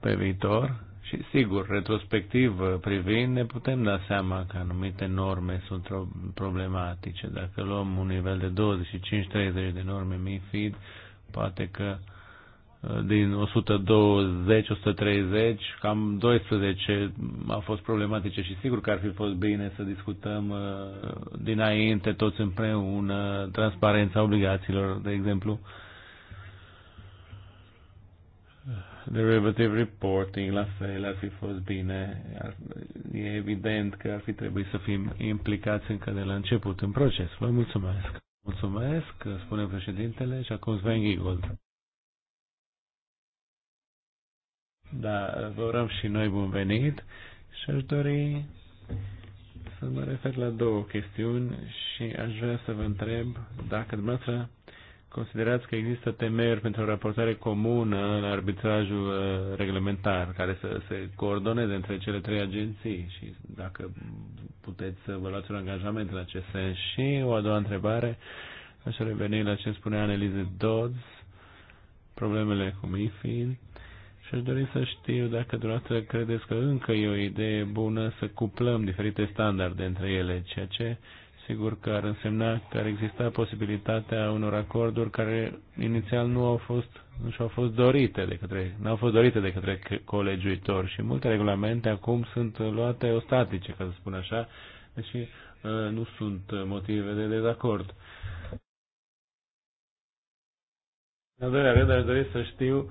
pe viitor și sigur, retrospectiv uh, privind, ne putem da seama că anumite norme sunt problematice. Dacă luăm un nivel de 25-30 de norme MIFID, poate că uh, din 120-130, cam 12 au fost problematice și sigur că ar fi fost bine să discutăm uh, dinainte toți împreună transparența obligațiilor, de exemplu, derivative reporting, la fel, ar fi fost bine. e evident că ar fi trebuit să fim implicați încă de la început în proces. Vă mulțumesc! Mulțumesc, spune președintele, și acum Sven Giegold. Da, vă urăm și noi bun venit și aș dori să mă refer la două chestiuni și aș vrea să vă întreb dacă dumneavoastră Considerați că există temeri pentru o raportare comună la arbitrajul uh, reglementar care să se coordoneze între cele trei agenții și dacă puteți să vă luați un angajament în acest sens. Și o a doua întrebare, aș reveni la ce spunea Anelize Dodds, problemele cu MIFID și aș dori să știu dacă dumneavoastră credeți că încă e o idee bună să cuplăm diferite standarde între ele, ceea ce sigur că ar însemna că ar exista posibilitatea unor acorduri care inițial nu au fost nu și-au fost dorite de către, nu au fost dorite de către colegiuitori și multe regulamente acum sunt luate ostatice, ca să spun așa, deși uh, nu sunt motive de dezacord. În al doilea rând, aș dori să știu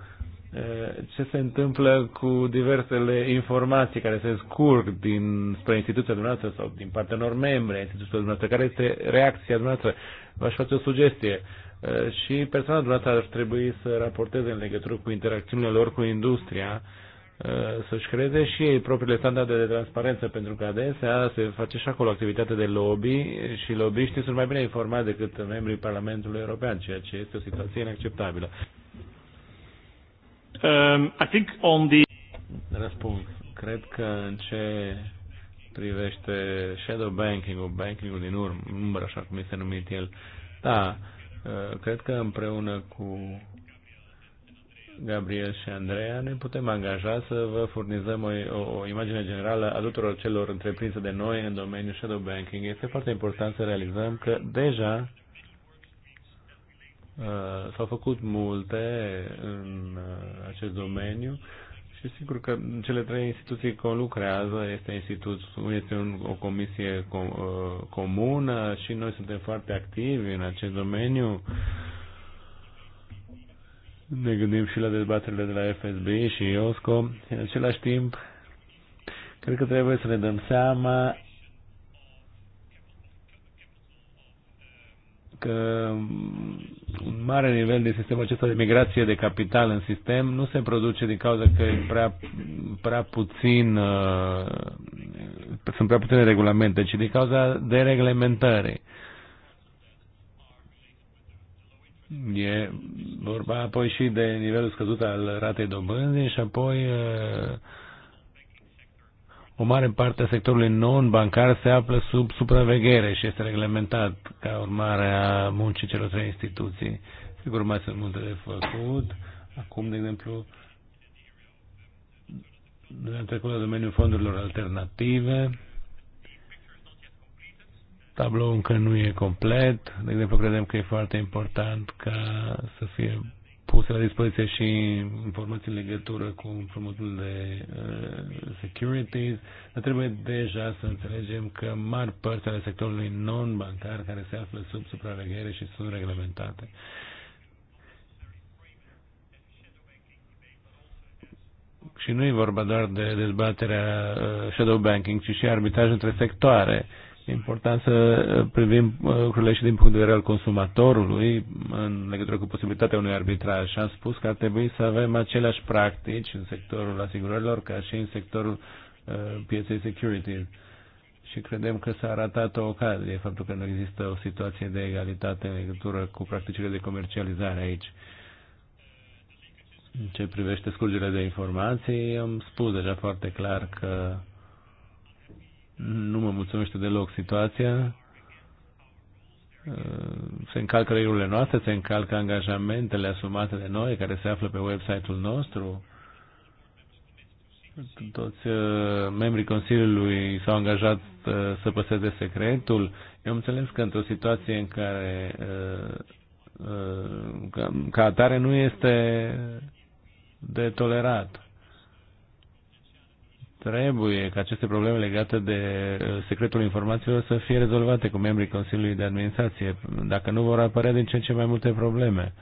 ce se întâmplă cu diversele informații care se scurg din, spre instituția dumneavoastră sau din partea unor membre instituția dumneavoastră, care este reacția dumneavoastră. V-aș face o sugestie. Eh, și persoana dumneavoastră ar trebui să raporteze în legătură cu interacțiunile lor cu industria, eh, să-și creeze și ei propriile standarde de transparență, pentru că adesea se face și acolo activitate de lobby și lobbyiștii sunt mai bine informați decât membrii Parlamentului European, ceea ce este o situație inacceptabilă. Um, I think on the... Răspuns. Cred că în ce privește shadow banking-ul, banking-ul din urmă, așa cum este numit el, da, uh, cred că împreună cu Gabriel și Andreea ne putem angaja să vă furnizăm o, o, o imagine generală a tuturor celor întreprinse de noi în domeniul shadow banking. Este foarte important să realizăm că deja Uh, s-au făcut multe în uh, acest domeniu și sigur că cele trei instituții lucrează, este, institut, este un, o comisie com, uh, comună și noi suntem foarte activi în acest domeniu. Ne gândim și la dezbaterile de la FSB și IOSCO. În același timp, cred că trebuie să ne dăm seama că un mare nivel din sistemul acesta de migrație de capital în sistem nu se produce din cauza că e prea, prea puțin, uh, sunt prea puține regulamente, ci din cauza dereglementării. E vorba apoi și de nivelul scăzut al ratei dobânzii și apoi uh, o mare parte a sectorului non-bancar se află sub supraveghere și este reglementat ca urmare a muncii celor trei instituții. Sigur, mai sunt multe de făcut. Acum, de exemplu, noi am trecut la domeniul fondurilor alternative. Tabloul încă nu e complet. De exemplu, credem că e foarte important ca să fie puse la dispoziție și informații în legătură cu informațiile de uh, securities, dar trebuie deja să înțelegem că mari părți ale sectorului non-bancar care se află sub supraveghere și sunt reglementate. Și nu e vorba doar de dezbaterea uh, shadow banking, ci și arbitraj între sectoare. Uh, E important să uh, privim uh, lucrurile și din punct de vedere al consumatorului în legătură cu posibilitatea unui arbitraj. Și am spus că ar trebui să avem aceleași practici în sectorul asigurărilor ca și în sectorul uh, pieței securities. Și credem că s-a ratat o ocazie, faptul că nu există o situație de egalitate în legătură cu practicile de comercializare aici. În ce privește scurgerea de informații, am spus deja foarte clar că nu mă mulțumește deloc situația. Uh, se încalcă regulile noastre, se încalcă angajamentele asumate de noi, care se află pe website-ul nostru. Toți uh, membrii Consiliului s-au angajat uh, să păseze secretul. Eu înțeles că într-o situație în care ca atare nu este de tolerat. Trebuie ca aceste probleme legate de uh, secretul informațiilor să fie rezolvate cu membrii Consiliului de Administrație, dacă nu vor apărea din ce în ce mai multe probleme.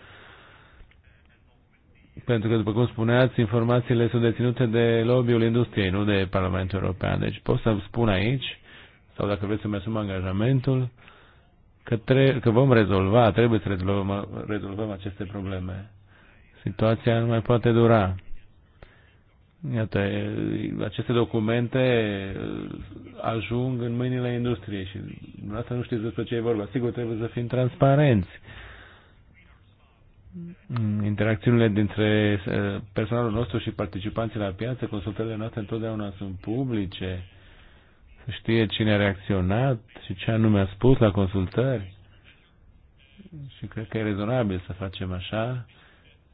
Pentru că, după cum spuneați, informațiile sunt deținute de lobby-ul industriei, nu de Parlamentul European. Deci pot să spun aici, sau dacă vreți să-mi asum angajamentul, că, tre- că vom rezolva, trebuie să rezolvăm, rezolvăm aceste probleme. Situația nu mai poate dura. Iată, aceste documente uh, ajung în mâinile industriei și asta nu știți despre ce e vorba. Sigur, trebuie să fim transparenți. Interacțiunile dintre uh, personalul nostru și participanții la piață, consultările noastre întotdeauna sunt publice. Să știe cine a reacționat și ce anume a spus la consultări. Și cred că e rezonabil să facem așa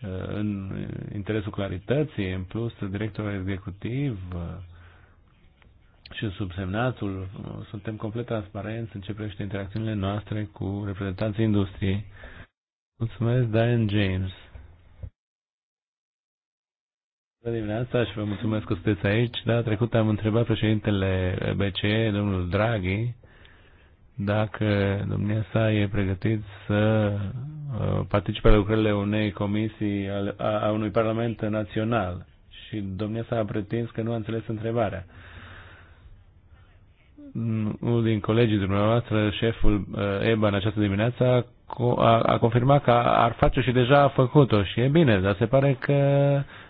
Uh, în interesul clarității, în plus directorul executiv uh, și subsemnatul, uh, suntem complet transparenți în ce privește interacțiunile noastre cu reprezentanții industriei. Mulțumesc, Diane James. Bună dimineața și vă mulțumesc că sunteți aici. Da, trecut am întrebat președintele BCE, domnul Draghi, dacă domnia sa e pregătit să uh, participe la lucrările unei comisii a unui parlament național. Și domnia sa a pretins că nu a înțeles întrebarea. Unul din colegii dumneavoastră, șeful uh, EBA în această dimineață, a confirmat că ar face și deja a făcut-o și e bine, dar se pare că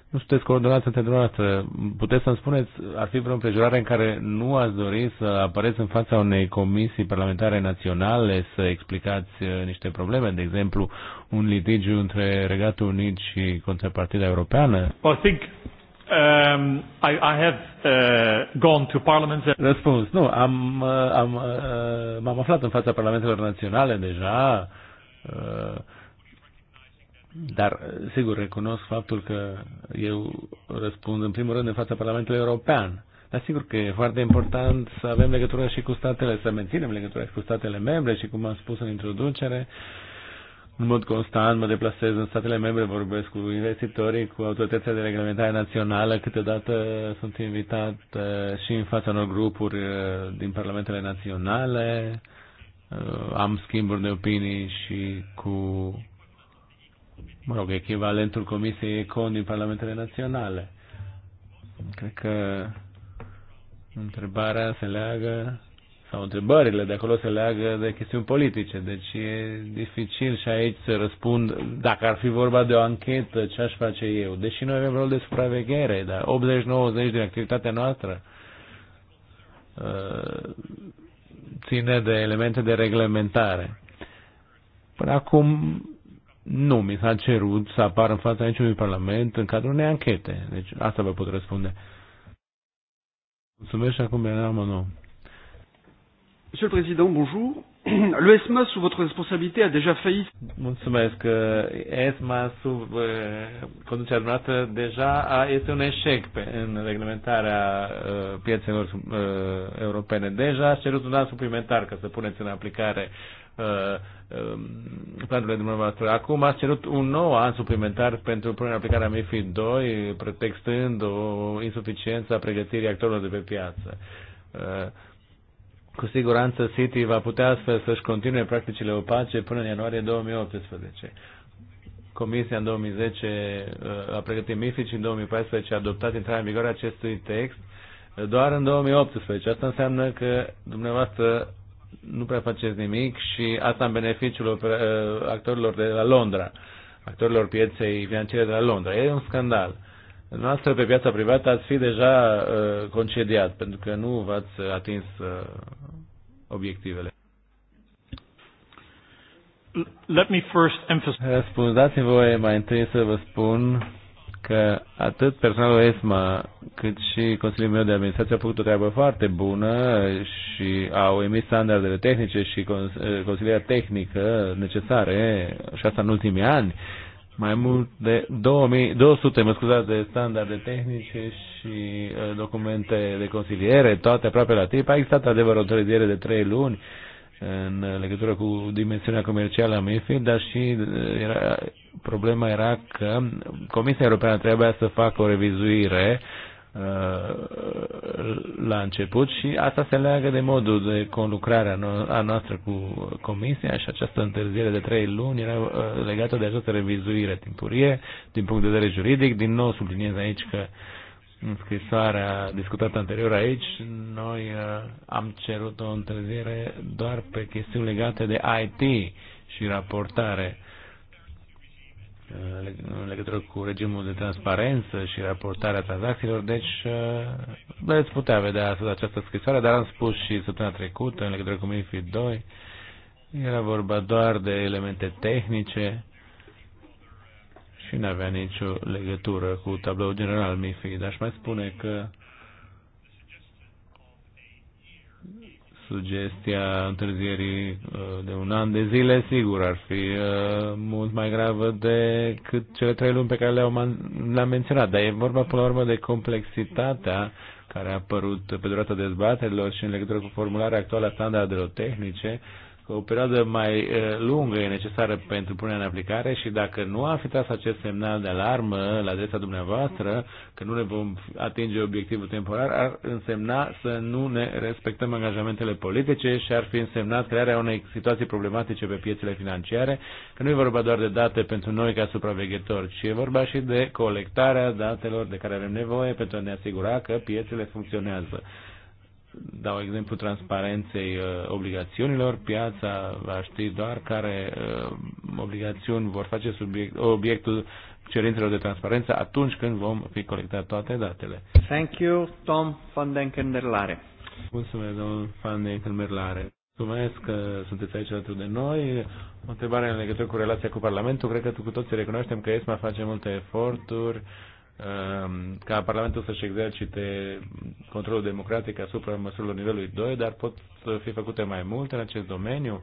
nu sunteți coordonați între dumneavoastră. Puteți să-mi spuneți, ar fi vreo împrejurare în care nu ați dori să apareți în fața unei comisii parlamentare naționale să explicați uh, niște probleme, de exemplu, un litigiu între Regatul Unit și Contrapartida Europeană? Well, I think Um, I, I have uh, gone to parliaments. Răspuns. Nu, am, uh, am, uh, m-am aflat în fața parlamentelor naționale deja. Uh, dar, sigur, recunosc faptul că eu răspund în primul rând în fața Parlamentului European. Dar sigur că e foarte important să avem legătură și cu statele, să menținem legătura și cu statele membre și, cum am spus în introducere, în mod constant mă deplasez în statele membre, vorbesc cu investitorii, cu autoritățile de reglementare națională, câteodată sunt invitat uh, și în fața unor grupuri uh, din parlamentele naționale, uh, am schimburi de opinii și cu mă rog, echivalentul Comisiei Econ din Parlamentele Naționale. Cred că întrebarea se leagă, sau întrebările de acolo se leagă de chestiuni politice, deci e dificil și aici să răspund dacă ar fi vorba de o anchetă, ce aș face eu. Deși noi avem rol de supraveghere, dar 80-90 din activitatea noastră uh, ține de elemente de reglementare. Până acum nu, mi s-a cerut să apar în fața niciunui parlament în cadrul unei anchete. Deci asta vă pot răspunde. Mulțumesc și acum Bernard Monod. Monsieur le Président, bonjour. Le ESMA, sous votre responsabilité, a deja failli. Mulțumesc. ESMA, sub eh, conducerea dumneavoastră, deja a, este un eșec pe, în reglementarea eh, piețelor eh, europene. Deja a cerut un an suplimentar ca să puneți în aplicare Uh, um, planurile dumneavoastră. Acum ați cerut un nou an suplimentar pentru punerea aplicare a MIFID 2, pretextând o insuficiență a pregătirii actorilor de pe piață. Uh, cu siguranță City va putea astfel să-și continue practicile opace până în ianuarie 2018. Comisia în 2010 uh, a pregătit MIFID și în 2014 a adoptat intrarea în vigoare acestui text doar în 2018. Asta înseamnă că dumneavoastră nu prea faceți nimic și asta în beneficiul uh, actorilor de la Londra, actorilor pieței financiare de la Londra. E un scandal. Noastră pe piața privată ați fi deja uh, concediat, pentru că nu v-ați atins uh, obiectivele. Let me first emphasize. Răspuns, dați-mi voi mai întâi să vă spun că atât personalul ESMA cât și Consiliul meu de administrație au făcut o treabă foarte bună și au emis standardele tehnice și eh, consilierea tehnică necesare, și asta în ultimii ani, mai mult de 2000, 200, mă scuzați, de standarde tehnice și eh, documente de consiliere, toate aproape la timp. A existat adevăr o întârziere de 3 luni, în legătură cu dimensiunea comercială a MIFID, dar și uh, era, problema era că Comisia Europeană trebuia să facă o revizuire uh, la început și asta se leagă de modul de conlucrare a noastră cu Comisia și această întârziere de trei luni era uh, legată de această revizuire timpurie din punct de vedere juridic. Din nou subliniez aici că uh, în scrisoarea discutată anterior aici, noi uh, am cerut o întârziere doar pe chestiuni legate de IT și raportare uh, în legătură cu regimul de transparență și raportarea tranzacțiilor, deci uh, veți putea vedea astăzi această scrisoare, dar am spus și săptămâna trecută în legătură cu MIFID 2, era vorba doar de elemente tehnice și nu avea nicio legătură cu tabloul general Mifi. dar mai spune că sugestia întârzierii uh, de un an de zile, sigur, ar fi uh, mult mai gravă decât cele trei luni pe care le-am le menționat. Dar e vorba, până la urmă, de complexitatea care a apărut pe durata dezbaterilor și în legătură cu formularea actuală a standardelor tehnice, o perioadă mai lungă e necesară pentru punerea în aplicare și dacă nu fi tras acest semnal de alarmă la adresa dumneavoastră, că nu ne vom atinge obiectivul temporar, ar însemna să nu ne respectăm angajamentele politice și ar fi însemnat crearea unei situații problematice pe piețele financiare, că nu e vorba doar de date pentru noi ca supraveghetori, ci e vorba și de colectarea datelor de care avem nevoie pentru a ne asigura că piețele funcționează dau exemplu transparenței uh, obligațiunilor, piața va ști doar care uh, obligațiuni vor face subiect, obiectul cerințelor de transparență atunci când vom fi colectat toate datele. Thank you, Tom van den Kenderlare. Mulțumesc, domnul van den Kenderlare. Mulțumesc că sunteți aici alături de noi. O întrebare în legătură cu relația cu Parlamentul. Cred că cu toții recunoaștem că ESMA face multe eforturi Um, ca Parlamentul să-și exercite controlul democratic asupra măsurilor nivelului 2, dar pot să fie făcute mai multe în acest domeniu,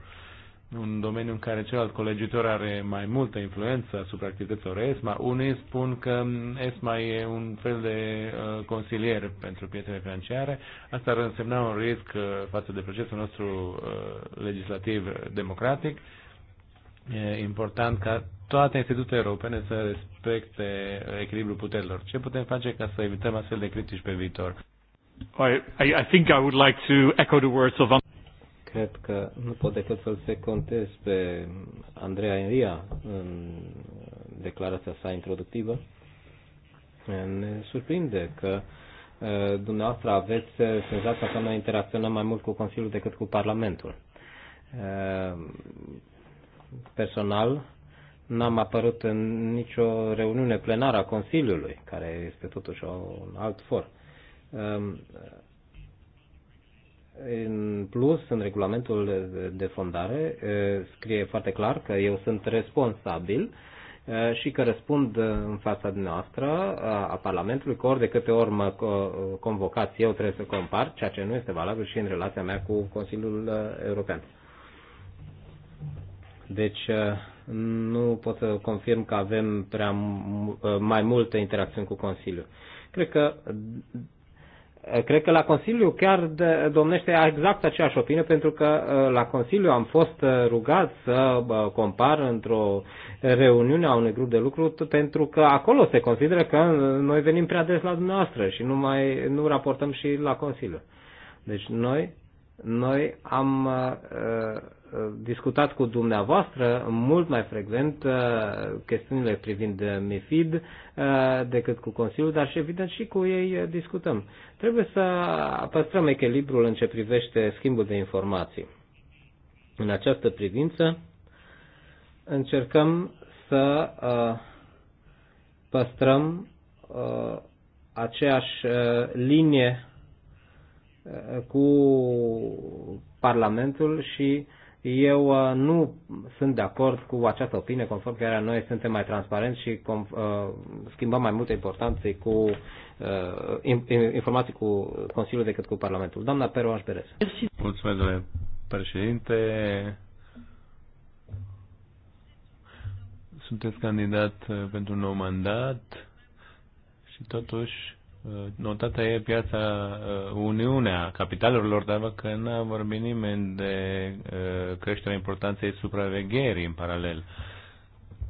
un domeniu în care celălalt colegitor are mai multă influență asupra activităților ESMA. Unii spun că ESMA e un fel de uh, consilier pentru piețele financiare. Asta ar însemna un risc uh, față de procesul nostru uh, legislativ democratic e important ca toate institutele europene să respecte echilibrul puterilor. Ce putem face ca să evităm astfel de critici pe viitor? I, I think I would like to echo the words of Cred că nu pot decât să-l secontez pe Andreea Enria în declarația sa introductivă. Ne surprinde că dumneavoastră aveți senzația că noi interacționăm mai mult cu Consiliul decât cu Parlamentul personal n-am apărut în nicio reuniune plenară a Consiliului, care este totuși un alt for. Ehm, în plus, în regulamentul de fondare scrie foarte clar că eu sunt responsabil și că răspund în fața dumneavoastră a Parlamentului că ori de câte ori mă convocați eu trebuie să compar, ceea ce nu este valabil și în relația mea cu Consiliul European. Deci uh, nu pot să confirm că avem prea uh, mai multe interacțiuni cu Consiliul. Cred că uh, Cred că la Consiliu chiar domnește exact aceeași opinie, pentru că la Consiliu am fost rugat să compar într-o reuniune a unui grup de lucru, pentru că acolo se consideră că noi venim prea des la dumneavoastră și nu, mai, nu raportăm și la Consiliu. Deci noi, noi am discutat cu dumneavoastră mult mai frecvent uh, chestiunile privind MIFID uh, decât cu Consiliul, dar și evident și cu ei uh, discutăm. Trebuie să păstrăm echilibrul în ce privește schimbul de informații. În această privință încercăm să păstrăm aceeași linie cu Parlamentul și eu uh, nu sunt de acord cu această opinie conform că noi suntem mai transparenți și uh, schimbăm mai multe importanțe cu uh, informații cu Consiliul decât cu Parlamentul. Doamna Peroaș Berez. Mulțumesc, domnule președinte. Sunteți candidat pentru un nou mandat și totuși Notată e piața uh, Uniunea capitalurilor, dar văd că n-a vorbit nimeni de uh, creșterea importanței supravegherii în paralel.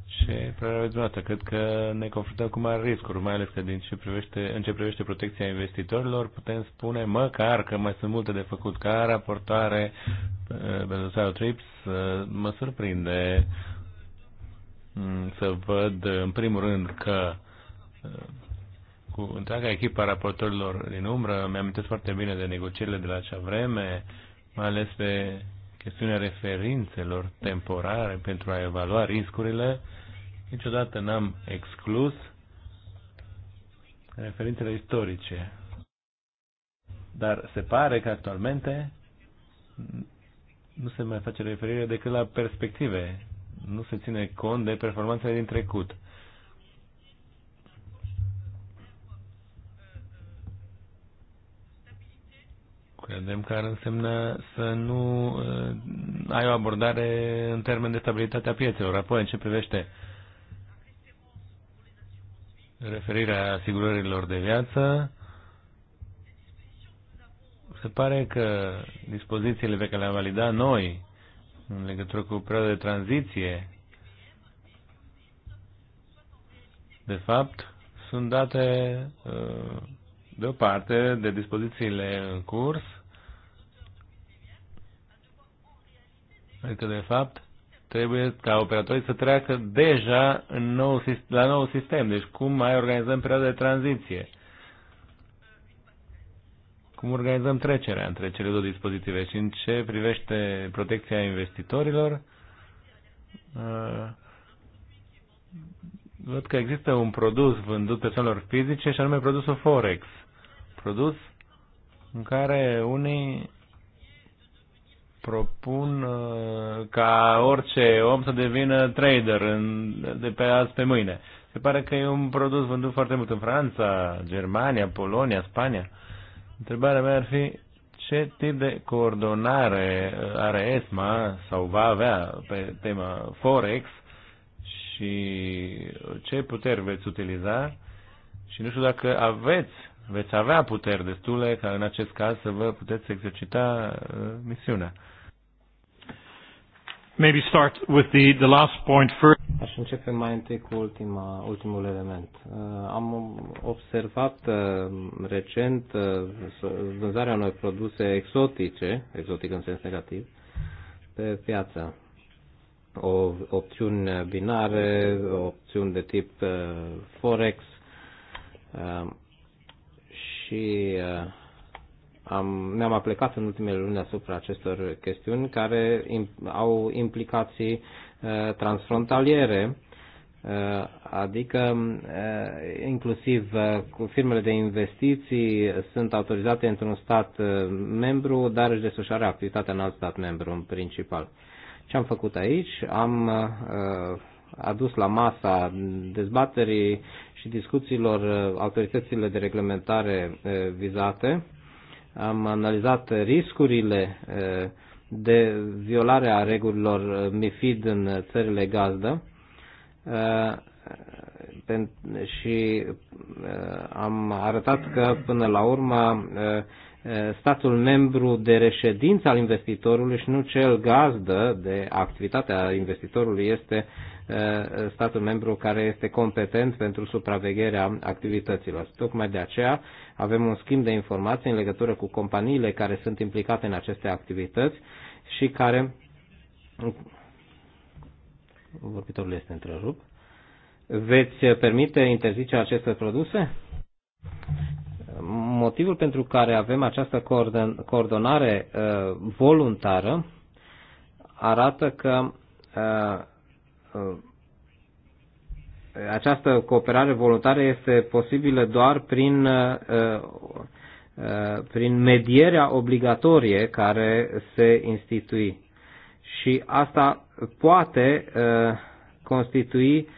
Și prioritată, cred că ne confruntăm cu mari riscuri, mai ales că din ce privește, în ce privește protecția investitorilor, putem spune măcar că mai sunt multe de făcut. Ca raportare uh, pentru Sao Trips, mă surprinde mm, să văd în primul rând că cu întreaga echipă a raportorilor din umbră. Mi-am amintesc foarte bine de negocierile de la acea vreme, mai ales pe chestiunea referințelor temporare pentru a evalua riscurile. Niciodată n-am exclus referințele istorice. Dar se pare că actualmente nu se mai face referire decât la perspective. Nu se ține cont de performanțele din trecut. Credem că ar însemna să nu uh, ai o abordare în termen de stabilitate a piețelor. Apoi, în ce privește referirea asigurărilor de viață, se pare că dispozițiile pe care le-am validat noi în legătură cu perioada de tranziție, de fapt, sunt date uh, de o parte, de dispozițiile în curs, adică, de fapt, trebuie ca operatorii să treacă deja în nou, la nou sistem. Deci cum mai organizăm perioada de tranziție? Cum organizăm trecerea între cele două dispozitive? Și în ce privește protecția investitorilor? Uh, văd că există un produs vândut persoanelor fizice și anume produsul Forex produs în care unii propun uh, ca orice om să devină trader în, de pe azi pe mâine. Se pare că e un produs vândut foarte mult în Franța, Germania, Polonia, Spania. Întrebarea mea ar fi ce tip de coordonare uh, are ESMA sau va avea pe tema Forex și ce puteri veți utiliza și nu știu dacă aveți veți avea puteri destule ca în acest caz să vă puteți exercita uh, misiunea. Maybe start with the, the last point first. Aș începe mai întâi cu ultima, ultimul element. Uh, am observat uh, recent uh, vânzarea unor produse exotice, exotic în sens negativ, pe piață. O, opțiune binare, opțiune de tip uh, Forex, uh, și uh, am, ne-am aplicat în ultimele luni asupra acestor chestiuni care au implicații uh, transfrontaliere, uh, adică inclusiv firmele de investiții sunt autorizate într-un stat membru, dar își desfășoară activitatea în alt stat membru în principal. Ce am făcut aici? Am adus la masa dezbaterii și discuțiilor uh, autoritățile de reglementare uh, vizate. Am analizat riscurile uh, de violare a regulilor MIFID în țările gazdă și am arătat că până la urmă statul membru de reședință al investitorului și nu cel gazdă de activitatea investitorului este Eh, statul membru care este competent pentru supravegherea activităților. Tocmai de aceea avem un schimb de informații în legătură cu companiile care sunt implicate în aceste activități și care vorbitorul este întrerupt. Veți permite interzicerea acestor produse? Motivul pentru care avem această coordonare eh, voluntară arată că eh, Uh, această cooperare voluntară este posibilă doar prin, uh, uh, prin medierea obligatorie care se institui. Și asta poate constitui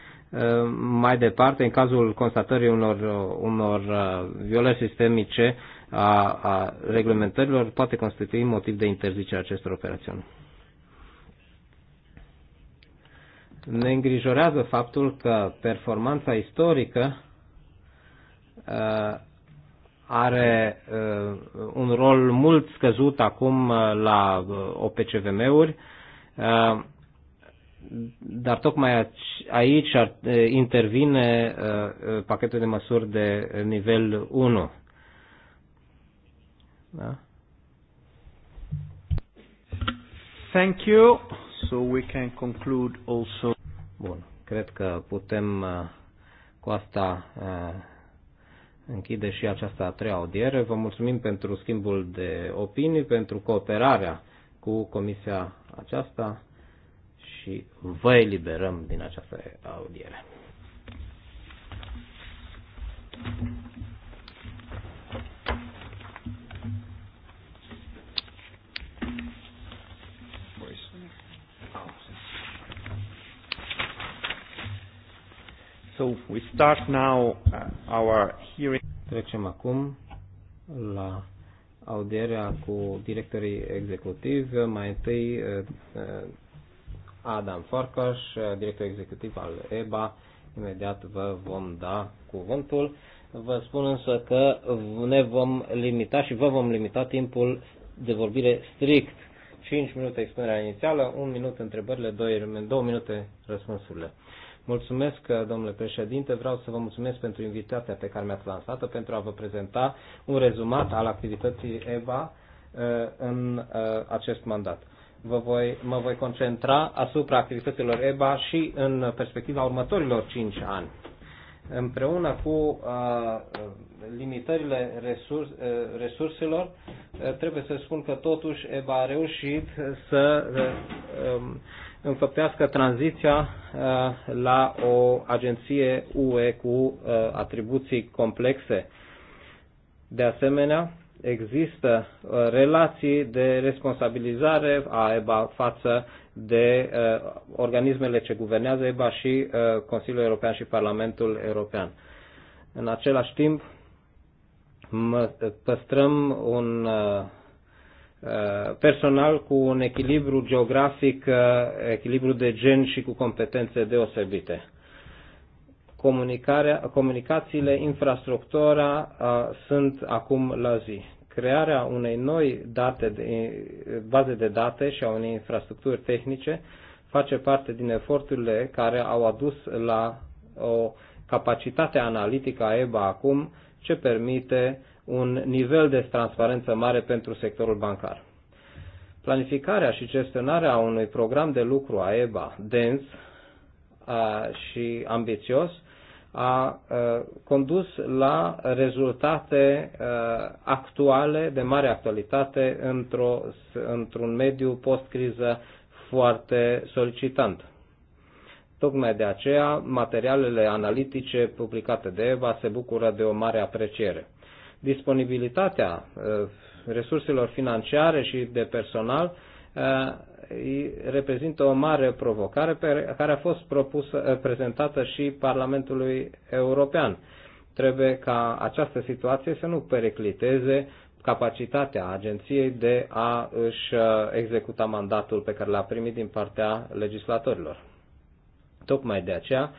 mai departe, în cazul constatării unor, unor violări sistemice a, a reglementărilor, poate constitui motiv de interzicere acestor operațiuni. ne îngrijorează faptul că performanța istorică uh, are uh, un rol mult scăzut acum uh, la OPCVM-uri, dar tocmai aici intervine pachetul de măsuri de nivel 1. Da? Thank you. So we can conclude also. Bun. Cred că putem uh, cu asta uh, închide și această a treia audiere. Vă mulțumim pentru schimbul de opinii, pentru cooperarea cu comisia aceasta și vă eliberăm din această audiere. So we start now uh, our hearing. Trecem acum la audierea cu directorii executivi. Mai întâi uh, uh, Adam Farkas, director executiv al EBA. Imediat vă vom da cuvântul. Vă spun însă că ne vom limita și vă vom limita timpul de vorbire strict. 5 minute expunerea inițială, 1 minut întrebările, 2, 2 minute răspunsurile. Mulțumesc, domnule președinte. Vreau să vă mulțumesc pentru invitația pe care mi-ați lansat-o pentru a vă prezenta un rezumat al activității EBA uh, în uh, acest mandat. Vă voi, mă voi concentra asupra activităților EBA și în perspectiva următorilor 5 ani. Împreună cu uh, limitările resurs, resurselor, trebuie să spun că totuși EBA a reușit să um, înfăptească tranziția uh, la o agenție UE cu uh, atribuții complexe. De asemenea, există uh, relații de responsabilizare a EBA față de organismele ce guvernează EBA și Consiliul European și Parlamentul European. În același timp, păstrăm un Uh, personal cu un echilibru geografic, uh, echilibru de gen și cu competențe deosebite. Comunicarea, comunicațiile, infrastructura uh, sunt acum la zi. Crearea unei noi date de, baze de date și a unei infrastructuri tehnice face parte din eforturile care au adus la o capacitate analitică a EBA acum ce permite un nivel de transparență mare pentru sectorul bancar. Planificarea și gestionarea unui program de lucru a EBA dens și ambițios a condus la rezultate actuale, de mare actualitate, într-o, într-un mediu post-criză foarte solicitant. Tocmai de aceea, materialele analitice publicate de EBA se bucură de o mare apreciere disponibilitatea uh, resurselor financiare și de personal uh, reprezintă o mare provocare pe care a fost propusă, uh, prezentată și Parlamentului European. Trebuie ca această situație să nu pericliteze capacitatea agenției de a își executa mandatul pe care l-a primit din partea legislatorilor. Tocmai de aceea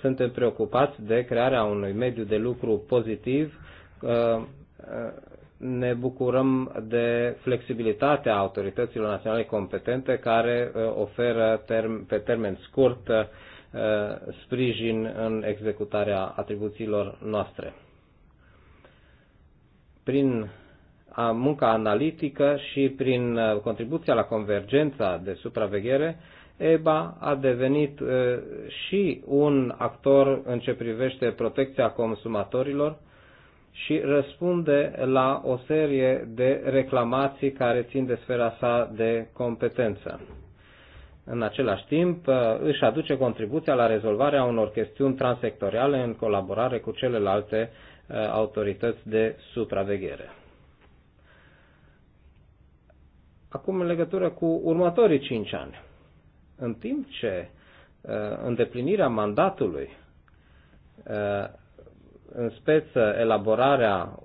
suntem preocupați de crearea unui mediu de lucru pozitiv. Uh, uh, ne bucurăm de flexibilitatea autorităților naționale competente care uh, oferă term, pe termen scurt sprijin în executarea atribuțiilor noastre. Prin munca analitică și prin contribuția la convergența de supraveghere, EBA a devenit și un actor în ce privește protecția consumatorilor și răspunde la o serie de reclamații care țin de sfera sa de competență. În același timp, își aduce contribuția la rezolvarea unor chestiuni transectoriale în colaborare cu celelalte autorități de supraveghere. Acum, în legătură cu următorii cinci ani în timp ce uh, îndeplinirea mandatului, uh, în speță elaborarea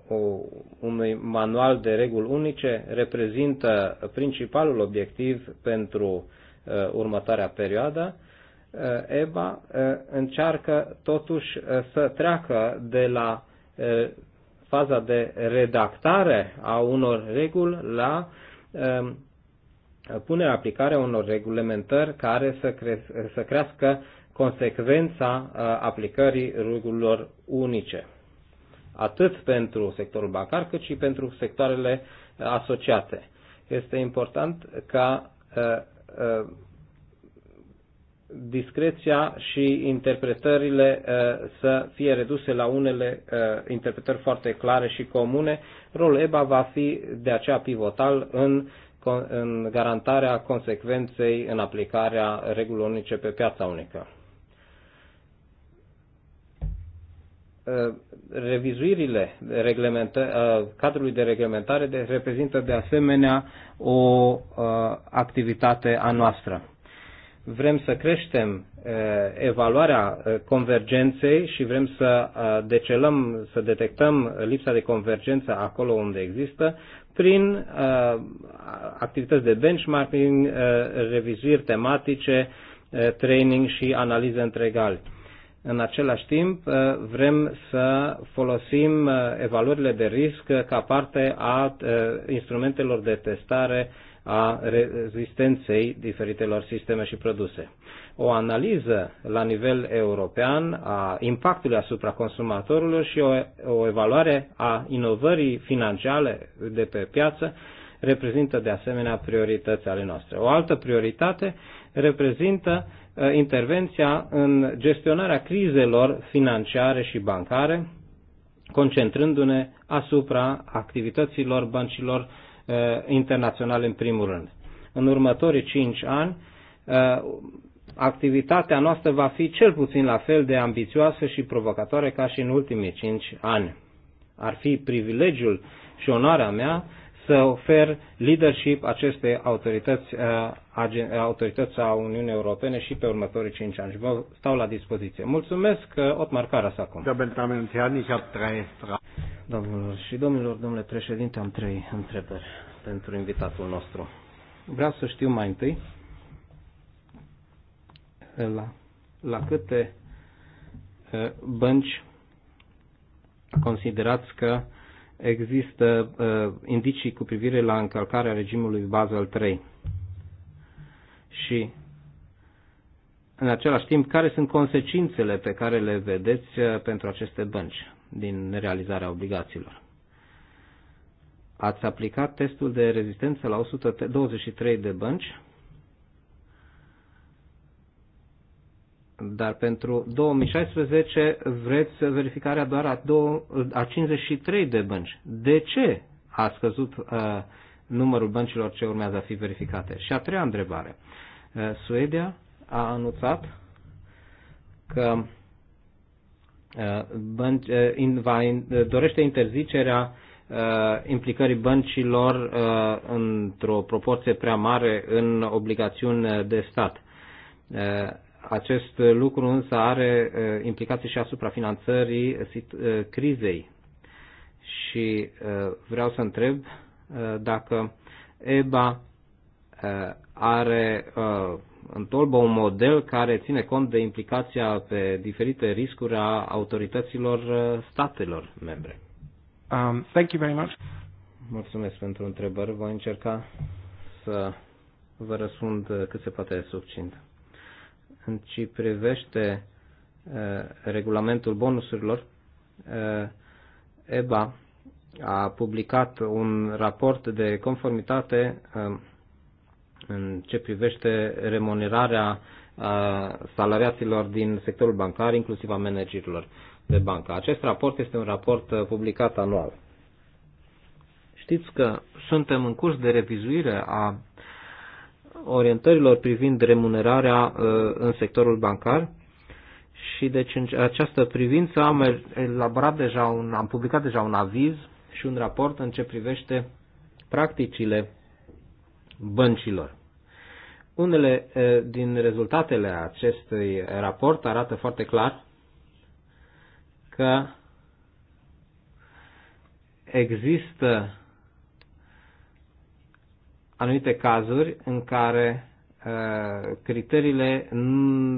unui manual de reguli unice, reprezintă principalul obiectiv pentru uh, următoarea perioadă, EBA încearcă totuși să treacă de la faza de redactare a unor reguli la pune aplicare unor reglementări care să, cre- să crească consecvența uh, aplicării regulilor unice, atât pentru sectorul bancar cât și pentru sectoarele uh, asociate. Este important ca uh, discreția și interpretările să fie reduse la unele interpretări foarte clare și comune, rolul EBA va fi de aceea pivotal în în garantarea consecvenței în aplicarea regulilor unice pe piața unică. Uh, revizuirile uh, cadrului de reglementare de, reprezintă de asemenea o uh, activitate a noastră. Vrem să creștem evaluarea convergenței și vrem să decelăm, să detectăm lipsa de convergență acolo unde există, prin uh, activități de benchmarking, uh, revizuiri tematice, uh, training și analize întregali. În același timp, uh, vrem să folosim uh, evaluările de risc uh, ca parte a instrumentelor de testare a rezistenței diferitelor sisteme și produse o analiză la nivel european a impactului asupra consumatorilor și o, o evaluare a inovării financiare de pe piață reprezintă de asemenea priorități ale noastre. O altă prioritate reprezintă uh, intervenția în gestionarea crizelor financiare și bancare, concentrându-ne asupra activităților băncilor uh, internaționale în primul rând. În următorii cinci ani, uh, activitatea noastră va fi cel puțin la fel de ambițioasă și provocatoare ca și în ultimii cinci ani. Ar fi privilegiul și onoarea mea să ofer leadership acestei autorități, uh, uh, autorități a Uniunii Europene și pe următorii cinci ani. Vă stau la dispoziție. Mulțumesc, uh, Otmar Caras, acum. Domnilor și domnilor, domnule președinte, am trei întrebări pentru invitatul nostru. Vreau să știu mai întâi la, la câte bănci considerați că există indicii cu privire la încălcarea regimului Basel III și în același timp, care sunt consecințele pe care le vedeți pentru aceste bănci din realizarea obligațiilor? Ați aplicat testul de rezistență la 123 de bănci dar pentru 2016 vreți verificarea doar a, două, a 53 de bănci. De ce a scăzut uh, numărul băncilor ce urmează a fi verificate? Și a treia întrebare. Uh, Suedia a anunțat că uh, bănci, uh, in, va, in, uh, dorește interzicerea uh, implicării băncilor uh, într-o proporție prea mare în obligațiuni de stat acest lucru însă are implicații și asupra finanțării crizei. Și vreau să întreb dacă EBA are în tolbă un model care ține cont de implicația pe diferite riscuri a autorităților statelor membre. Um, thank you very much. Mulțumesc pentru întrebări. Voi încerca să vă răspund cât se poate succint în ce privește uh, regulamentul bonusurilor, uh, EBA a publicat un raport de conformitate uh, în ce privește remunerarea salariaților din sectorul bancar, inclusiv a managerilor de bancă. Acest raport este un raport publicat anual. Știți că suntem în curs de revizuire a orientărilor privind remunerarea uh, în sectorul bancar și deci în această privință am elaborat deja un, am publicat deja un aviz și un raport în ce privește practicile băncilor. Unele uh, din rezultatele acestui raport arată foarte clar că există anumite cazuri în care uh, criteriile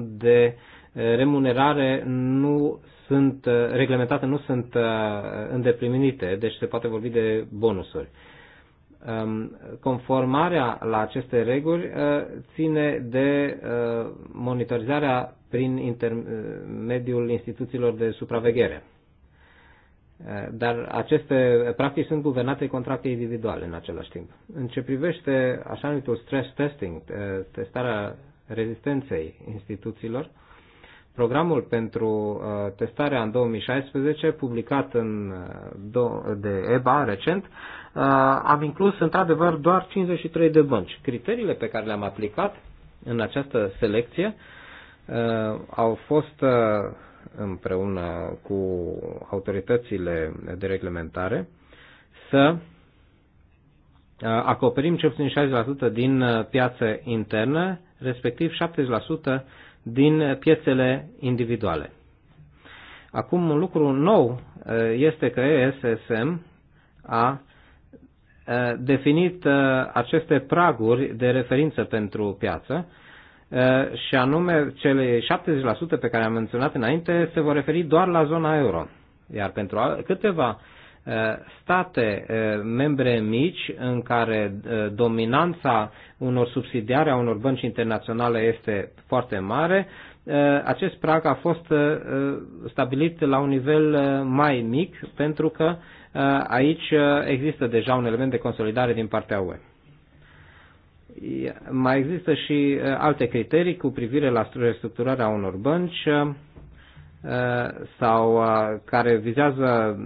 de uh, remunerare nu sunt uh, reglementate, nu sunt îndeplinite, deci se poate vorbi de bonusuri. Um, conformarea la aceste reguli ține de monitorizarea prin intermediul instituțiilor de supraveghere. Dar aceste practici sunt guvernate contracte individuale în același timp. În ce privește așa numitul stress testing, testarea rezistenței instituțiilor, programul pentru uh, testarea în 2016, publicat în, uh, de EBA recent, uh, am inclus într-adevăr doar 53 de bănci. Criteriile pe care le-am aplicat în această selecție au fost împreună cu autoritățile de reglementare să acoperim cel puțin 60% din piață internă, respectiv 70% din piețele individuale. Acum, un lucru nou este că ESSM a definit aceste praguri de referință pentru piață, și anume cele 70% pe care am menționat înainte se vor referi doar la zona euro. Iar pentru câteva state membre mici în care dominanța unor subsidiare a unor bănci internaționale este foarte mare, acest prag a fost stabilit la un nivel mai mic pentru că aici există deja un element de consolidare din partea UE. Mai există și uh, alte criterii cu privire la restructurarea unor bănci uh, sau uh, care vizează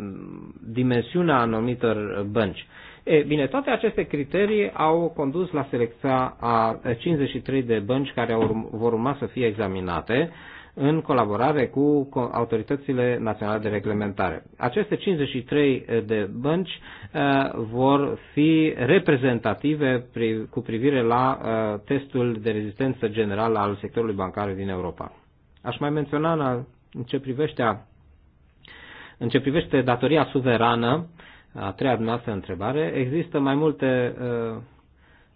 dimensiunea anumitor bănci. E, bine, toate aceste criterii au condus la selecția a 53 de bănci care vor urma să fie examinate în colaborare cu autoritățile naționale de reglementare. Aceste 53 de bănci uh, vor fi reprezentative cu privire la uh, testul de rezistență generală al sectorului bancar din Europa. Aș mai menționa în ce privește, în ce privește datoria suverană, a treia dumneavoastră întrebare, există mai multe uh,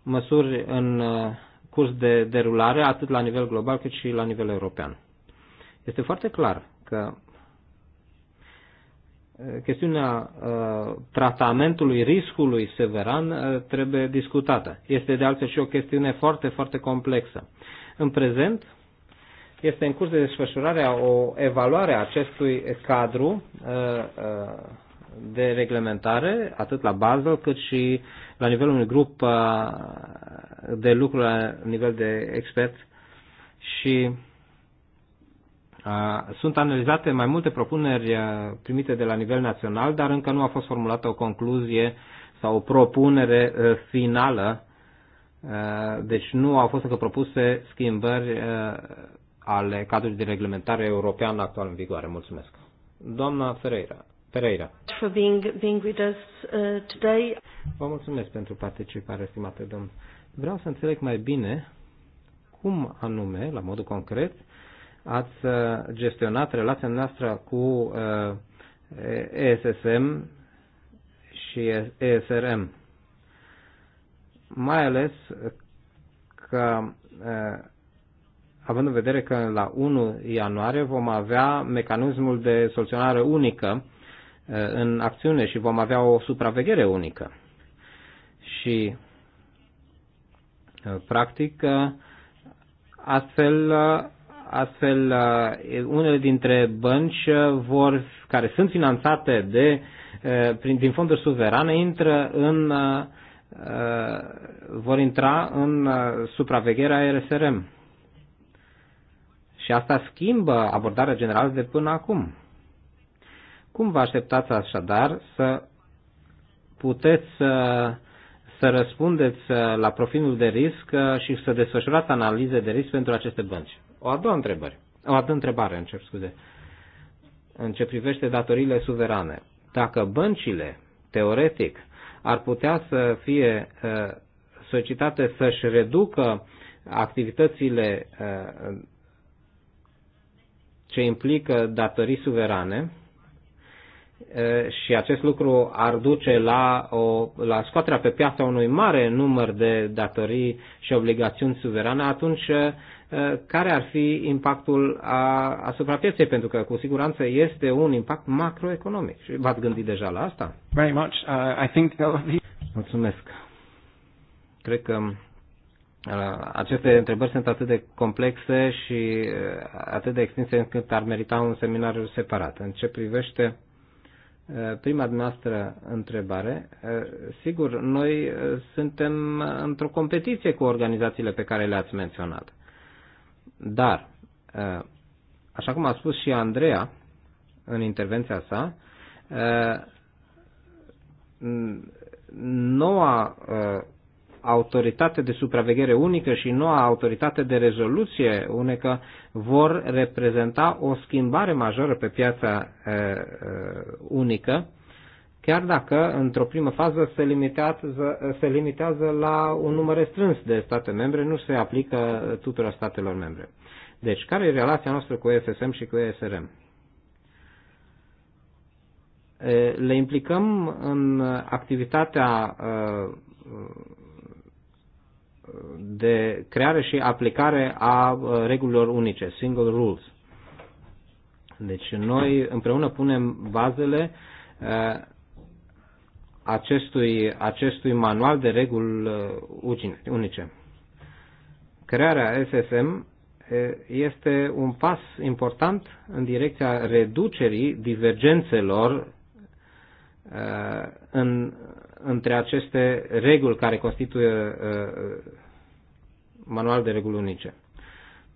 măsuri în uh, curs de derulare, atât la nivel global cât și la nivel european. Este foarte clar că uh, chestiunea uh, tratamentului riscului severan uh, trebuie discutată. Este de altfel și o chestiune foarte, foarte complexă. În prezent, este în curs de desfășurare o evaluare a acestui cadru de reglementare, atât la Basel cât și la nivelul unui grup de lucru la nivel de expert și sunt analizate mai multe propuneri primite de la nivel național, dar încă nu a fost formulată o concluzie sau o propunere finală. Deci nu au fost încă propuse schimbări ale cadrului de reglementare european actual în vigoare. Mulțumesc. Doamna Ferreira. Pereira. For being, being with us, uh, today. Vă mulțumesc pentru participare, stimate domn. Vreau să înțeleg mai bine cum anume, la modul concret, ați uh, gestionat relația noastră cu uh, ESSM și ESRM. Mai ales că uh, având în vedere că la 1 ianuarie vom avea mecanismul de soluționare unică în acțiune și vom avea o supraveghere unică. Și practic astfel Astfel, uh, unele dintre bănci uh, vor, care sunt finanțate de, uh, prin, din fonduri suverane intră în, vor intra în supravegherea RSRM. Și asta schimbă abordarea generală de până acum. Cum vă așteptați așadar să puteți să, să răspundeți la profilul de risc și să desfășurați analize de risc pentru aceste bănci? O a doua întrebare. O a doua întrebare, încep scuze. În ce privește datoriile suverane. Dacă băncile, teoretic, ar putea să fie uh, societate să-și reducă activitățile uh, ce implică datorii suverane, uh, și acest lucru ar duce la, o, la scoaterea pe piața unui mare număr de datorii și obligațiuni suverane, atunci Eh, care ar fi impactul a, asupra pieței, pentru că cu siguranță este un impact macroeconomic. Și v-ați gândit deja la asta? Very much. Uh, I think Mulțumesc. Cred că uh, aceste întrebări sunt atât de complexe și uh, atât de extinse încât ar merita un seminar separat. În ce privește uh, prima noastră întrebare, sigur, noi suntem într-o competiție cu organizațiile pe care le-ați menționat. Dar, uh, așa cum a spus și Andreea în intervenția sa, uh, noua uh, autoritate de supraveghere unică și noua autoritate de rezoluție unică vor reprezenta o schimbare majoră pe piața unică chiar dacă într-o primă fază se limitează, se limitează la un număr restrâns de state membre, nu se aplică tuturor statelor membre. Deci, care e relația noastră cu EFSM și cu ESRM? Le implicăm în activitatea de creare și aplicare a regulilor unice, single rules. Deci noi împreună punem bazele acestui, acestui manual de reguli uh, unice. Crearea SSM este un pas important în direcția reducerii divergențelor uh, în, între aceste reguli care constituie uh, manual de reguli unice.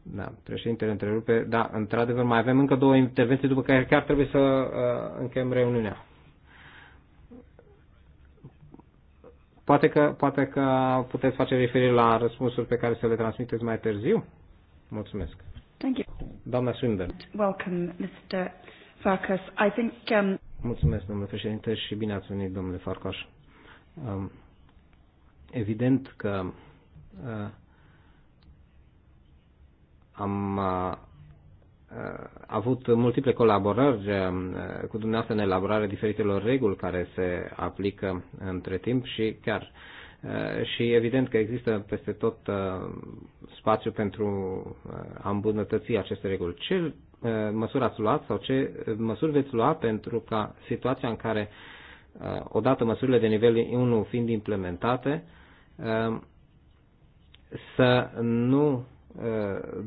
Da, președintele întrerupe. Da, într-adevăr, mai avem încă două intervenții, după care chiar trebuie să uh, încheiem reuniunea. Poate că, poate că puteți face referire la răspunsuri pe care să le transmiteți mai târziu. Mulțumesc. Thank you. Doamna Swindon. Welcome, Mr. Farkas. I think, um... Mulțumesc, domnule președinte, și bine ați venit, domnule Farcoș. Um, evident că uh, am uh, avut multiple colaborări um, cu dumneavoastră în elaborarea diferitelor reguli care se aplică între timp și chiar uh, și evident că există peste tot uh, spațiu pentru uh, a îmbunătăți aceste reguli. Ce măsuri ați luat sau ce măsuri veți lua pentru ca situația în care odată măsurile de nivel 1 fiind implementate să nu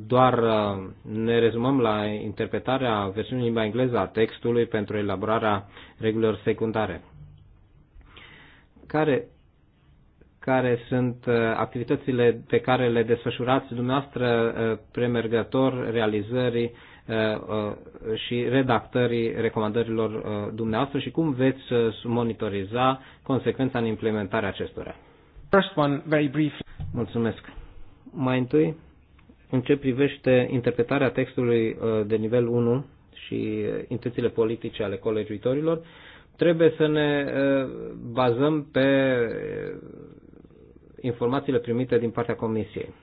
doar uh, ne rezumăm la interpretarea versiunii limba engleză a textului pentru elaborarea regulilor secundare. Care, care sunt uh, activitățile pe care le desfășurați dumneavoastră uh, premergător realizării și redactării recomandărilor dumneavoastră și cum veți monitoriza consecvența în implementarea acestora. First one, very brief. Mulțumesc. Mai întâi, în ce privește interpretarea textului uh, de nivel 1 și uh, intențiile politice ale colegiuitorilor, trebuie să ne uh, bazăm pe informațiile primite din partea Comisiei.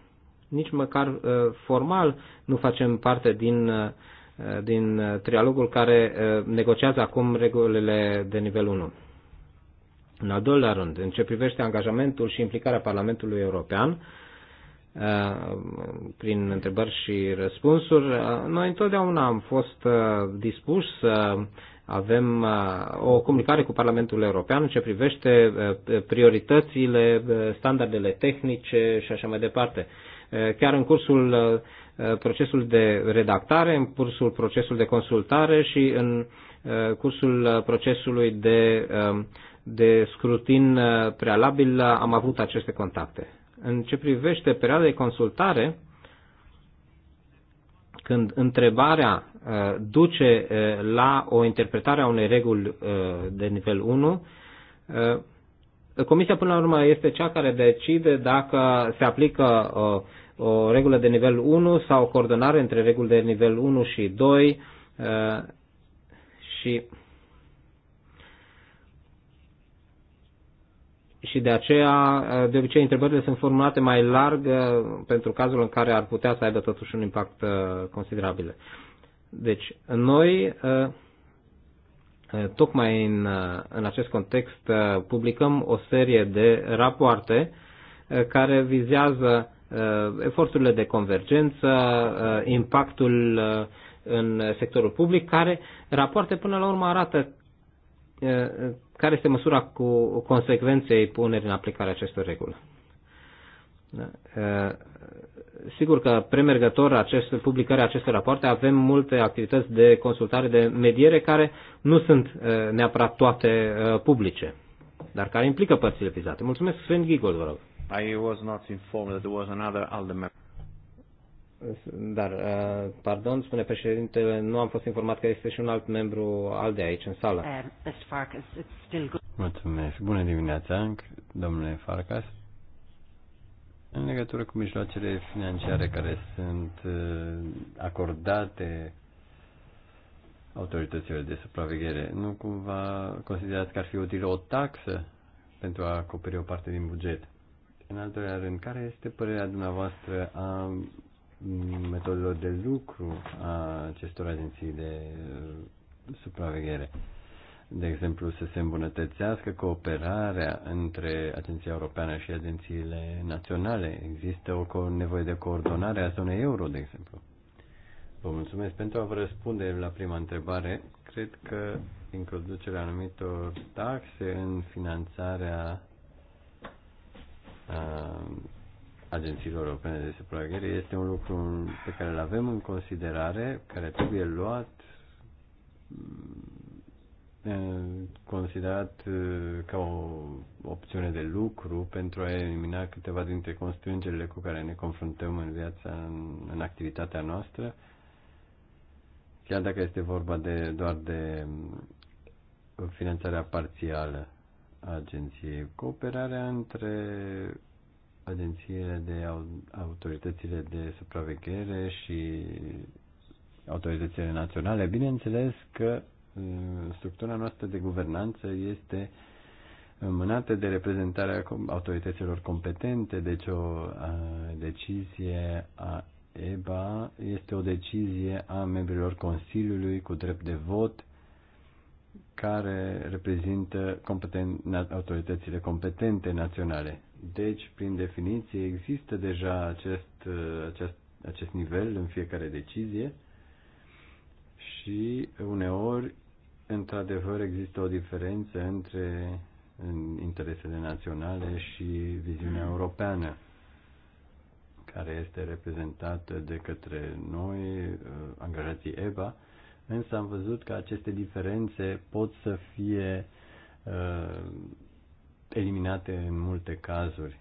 Nici măcar formal nu facem parte din, din trialogul care negociază acum regulile de nivel 1. În al doilea rând, în ce privește angajamentul și implicarea Parlamentului European, prin întrebări și răspunsuri. Noi întotdeauna am fost dispuși să avem o comunicare cu Parlamentul European în ce privește prioritățile, standardele tehnice și așa mai departe. Chiar în cursul procesului de redactare, în cursul procesului de consultare și în cursul procesului de, de scrutin prealabil am avut aceste contacte. În ce privește perioada de consultare, când întrebarea uh, duce uh, la o interpretare a unei reguli uh, de nivel 1, Comisia până la urmă este cea care decide dacă se aplică o regulă de nivel 1 sau o coordonare între reguli de nivel 1 și 2 și și de aceea, de obicei, întrebările sunt formulate mai larg uh, pentru cazul în care ar putea să aibă totuși un impact uh, considerabil. Deci, noi, uh, tocmai în, în acest context, publicăm o serie de rapoarte care vizează eforturile de convergență, impactul în sectorul public, care rapoarte până la urmă arată care este măsura cu consecvenței punerii în aplicare acestor reguli. Da. Sigur că premergător acest, publicarea acestor rapoarte avem multe activități de consultare, de mediere, care nu sunt neapărat toate publice, dar care implică părțile vizate. Mulțumesc, Sven Giegold, vă rog. I was not informed that there was another ALDE member. Dar, uh, pardon, spune președintele, nu am fost informat că este și un alt membru al de aici, în sală. Uh, Mulțumesc. Bună dimineața, domnule Farcas. În legătură cu mijloacele financiare care sunt uh, acordate autorităților de supraveghere, nu cumva considerați că ar fi utilă o taxă pentru a acoperi o parte din buget? În al doilea rând, care este părerea dumneavoastră a metodelor de lucru a acestor agenții de uh, supraveghere. De exemplu, să se îmbunătățească cooperarea între Agenția Europeană și agențiile naționale. Există o nevoie de coordonare a zonei euro, de exemplu. Vă mulțumesc pentru a vă răspunde la prima întrebare. Cred că introducerea anumitor taxe în finanțarea uh, agențiilor europene de supraveghere este un lucru pe care îl avem în considerare, care trebuie luat mm, considerat eh, ca o opțiune de lucru pentru a elimina câteva dintre constrângerile cu care ne confruntăm în viața, în, în activitatea noastră, chiar dacă este vorba de doar de mm, finanțarea parțială a agenției. Cooperarea între agențiile de autoritățile de supraveghere și autoritățile naționale. Bineînțeles că uh, structura noastră de guvernanță este mânată de reprezentarea autorităților competente, deci o decizie a EBA este o decizie a membrilor Consiliului cu drept de vot care reprezintă competen- autoritățile competente naționale. Deci, prin definiție, există deja acest, acest, acest nivel în fiecare decizie și uneori, într-adevăr, există o diferență între interesele naționale și viziunea europeană care este reprezentată de către noi, uh, angajații EBA, însă am văzut că aceste diferențe pot să fie uh, eliminate în multe cazuri.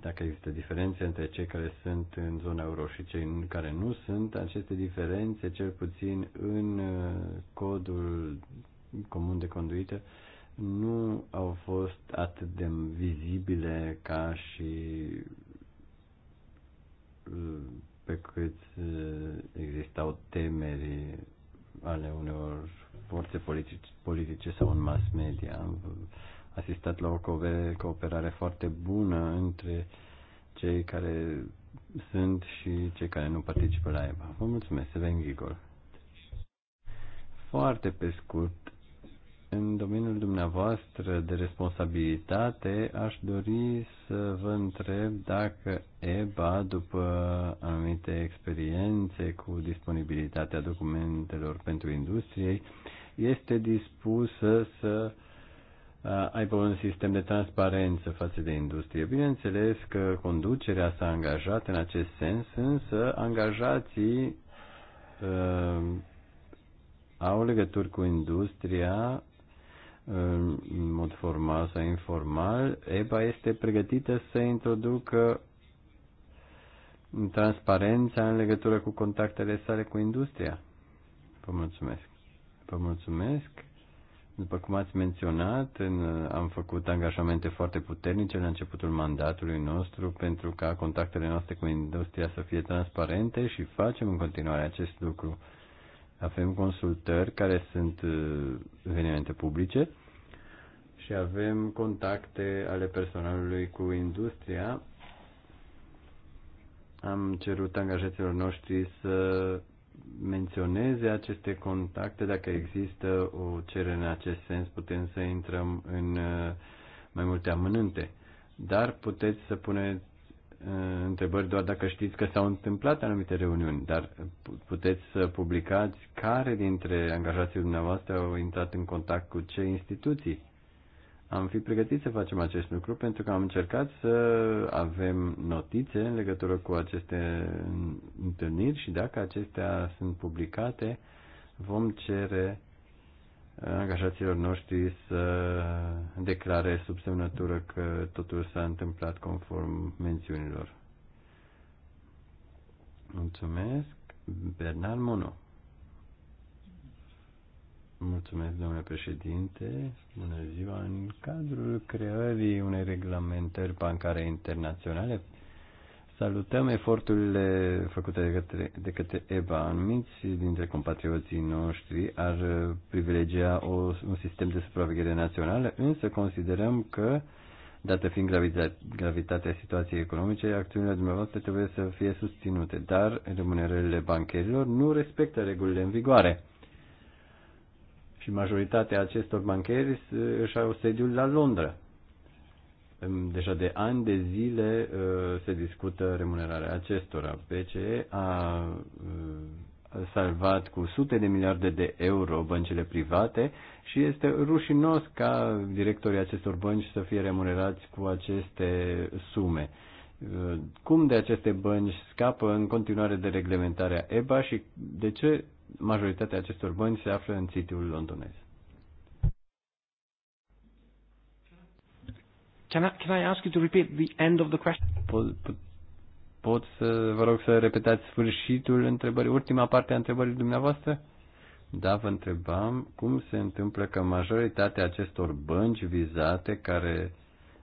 Dacă există diferențe între cei care sunt în zona euro și cei care nu sunt, aceste diferențe, cel puțin în uh, codul comun de conduită, nu au fost atât de vizibile ca și uh, pe cât uh, existau temeri ale unor forțe politice, politice sau în mass media. Am asistat la o cooperare foarte bună între cei care sunt și cei care nu participă la EBA. Vă mulțumesc, Sven Gigol. Foarte pe scurt, în domeniul dumneavoastră de responsabilitate, aș dori să vă întreb dacă EBA, după anumite experiențe cu disponibilitatea documentelor pentru industrie, este dispusă să uh, aibă un sistem de transparență față de industrie. Bineînțeles că conducerea s-a angajat în acest sens, însă angajații uh, au legături cu industria uh, în mod formal sau informal, EBA este pregătită să introducă transparența în legătură cu contactele sale cu industria. Vă mulțumesc. Vă mulțumesc. După cum ați menționat, am făcut angajamente foarte puternice la începutul mandatului nostru pentru ca contactele noastre cu industria să fie transparente și facem în continuare acest lucru. Avem consultări care sunt uh, evenimente publice și avem contacte ale personalului cu industria. Am cerut angajaților noștri să menționeze aceste contacte. Dacă există o cerere în acest sens, putem să intrăm în uh, mai multe amănunte. Dar puteți să puneți uh, întrebări doar dacă știți că s-au întâmplat anumite reuniuni, dar puteți să publicați care dintre angajații dumneavoastră au intrat în contact cu ce instituții am fi pregătit să facem acest lucru pentru că am încercat să avem notițe în legătură cu aceste întâlniri și dacă acestea sunt publicate, vom cere uh, angajaților noștri să declare sub semnătură că totul s-a întâmplat conform mențiunilor. Mulțumesc, Bernard Monod. Mulțumesc, domnule președinte. Bună ziua. În cadrul creării unei reglementări bancare internaționale, salutăm eforturile făcute de către, de către EBA. Anumiți dintre compatrioții noștri ar privilegia o, un sistem de supraveghere națională, însă considerăm că, dată fiind gravitatea, gravitatea situației economice, acțiunile dumneavoastră trebuie să fie susținute, dar remunerările bancherilor nu respectă regulile în vigoare și majoritatea acestor bancheri își au sediul la Londra. Deja de ani de zile uh, se discută remunerarea acestora. BCE uh, a salvat cu sute de miliarde de euro băncile private și este rușinos ca directorii acestor bănci să fie remunerați cu aceste sume. Uh, cum de aceste bănci scapă în continuare de reglementarea EBA și de ce majoritatea acestor bănci se află în sitiul londonez. Can I, can I ask you to repeat the end of the question? Pot, pot, pot să vă rog să repetați sfârșitul întrebării, ultima parte a întrebării dumneavoastră? Da, vă întrebam cum se întâmplă că majoritatea acestor bănci vizate care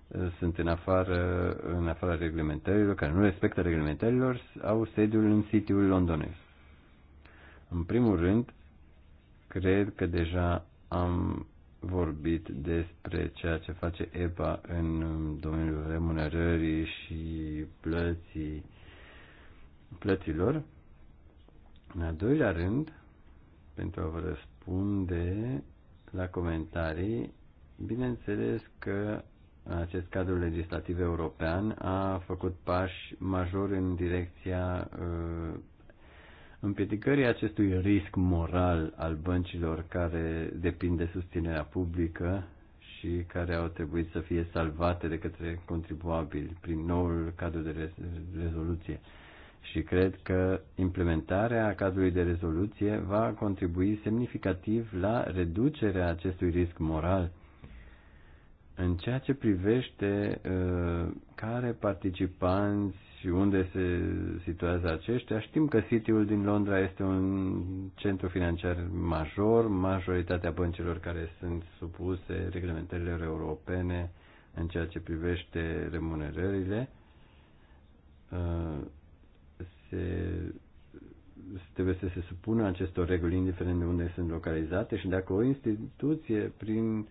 uh, sunt în afară, în afara reglementărilor, care nu respectă reglementărilor, au sediul în sitiul londonez. În primul rând, cred că deja am vorbit despre ceea ce face EPA în domeniul remunerării și plății, plăților. În al doilea rând, pentru a vă răspunde la comentarii, bineînțeles că acest cadru legislativ european a făcut pași majori în direcția uh, împiedicării acestui risc moral al băncilor care depind de susținerea publică și care au trebuit să fie salvate de către contribuabili prin noul cadru de rezoluție. Și cred că implementarea cadrului de rezoluție va contribui semnificativ la reducerea acestui risc moral în ceea ce privește uh, care participanți și unde se situează aceștia. Știm că City-ul din Londra este un centru financiar major, majoritatea băncilor care sunt supuse reglementărilor europene în ceea ce privește remunerările. Uh, se, trebuie să se supună acestor reguli indiferent de unde sunt localizate și dacă o instituție prin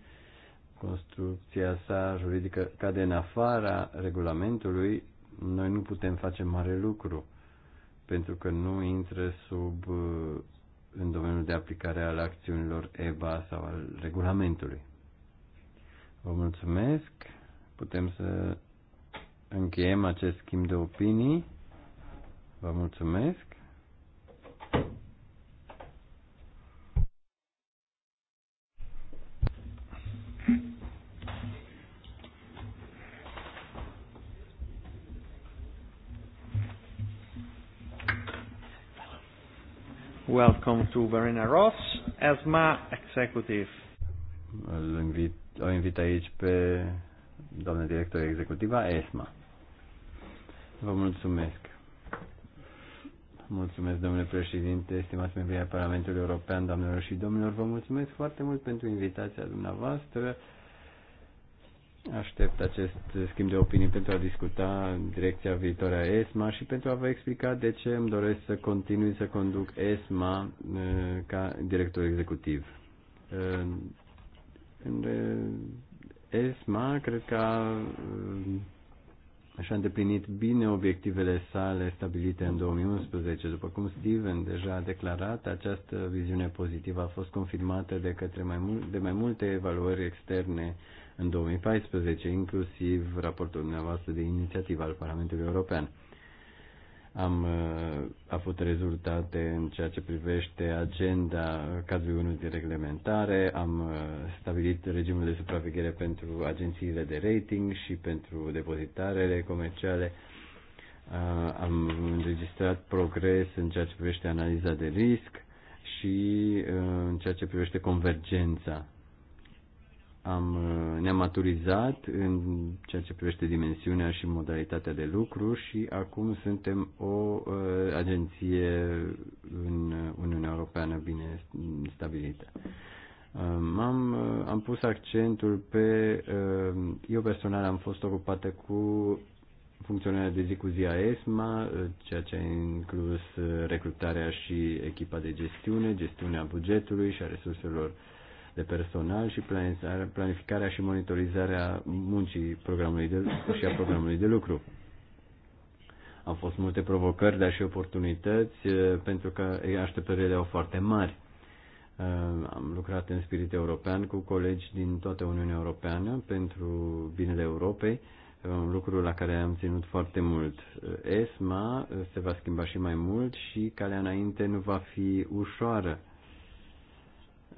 construcția sa juridică cade în afara regulamentului, noi nu putem face mare lucru pentru că nu intră sub uh, în domeniul de aplicare al acțiunilor EBA sau al regulamentului. Vă mulțumesc. Putem să încheiem acest schimb de opinii. Vă mulțumesc. welcome to Verena Ross, as my Executive. o invit aici pe doamna directoră executivă ESMA. Vă mulțumesc. Mulțumesc, domnule președinte, stimați membri ai Parlamentului European, doamnelor și domnilor, vă mulțumesc foarte mult pentru invitația dumneavoastră Aștept acest schimb de opinii pentru a discuta direcția viitoare a ESMA și pentru a vă explica de ce îmi doresc să continui să conduc ESMA uh, ca director executiv. Uh, uh, ESMA cred că a, și-a îndeplinit bine obiectivele sale stabilite în 2011. După cum Steven deja a declarat, această viziune pozitivă a fost confirmată de către mai mul- de mai multe evaluări externe uh, în 2014, inclusiv raportul dumneavoastră de inițiativă al Parlamentului European. Am uh, avut rezultate în ceea ce privește agenda cadrului 1 de reglementare, am uh, stabilit regimul de supraveghere pentru agențiile de rating și pentru depozitarele comerciale uh, am înregistrat progres în ceea ce privește analiza de risc și uh, în ceea ce privește convergența am, uh, ne-am maturizat în ceea ce privește dimensiunea și modalitatea de lucru și acum suntem o uh, agenție în Uniunea Europeană bine stabilită. Um, am uh, am pus accentul pe. Uh, eu personal am fost ocupată cu funcționarea de zi cu zi a ESMA, uh, ceea ce a inclus recrutarea și echipa de gestiune, gestiunea bugetului și a resurselor uh, de personal și planificarea și monitorizarea muncii programului de, și a programului de lucru. Au fost multe provocări, dar și oportunități, eh, pentru că așteptările au foarte mari. Eh, am lucrat în spirit european cu colegi din toată Uniunea Europeană pentru binele Europei, eh, un lucru la care am ținut foarte mult. ESMA se va schimba și mai mult și calea înainte nu va fi ușoară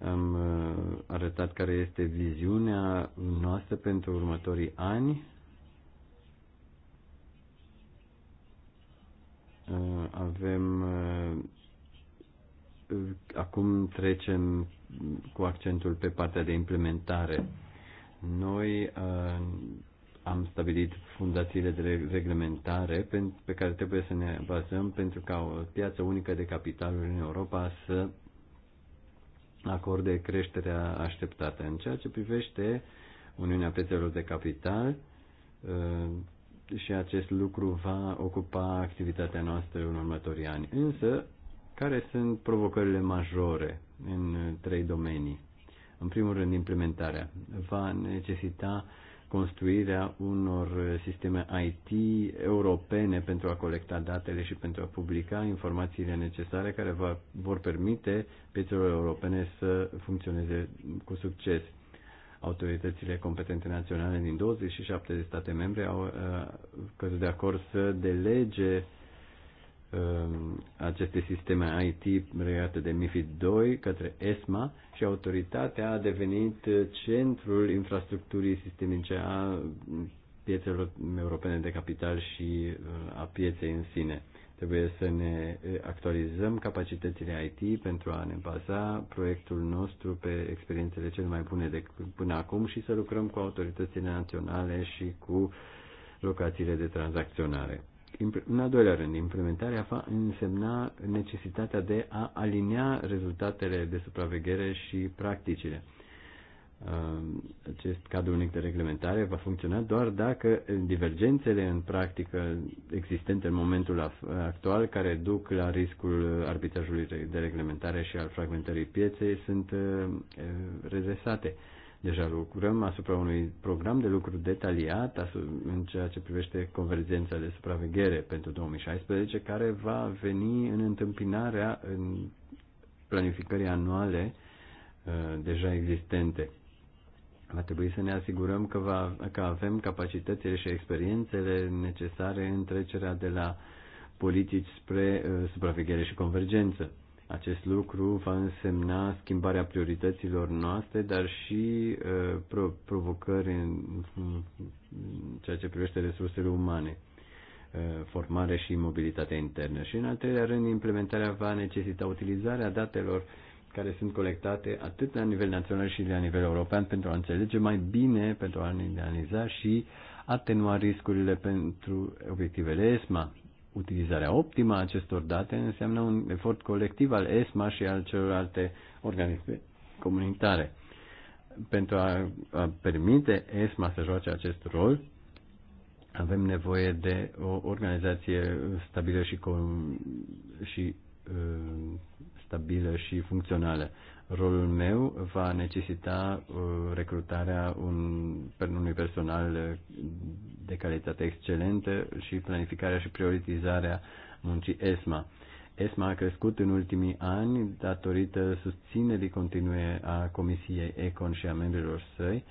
am uh, arătat care este viziunea noastră pentru următorii ani. Uh, avem uh, acum trecem cu accentul pe partea de implementare. Noi am stabilit fundațiile de reglementare pe care trebuie să ne bazăm pentru ca o piață unică de capitaluri în Europa să acorde creșterea așteptată. În ceea ce privește Uniunea Piețelor de Capital, uh, și acest lucru va ocupa activitatea noastră în următorii ani. Însă, care sunt provocările majore în trei domenii? În primul rând, implementarea. Va necesita construirea unor sisteme IT europene pentru a colecta datele și pentru a publica informațiile necesare care va, vor permite piețelor europene să funcționeze cu succes. Autoritățile competente naționale din 27 de state membre au uh, căzut de acord să delege um, aceste sisteme IT create de MIFID 2 către ESMA și autoritatea a devenit centrul infrastructurii sistemice a piețelor europene de capital și uh, a pieței în sine. Trebuie să ne uh, actualizăm capacitățile IT pentru a ne baza proiectul nostru pe experiențele cele mai bune de până acum și să lucrăm cu autoritățile naționale și cu locațiile de tranzacționare. În al doilea rând, implementarea va însemna necesitatea de a alinea rezultatele de supraveghere și practicile. Ehm, acest cadru unic de reglementare va funcționa doar dacă divergențele în practică existente în momentul actual, care duc la riscul arbitrajului de reglementare și al fragmentării pieței, sunt ehm, rezesate. Deja lucrăm asupra unui program de lucru detaliat în ceea ce privește convergența de supraveghere pentru 2016, care va veni în întâmpinarea în planificării anuale uh, deja existente. Va trebui să ne asigurăm că, va, că avem capacitățile și experiențele necesare în trecerea de la politici spre uh, supraveghere și convergență. Acest lucru va însemna schimbarea priorităților noastre, dar și uh, pro- provocări în, ceea ce privește resursele umane, uh, formare și mobilitatea internă. Și în al treilea rând, implementarea va necesita utilizarea datelor care sunt colectate atât la nivel național și la nivel european pentru a înțelege mai bine, pentru a analiza și atenua riscurile pentru obiectivele ESMA Utilizarea optimă a acestor date înseamnă un efort colectiv al ESMA și al celorlalte organisme comunitare. Pentru a, a permite ESMA să joace acest rol, avem nevoie de o organizație stabilă și, și uh, stabilă și funcțională. Rolul meu va necesita uh, recrutarea un, unui personal calitate excelentă și planificarea și prioritizarea muncii ESMA. ESMA a crescut în ultimii ani datorită susținerii continue a Comisiei Econ și a membrilor săi,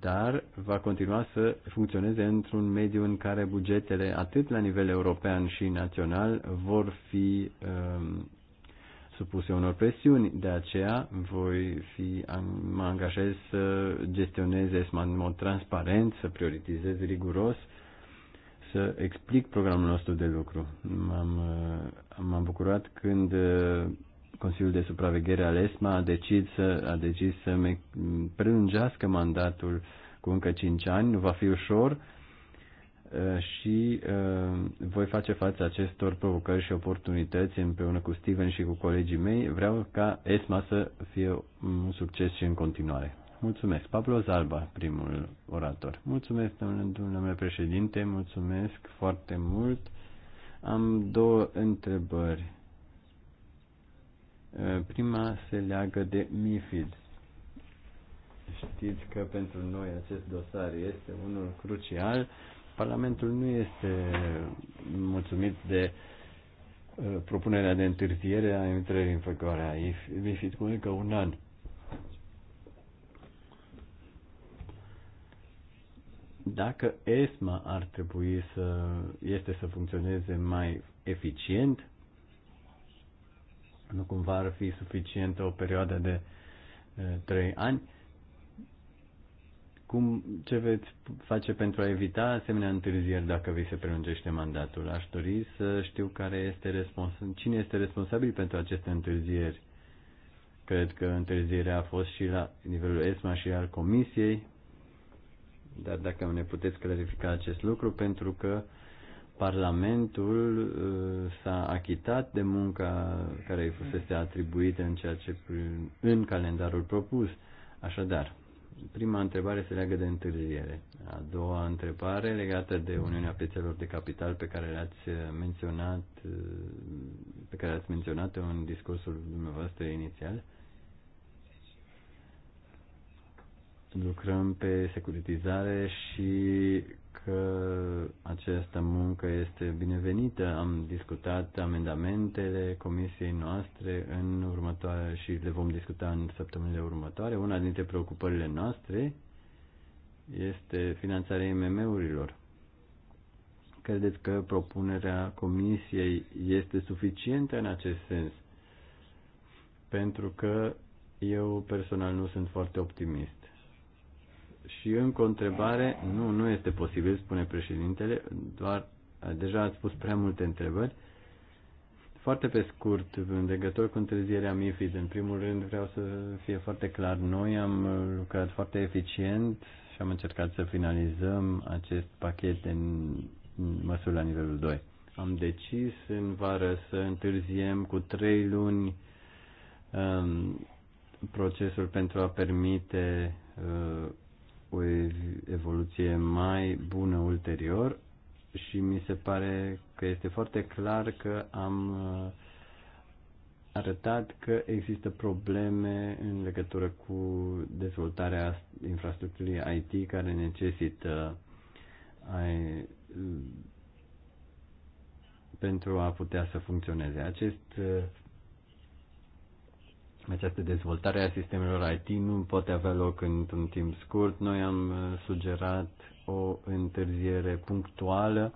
dar va continua să funcționeze într-un mediu în care bugetele, atât la nivel european și național, vor fi um, supuse unor presiuni. De aceea voi fi, mă angajez să gestionez ESMA în mod transparent, să prioritizez riguros să explic programul nostru de lucru. M-am, uh, m-am bucurat când uh, Consiliul de Supraveghere al ESMA a decis să, a decis să prelungească mandatul cu încă 5 ani. Nu va fi ușor uh, și voi face față acestor provocări și oportunități împreună cu Steven și cu colegii mei. Vreau ca ESMA să fie un succes și în continuare. Mulțumesc. Pablo Zalba, primul orator. Mulțumesc, domnule președinte, mulțumesc foarte mult. Am două întrebări. Eh, prima se leagă de MIFID. Știți că pentru noi acest dosar este unul crucial. Parlamentul nu este mulțumit de eh, propunerea de întârziere a intrării în făcoarea MIFID cu încă un an. dacă ESMA ar trebui să este să funcționeze mai eficient, nu cumva ar fi suficientă o perioadă de trei ani, cum, ce veți face pentru a evita asemenea întârzieri dacă vi se prelungește mandatul? Aș dori să știu care este respons- cine este responsabil pentru aceste întârzieri. Cred că întârzierea a fost și la nivelul ESMA și al Comisiei, dar dacă ne puteți clarifica acest lucru, pentru că Parlamentul uh, s-a achitat de munca care îi fusese atribuită în ceea ce în calendarul propus. Așadar, prima întrebare se leagă de întârziere. A doua întrebare legată de Uniunea Piețelor de Capital pe care le-ați menționat, uh, pe care ați menționat în discursul dumneavoastră inițial. lucrăm pe securitizare și că această muncă este binevenită. Am discutat amendamentele comisiei noastre în următoare și le vom discuta în săptămânile următoare. Una dintre preocupările noastre este finanțarea IMM-urilor. Credeți că propunerea comisiei este suficientă în acest sens? Pentru că eu personal nu sunt foarte optimist și încă o întrebare. Nu, nu este posibil, spune președintele, doar deja ați spus prea multe întrebări. Foarte pe scurt, în legător cu întârzierea MIFID, în primul rând vreau să fie foarte clar, noi am lucrat foarte eficient și am încercat să finalizăm acest pachet în măsuri la nivelul 2. Am decis în vară să întârziem cu 3 luni um, procesul pentru a permite uh, o evoluție mai bună ulterior și mi se pare că este foarte clar că am uh, arătat că există probleme în legătură cu dezvoltarea infrastructurii IT care necesită ai, pentru a putea să funcționeze. Acest uh, această dezvoltare a sistemelor IT nu poate avea loc într-un timp scurt. Noi am uh, sugerat o întârziere punctuală,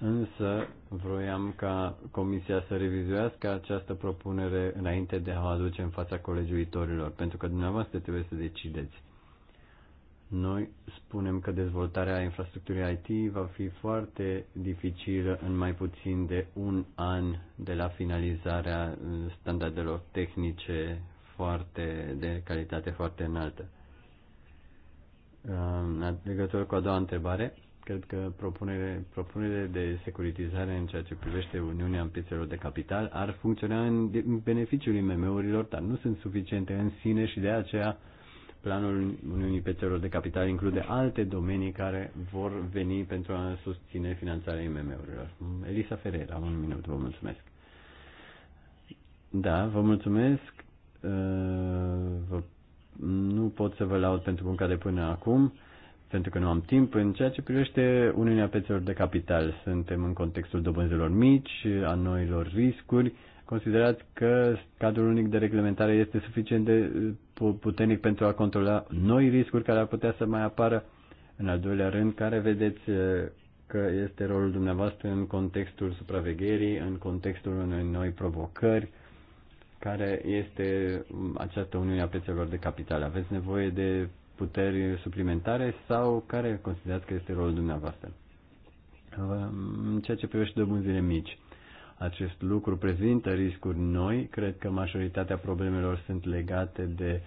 însă vroiam ca Comisia să revizuiască această propunere înainte de a o aduce în fața colegiuitorilor, pentru că dumneavoastră trebuie să decideți. Noi spunem că dezvoltarea infrastructurii IT va fi foarte dificilă în mai puțin de un an de la finalizarea uh, standardelor tehnice foarte, de calitate foarte înaltă. Uh, în legătură cu a doua întrebare, cred că propunerile propunere de securitizare în ceea ce privește Uniunea Piețelor de Capital ar funcționa în beneficiul IMM-urilor, dar nu sunt suficiente în sine și de aceea planul Uniunii Piețelor de Capital include alte domenii care vor veni pentru a susține finanțarea IMM-urilor. Elisa Ferreira, un minut, vă mulțumesc. Da, vă mulțumesc. Uh, vă, nu pot să vă laud pentru munca de până acum, pentru că nu am timp. În ceea ce privește Uniunea Piețelor de Capital, suntem în contextul dobânzilor mici, a noilor riscuri, Considerați că cadrul unic de reglementare este suficient de uh, puternic pentru a controla noi riscuri care ar putea să mai apară? În al doilea rând, care vedeți uh, că este rolul dumneavoastră în contextul supravegherii, în contextul unei noi provocări? Care este um, această Uniune a Piețelor de Capital? Aveți nevoie de puteri suplimentare sau care considerați că este rolul dumneavoastră? În ceea ce privește dobânzile mici, acest lucru prezintă riscuri noi. Cred că majoritatea problemelor sunt legate de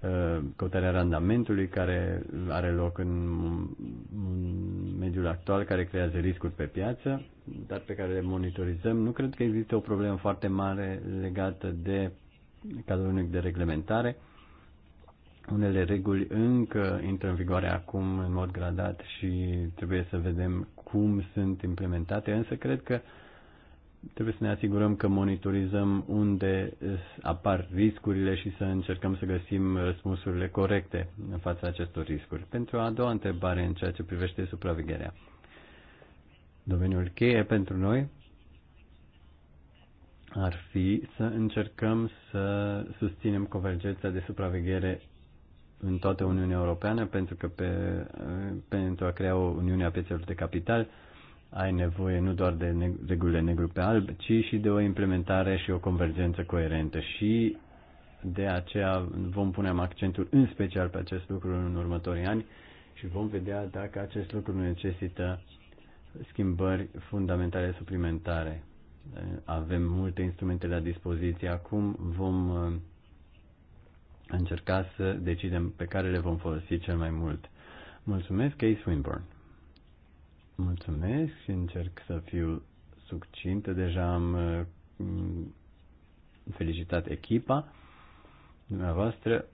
uh, căutarea randamentului care are loc în mediul actual, care creează riscuri pe piață, dar pe care le monitorizăm. Nu cred că există o problemă foarte mare legată de cadrul unic de reglementare. Unele reguli încă intră în vigoare acum în mod gradat și trebuie să vedem cum sunt implementate, însă cred că uh, trebuie să ne asigurăm că monitorizăm unde eh, apar riscurile și să încercăm să găsim răspunsurile corecte în fața acestor riscuri. Pentru a doua întrebare în ceea ce privește supravegherea. Domeniul cheie pentru noi ar fi să încercăm să susținem convergența de supraveghere în toată Uniunea Europeană pentru că pe, eh, pentru a crea o Uniune a piețelor de capital ai nevoie nu doar de neg- regulile negru pe alb, ci și de o implementare și o convergență coerentă și de aceea vom pune accentul în special pe acest lucru în următorii ani și vom vedea dacă acest lucru necesită schimbări fundamentale suplimentare. Avem multe instrumente la dispoziție acum, vom uh, încerca să decidem pe care le vom folosi cel mai mult. Mulțumesc, Case Swinburne. Mulțumesc și încerc să fiu succintă. Deja am uh, felicitat echipa dumneavoastră.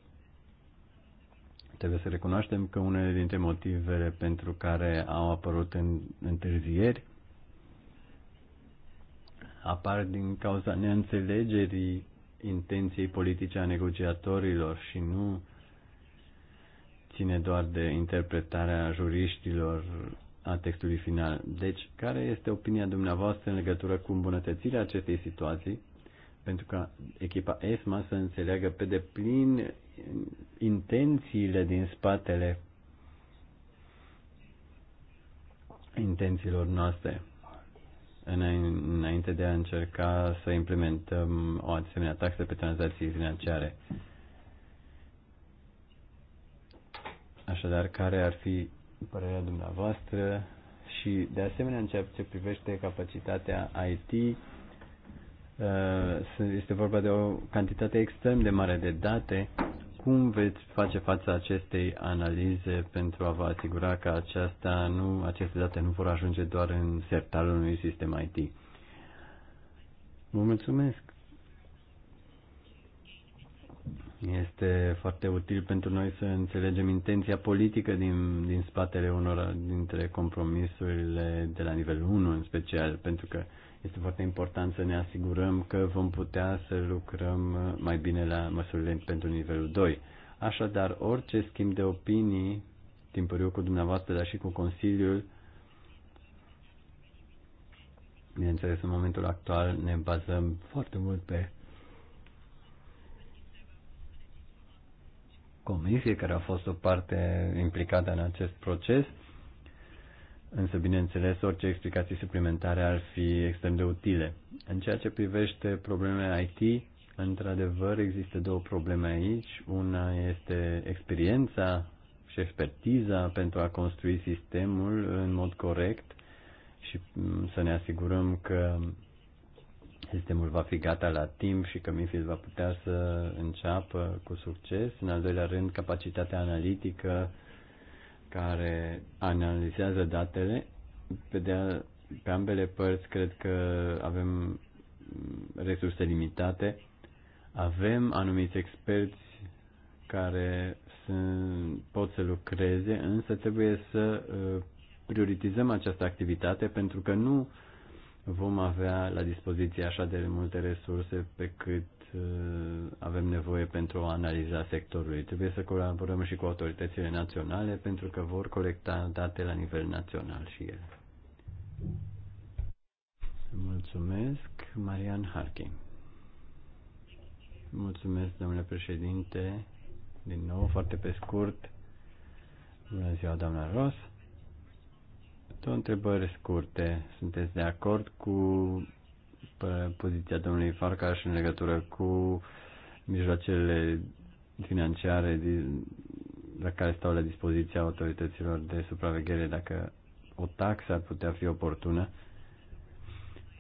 Trebuie să recunoaștem că unele dintre motivele pentru care au apărut în întârzieri apar din cauza neînțelegerii intenției politice a negociatorilor și nu ține doar de interpretarea juriștilor a textului final. Deci, care este opinia dumneavoastră în legătură cu îmbunătățirea acestei situații pentru ca echipa ESMA să înțeleagă pe deplin intențiile din spatele intențiilor noastre înainte de a încerca să implementăm o asemenea taxă pe tranzacții financiare. Așadar, care ar fi părerea dumneavoastră și, de asemenea, în ceea ce privește capacitatea IT, uh, este vorba de o cantitate extrem de mare de date. Cum veți face față acestei analize pentru a vă asigura că aceasta nu, aceste date nu vor ajunge doar în sertarul unui sistem IT? Vă mulțumesc. Este foarte util pentru noi să înțelegem intenția politică din, din spatele unor dintre compromisurile de la nivel 1 în special, pentru că este foarte important să ne asigurăm că vom putea să lucrăm mai bine la măsurile pentru nivelul 2. Așadar, orice schimb de opinii timpuriu cu dumneavoastră, dar și cu Consiliul, bineînțeles, în momentul actual ne bazăm foarte mult pe comisie care a fost o parte implicată în acest proces. Însă, bineînțeles, orice explicații suplimentare ar fi extrem de utile. În ceea ce privește problemele IT, într-adevăr există două probleme aici. Una este experiența și expertiza pentru a construi sistemul în mod corect și mm, să ne asigurăm că sistemul va fi gata la timp și că MIFID va putea să înceapă cu succes. În al doilea rând, capacitatea analitică care analizează datele. Pe, de pe ambele părți, cred că avem resurse limitate. Avem anumiți experți care sunt, pot să lucreze, însă trebuie să uh, prioritizăm această activitate pentru că nu uh, vom avea la dispoziție așa de multe resurse pe cât uh, avem nevoie pentru a analiza sectorului. Trebuie să colaborăm și cu autoritățile naționale pentru că vor colecta date la nivel național și ele. Mulțumesc, Marian Harkin. Mulțumesc, domnule președinte. Din nou, foarte pe scurt. Bună ziua, doamna Ross. Două întrebări scurte. Sunteți de acord cu poziția domnului Farcaș în legătură cu mijloacele financiare la care stau la dispoziția autorităților de supraveghere dacă o taxă ar putea fi oportună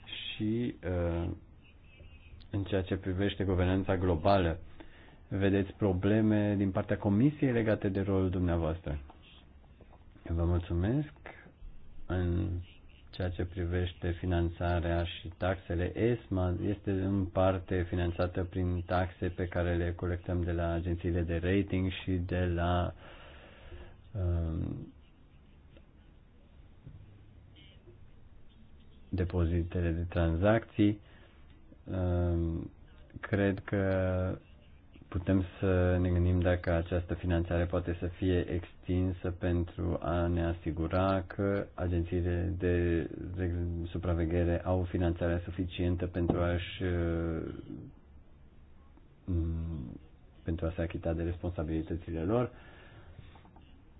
și uh, în ceea ce privește guvernanța globală, vedeți probleme din partea Comisiei legate de rolul dumneavoastră. Vă mulțumesc în ceea ce privește finanțarea și taxele, ESMA este în parte finanțată prin taxe pe care le colectăm de la agențiile de rating și de la um, depozitele de tranzacții. Um, cred că putem să ne gândim dacă această finanțare poate să fie extinsă pentru a ne asigura că agențiile de supraveghere au finanțarea suficientă pentru a-și mm, pentru a se achita de responsabilitățile lor.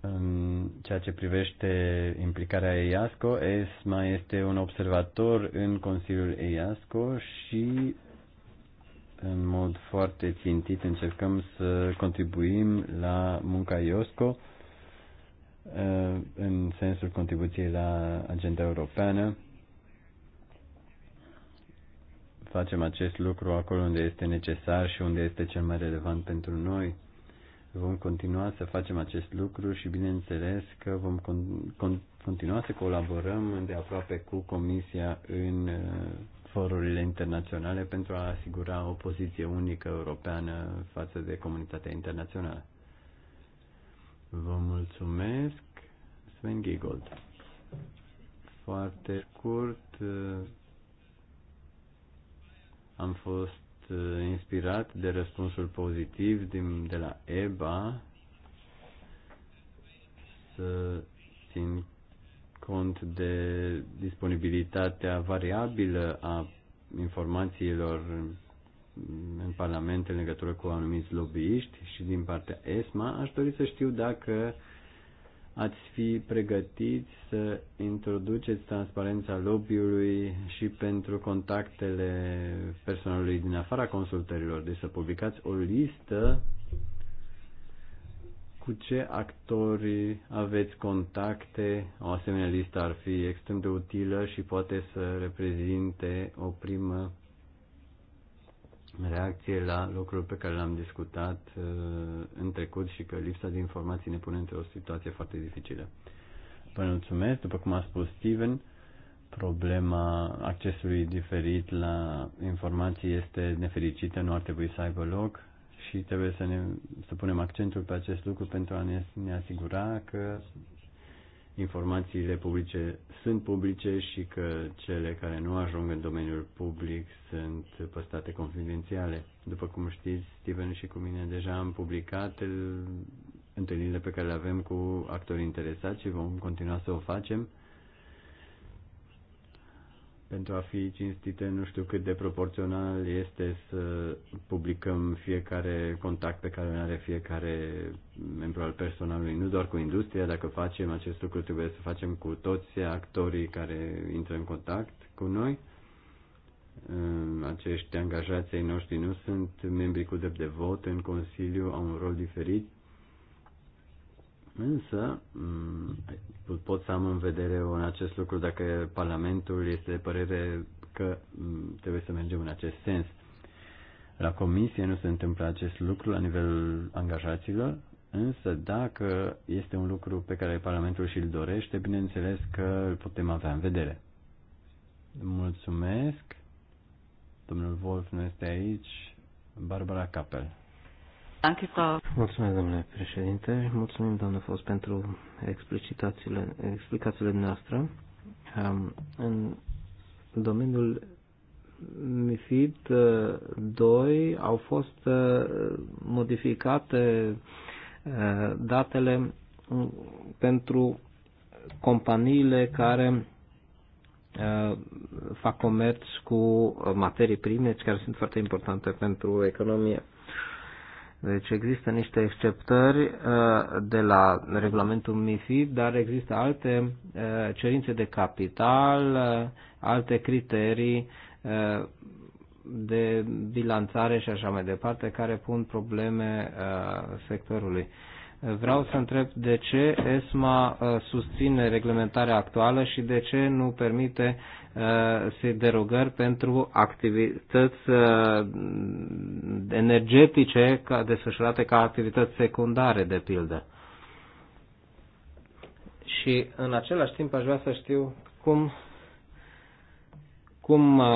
În ceea ce privește implicarea EIASCO, ESMA este un observator în Consiliul EIASCO și în mod foarte țintit încercăm să contribuim la munca IOSCO uh, în sensul contribuției la agenda europeană. Facem acest lucru acolo unde este necesar și unde este cel mai relevant pentru noi. Vom continua să facem acest lucru și bineînțeles că vom con- con- continua să colaborăm de aproape cu Comisia în uh, forurile internaționale pentru a asigura o poziție unică europeană față de comunitatea internațională. Vă mulțumesc, Sven Giegold. Foarte scurt, eh, am fost eh, inspirat de răspunsul pozitiv din, de la EBA să țin cont de disponibilitatea variabilă a informațiilor în Parlament în legătură cu anumiți lobbyiști și din partea ESMA, aș dori să știu dacă ați fi pregătiți să introduceți transparența lobby-ului și pentru contactele personalului din afara consultărilor, deci să publicați o listă cu ce actori aveți contacte? O asemenea listă ar fi extrem de utilă și poate să reprezinte o primă reacție la lucruri pe care le-am discutat uh, în trecut și că lipsa de informații ne pune într-o situație foarte dificilă. Vă mulțumesc, după cum a spus Steven, problema accesului diferit la informații este nefericită, nu ar trebui să aibă loc și trebuie să, ne, să punem accentul pe acest lucru pentru a ne, ne asigura că informațiile publice sunt publice și că cele care nu ajung în domeniul public sunt păstrate confidențiale. După cum știți, Steven și cu mine deja am publicat uh, întâlnirile pe care le avem cu actorii interesați și vom continua să o facem pentru a fi cinstite, nu știu cât de proporțional este să publicăm fiecare contact pe care îl are fiecare membru al personalului, nu doar cu industria. Dacă facem acest lucru, trebuie să facem cu toți actorii care intră în contact cu noi acești angajații noștri nu sunt membri cu drept de vot în Consiliu, au un rol diferit Însă, mm, pot să am în vedere în acest lucru dacă Parlamentul este de părere că mm, trebuie să mergem în acest sens. La comisie nu se întâmplă acest lucru la nivelul angajaților, însă dacă este un lucru pe care Parlamentul și-l dorește, bineînțeles că îl putem avea în vedere. Mulțumesc. Domnul Wolf nu este aici. Barbara Capel. Mulțumesc, domnule președinte. Mulțumim, domnule Fost, pentru explicațiile, explicațiile noastre. În domeniul MIFID 2 uh, au fost uh, modificate uh, datele pentru companiile care fac comerț cu materii prime, care sunt foarte importante pentru economie. Deci există niște exceptări uh, de la regulamentul MIFID, dar există alte uh, cerințe de capital, uh, alte criterii de bilanțare și așa mai departe, care pun probleme sectorului. Vreau să întreb de ce ESMA uh, susține reglementarea actuală și de ce nu permite uh, se derogări pentru activități uh, energetice desfășurate ca activități secundare, de pildă. Și în același timp aș vrea să știu cum cum uh,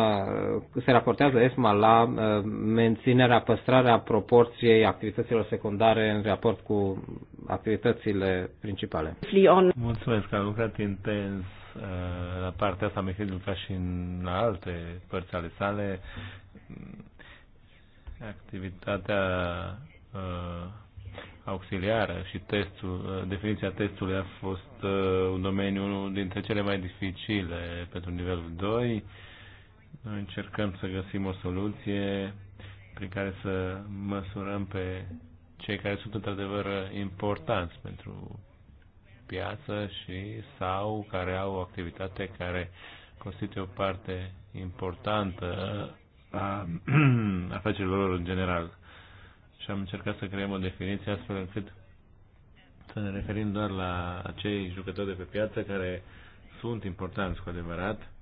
se raportează ESMA la uh, menținerea, păstrarea proporției activităților secundare în raport cu activitățile principale. Mulțumesc, am lucrat intens uh, la partea asta, mi-a lucrat și în alte părți ale sale. Activitatea auxiliară și testul, definiția testului a fost un domeniu dintre cele mai dificile pentru nivelul 2 noi încercăm să găsim o soluție prin care să măsurăm pe cei care sunt într-adevăr importanți pentru piață și sau care au o activitate care constituie o parte importantă a afacerilor lor în general. Și am încercat să creăm o definiție astfel încât să ne referim doar la acei jucători de pe piață care sunt importanți cu adevărat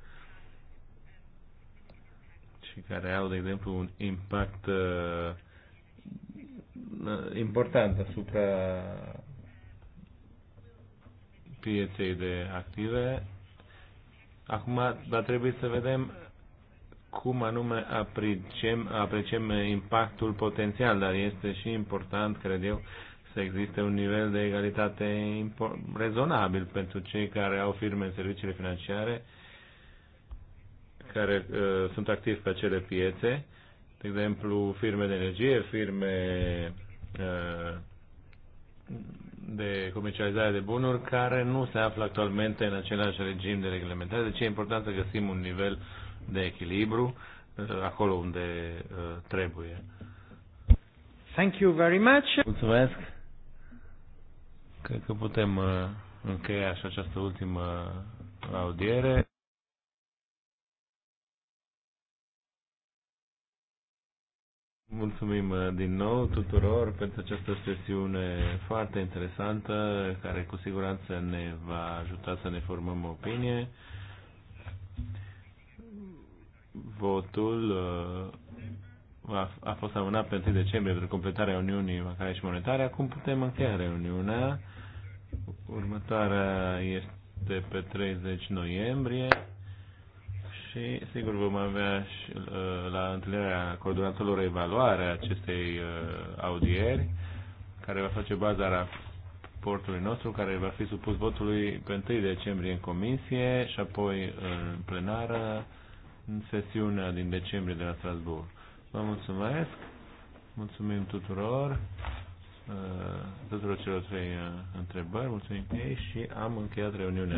și care au, de exemplu, un impact uh, important asupra pieței de active. Acum va trebui să vedem cum anume apreciem, apreciem impactul potențial, dar este și important, cred eu, să existe un nivel de egalitate rezonabil pentru cei care au firme în serviciile financiare care uh, sunt activi pe acele piețe, de exemplu firme de energie, firme uh, de comercializare de bunuri care nu se află actualmente în același regim de reglementare. Deci e important să găsim un nivel de echilibru uh, acolo unde uh, trebuie. Thank you very much. Mulțumesc. Cred că putem uh, încheia și această ultimă uh, audiere. Mulțumim uh, din nou tuturor pentru această sesiune foarte interesantă, care cu siguranță ne va ajuta să ne formăm opinie. Votul uh, a fost amânat pe 1 decembrie pentru completarea Uniunii Bancare și Monetare. Acum putem încheia reuniunea. Următoarea este pe 30 noiembrie. Și, sigur, vom avea și, uh, la întâlnirea coordonatorilor evaluare acestei uh, audieri, care va face baza raportului nostru, care va fi supus votului pe 1 decembrie în comisie și apoi uh, în plenară în sesiunea din decembrie de la Strasbourg. Vă mulțumesc, mulțumim tuturor, tuturor celor trei întrebări, mulțumim ei și am încheiat reuniunea.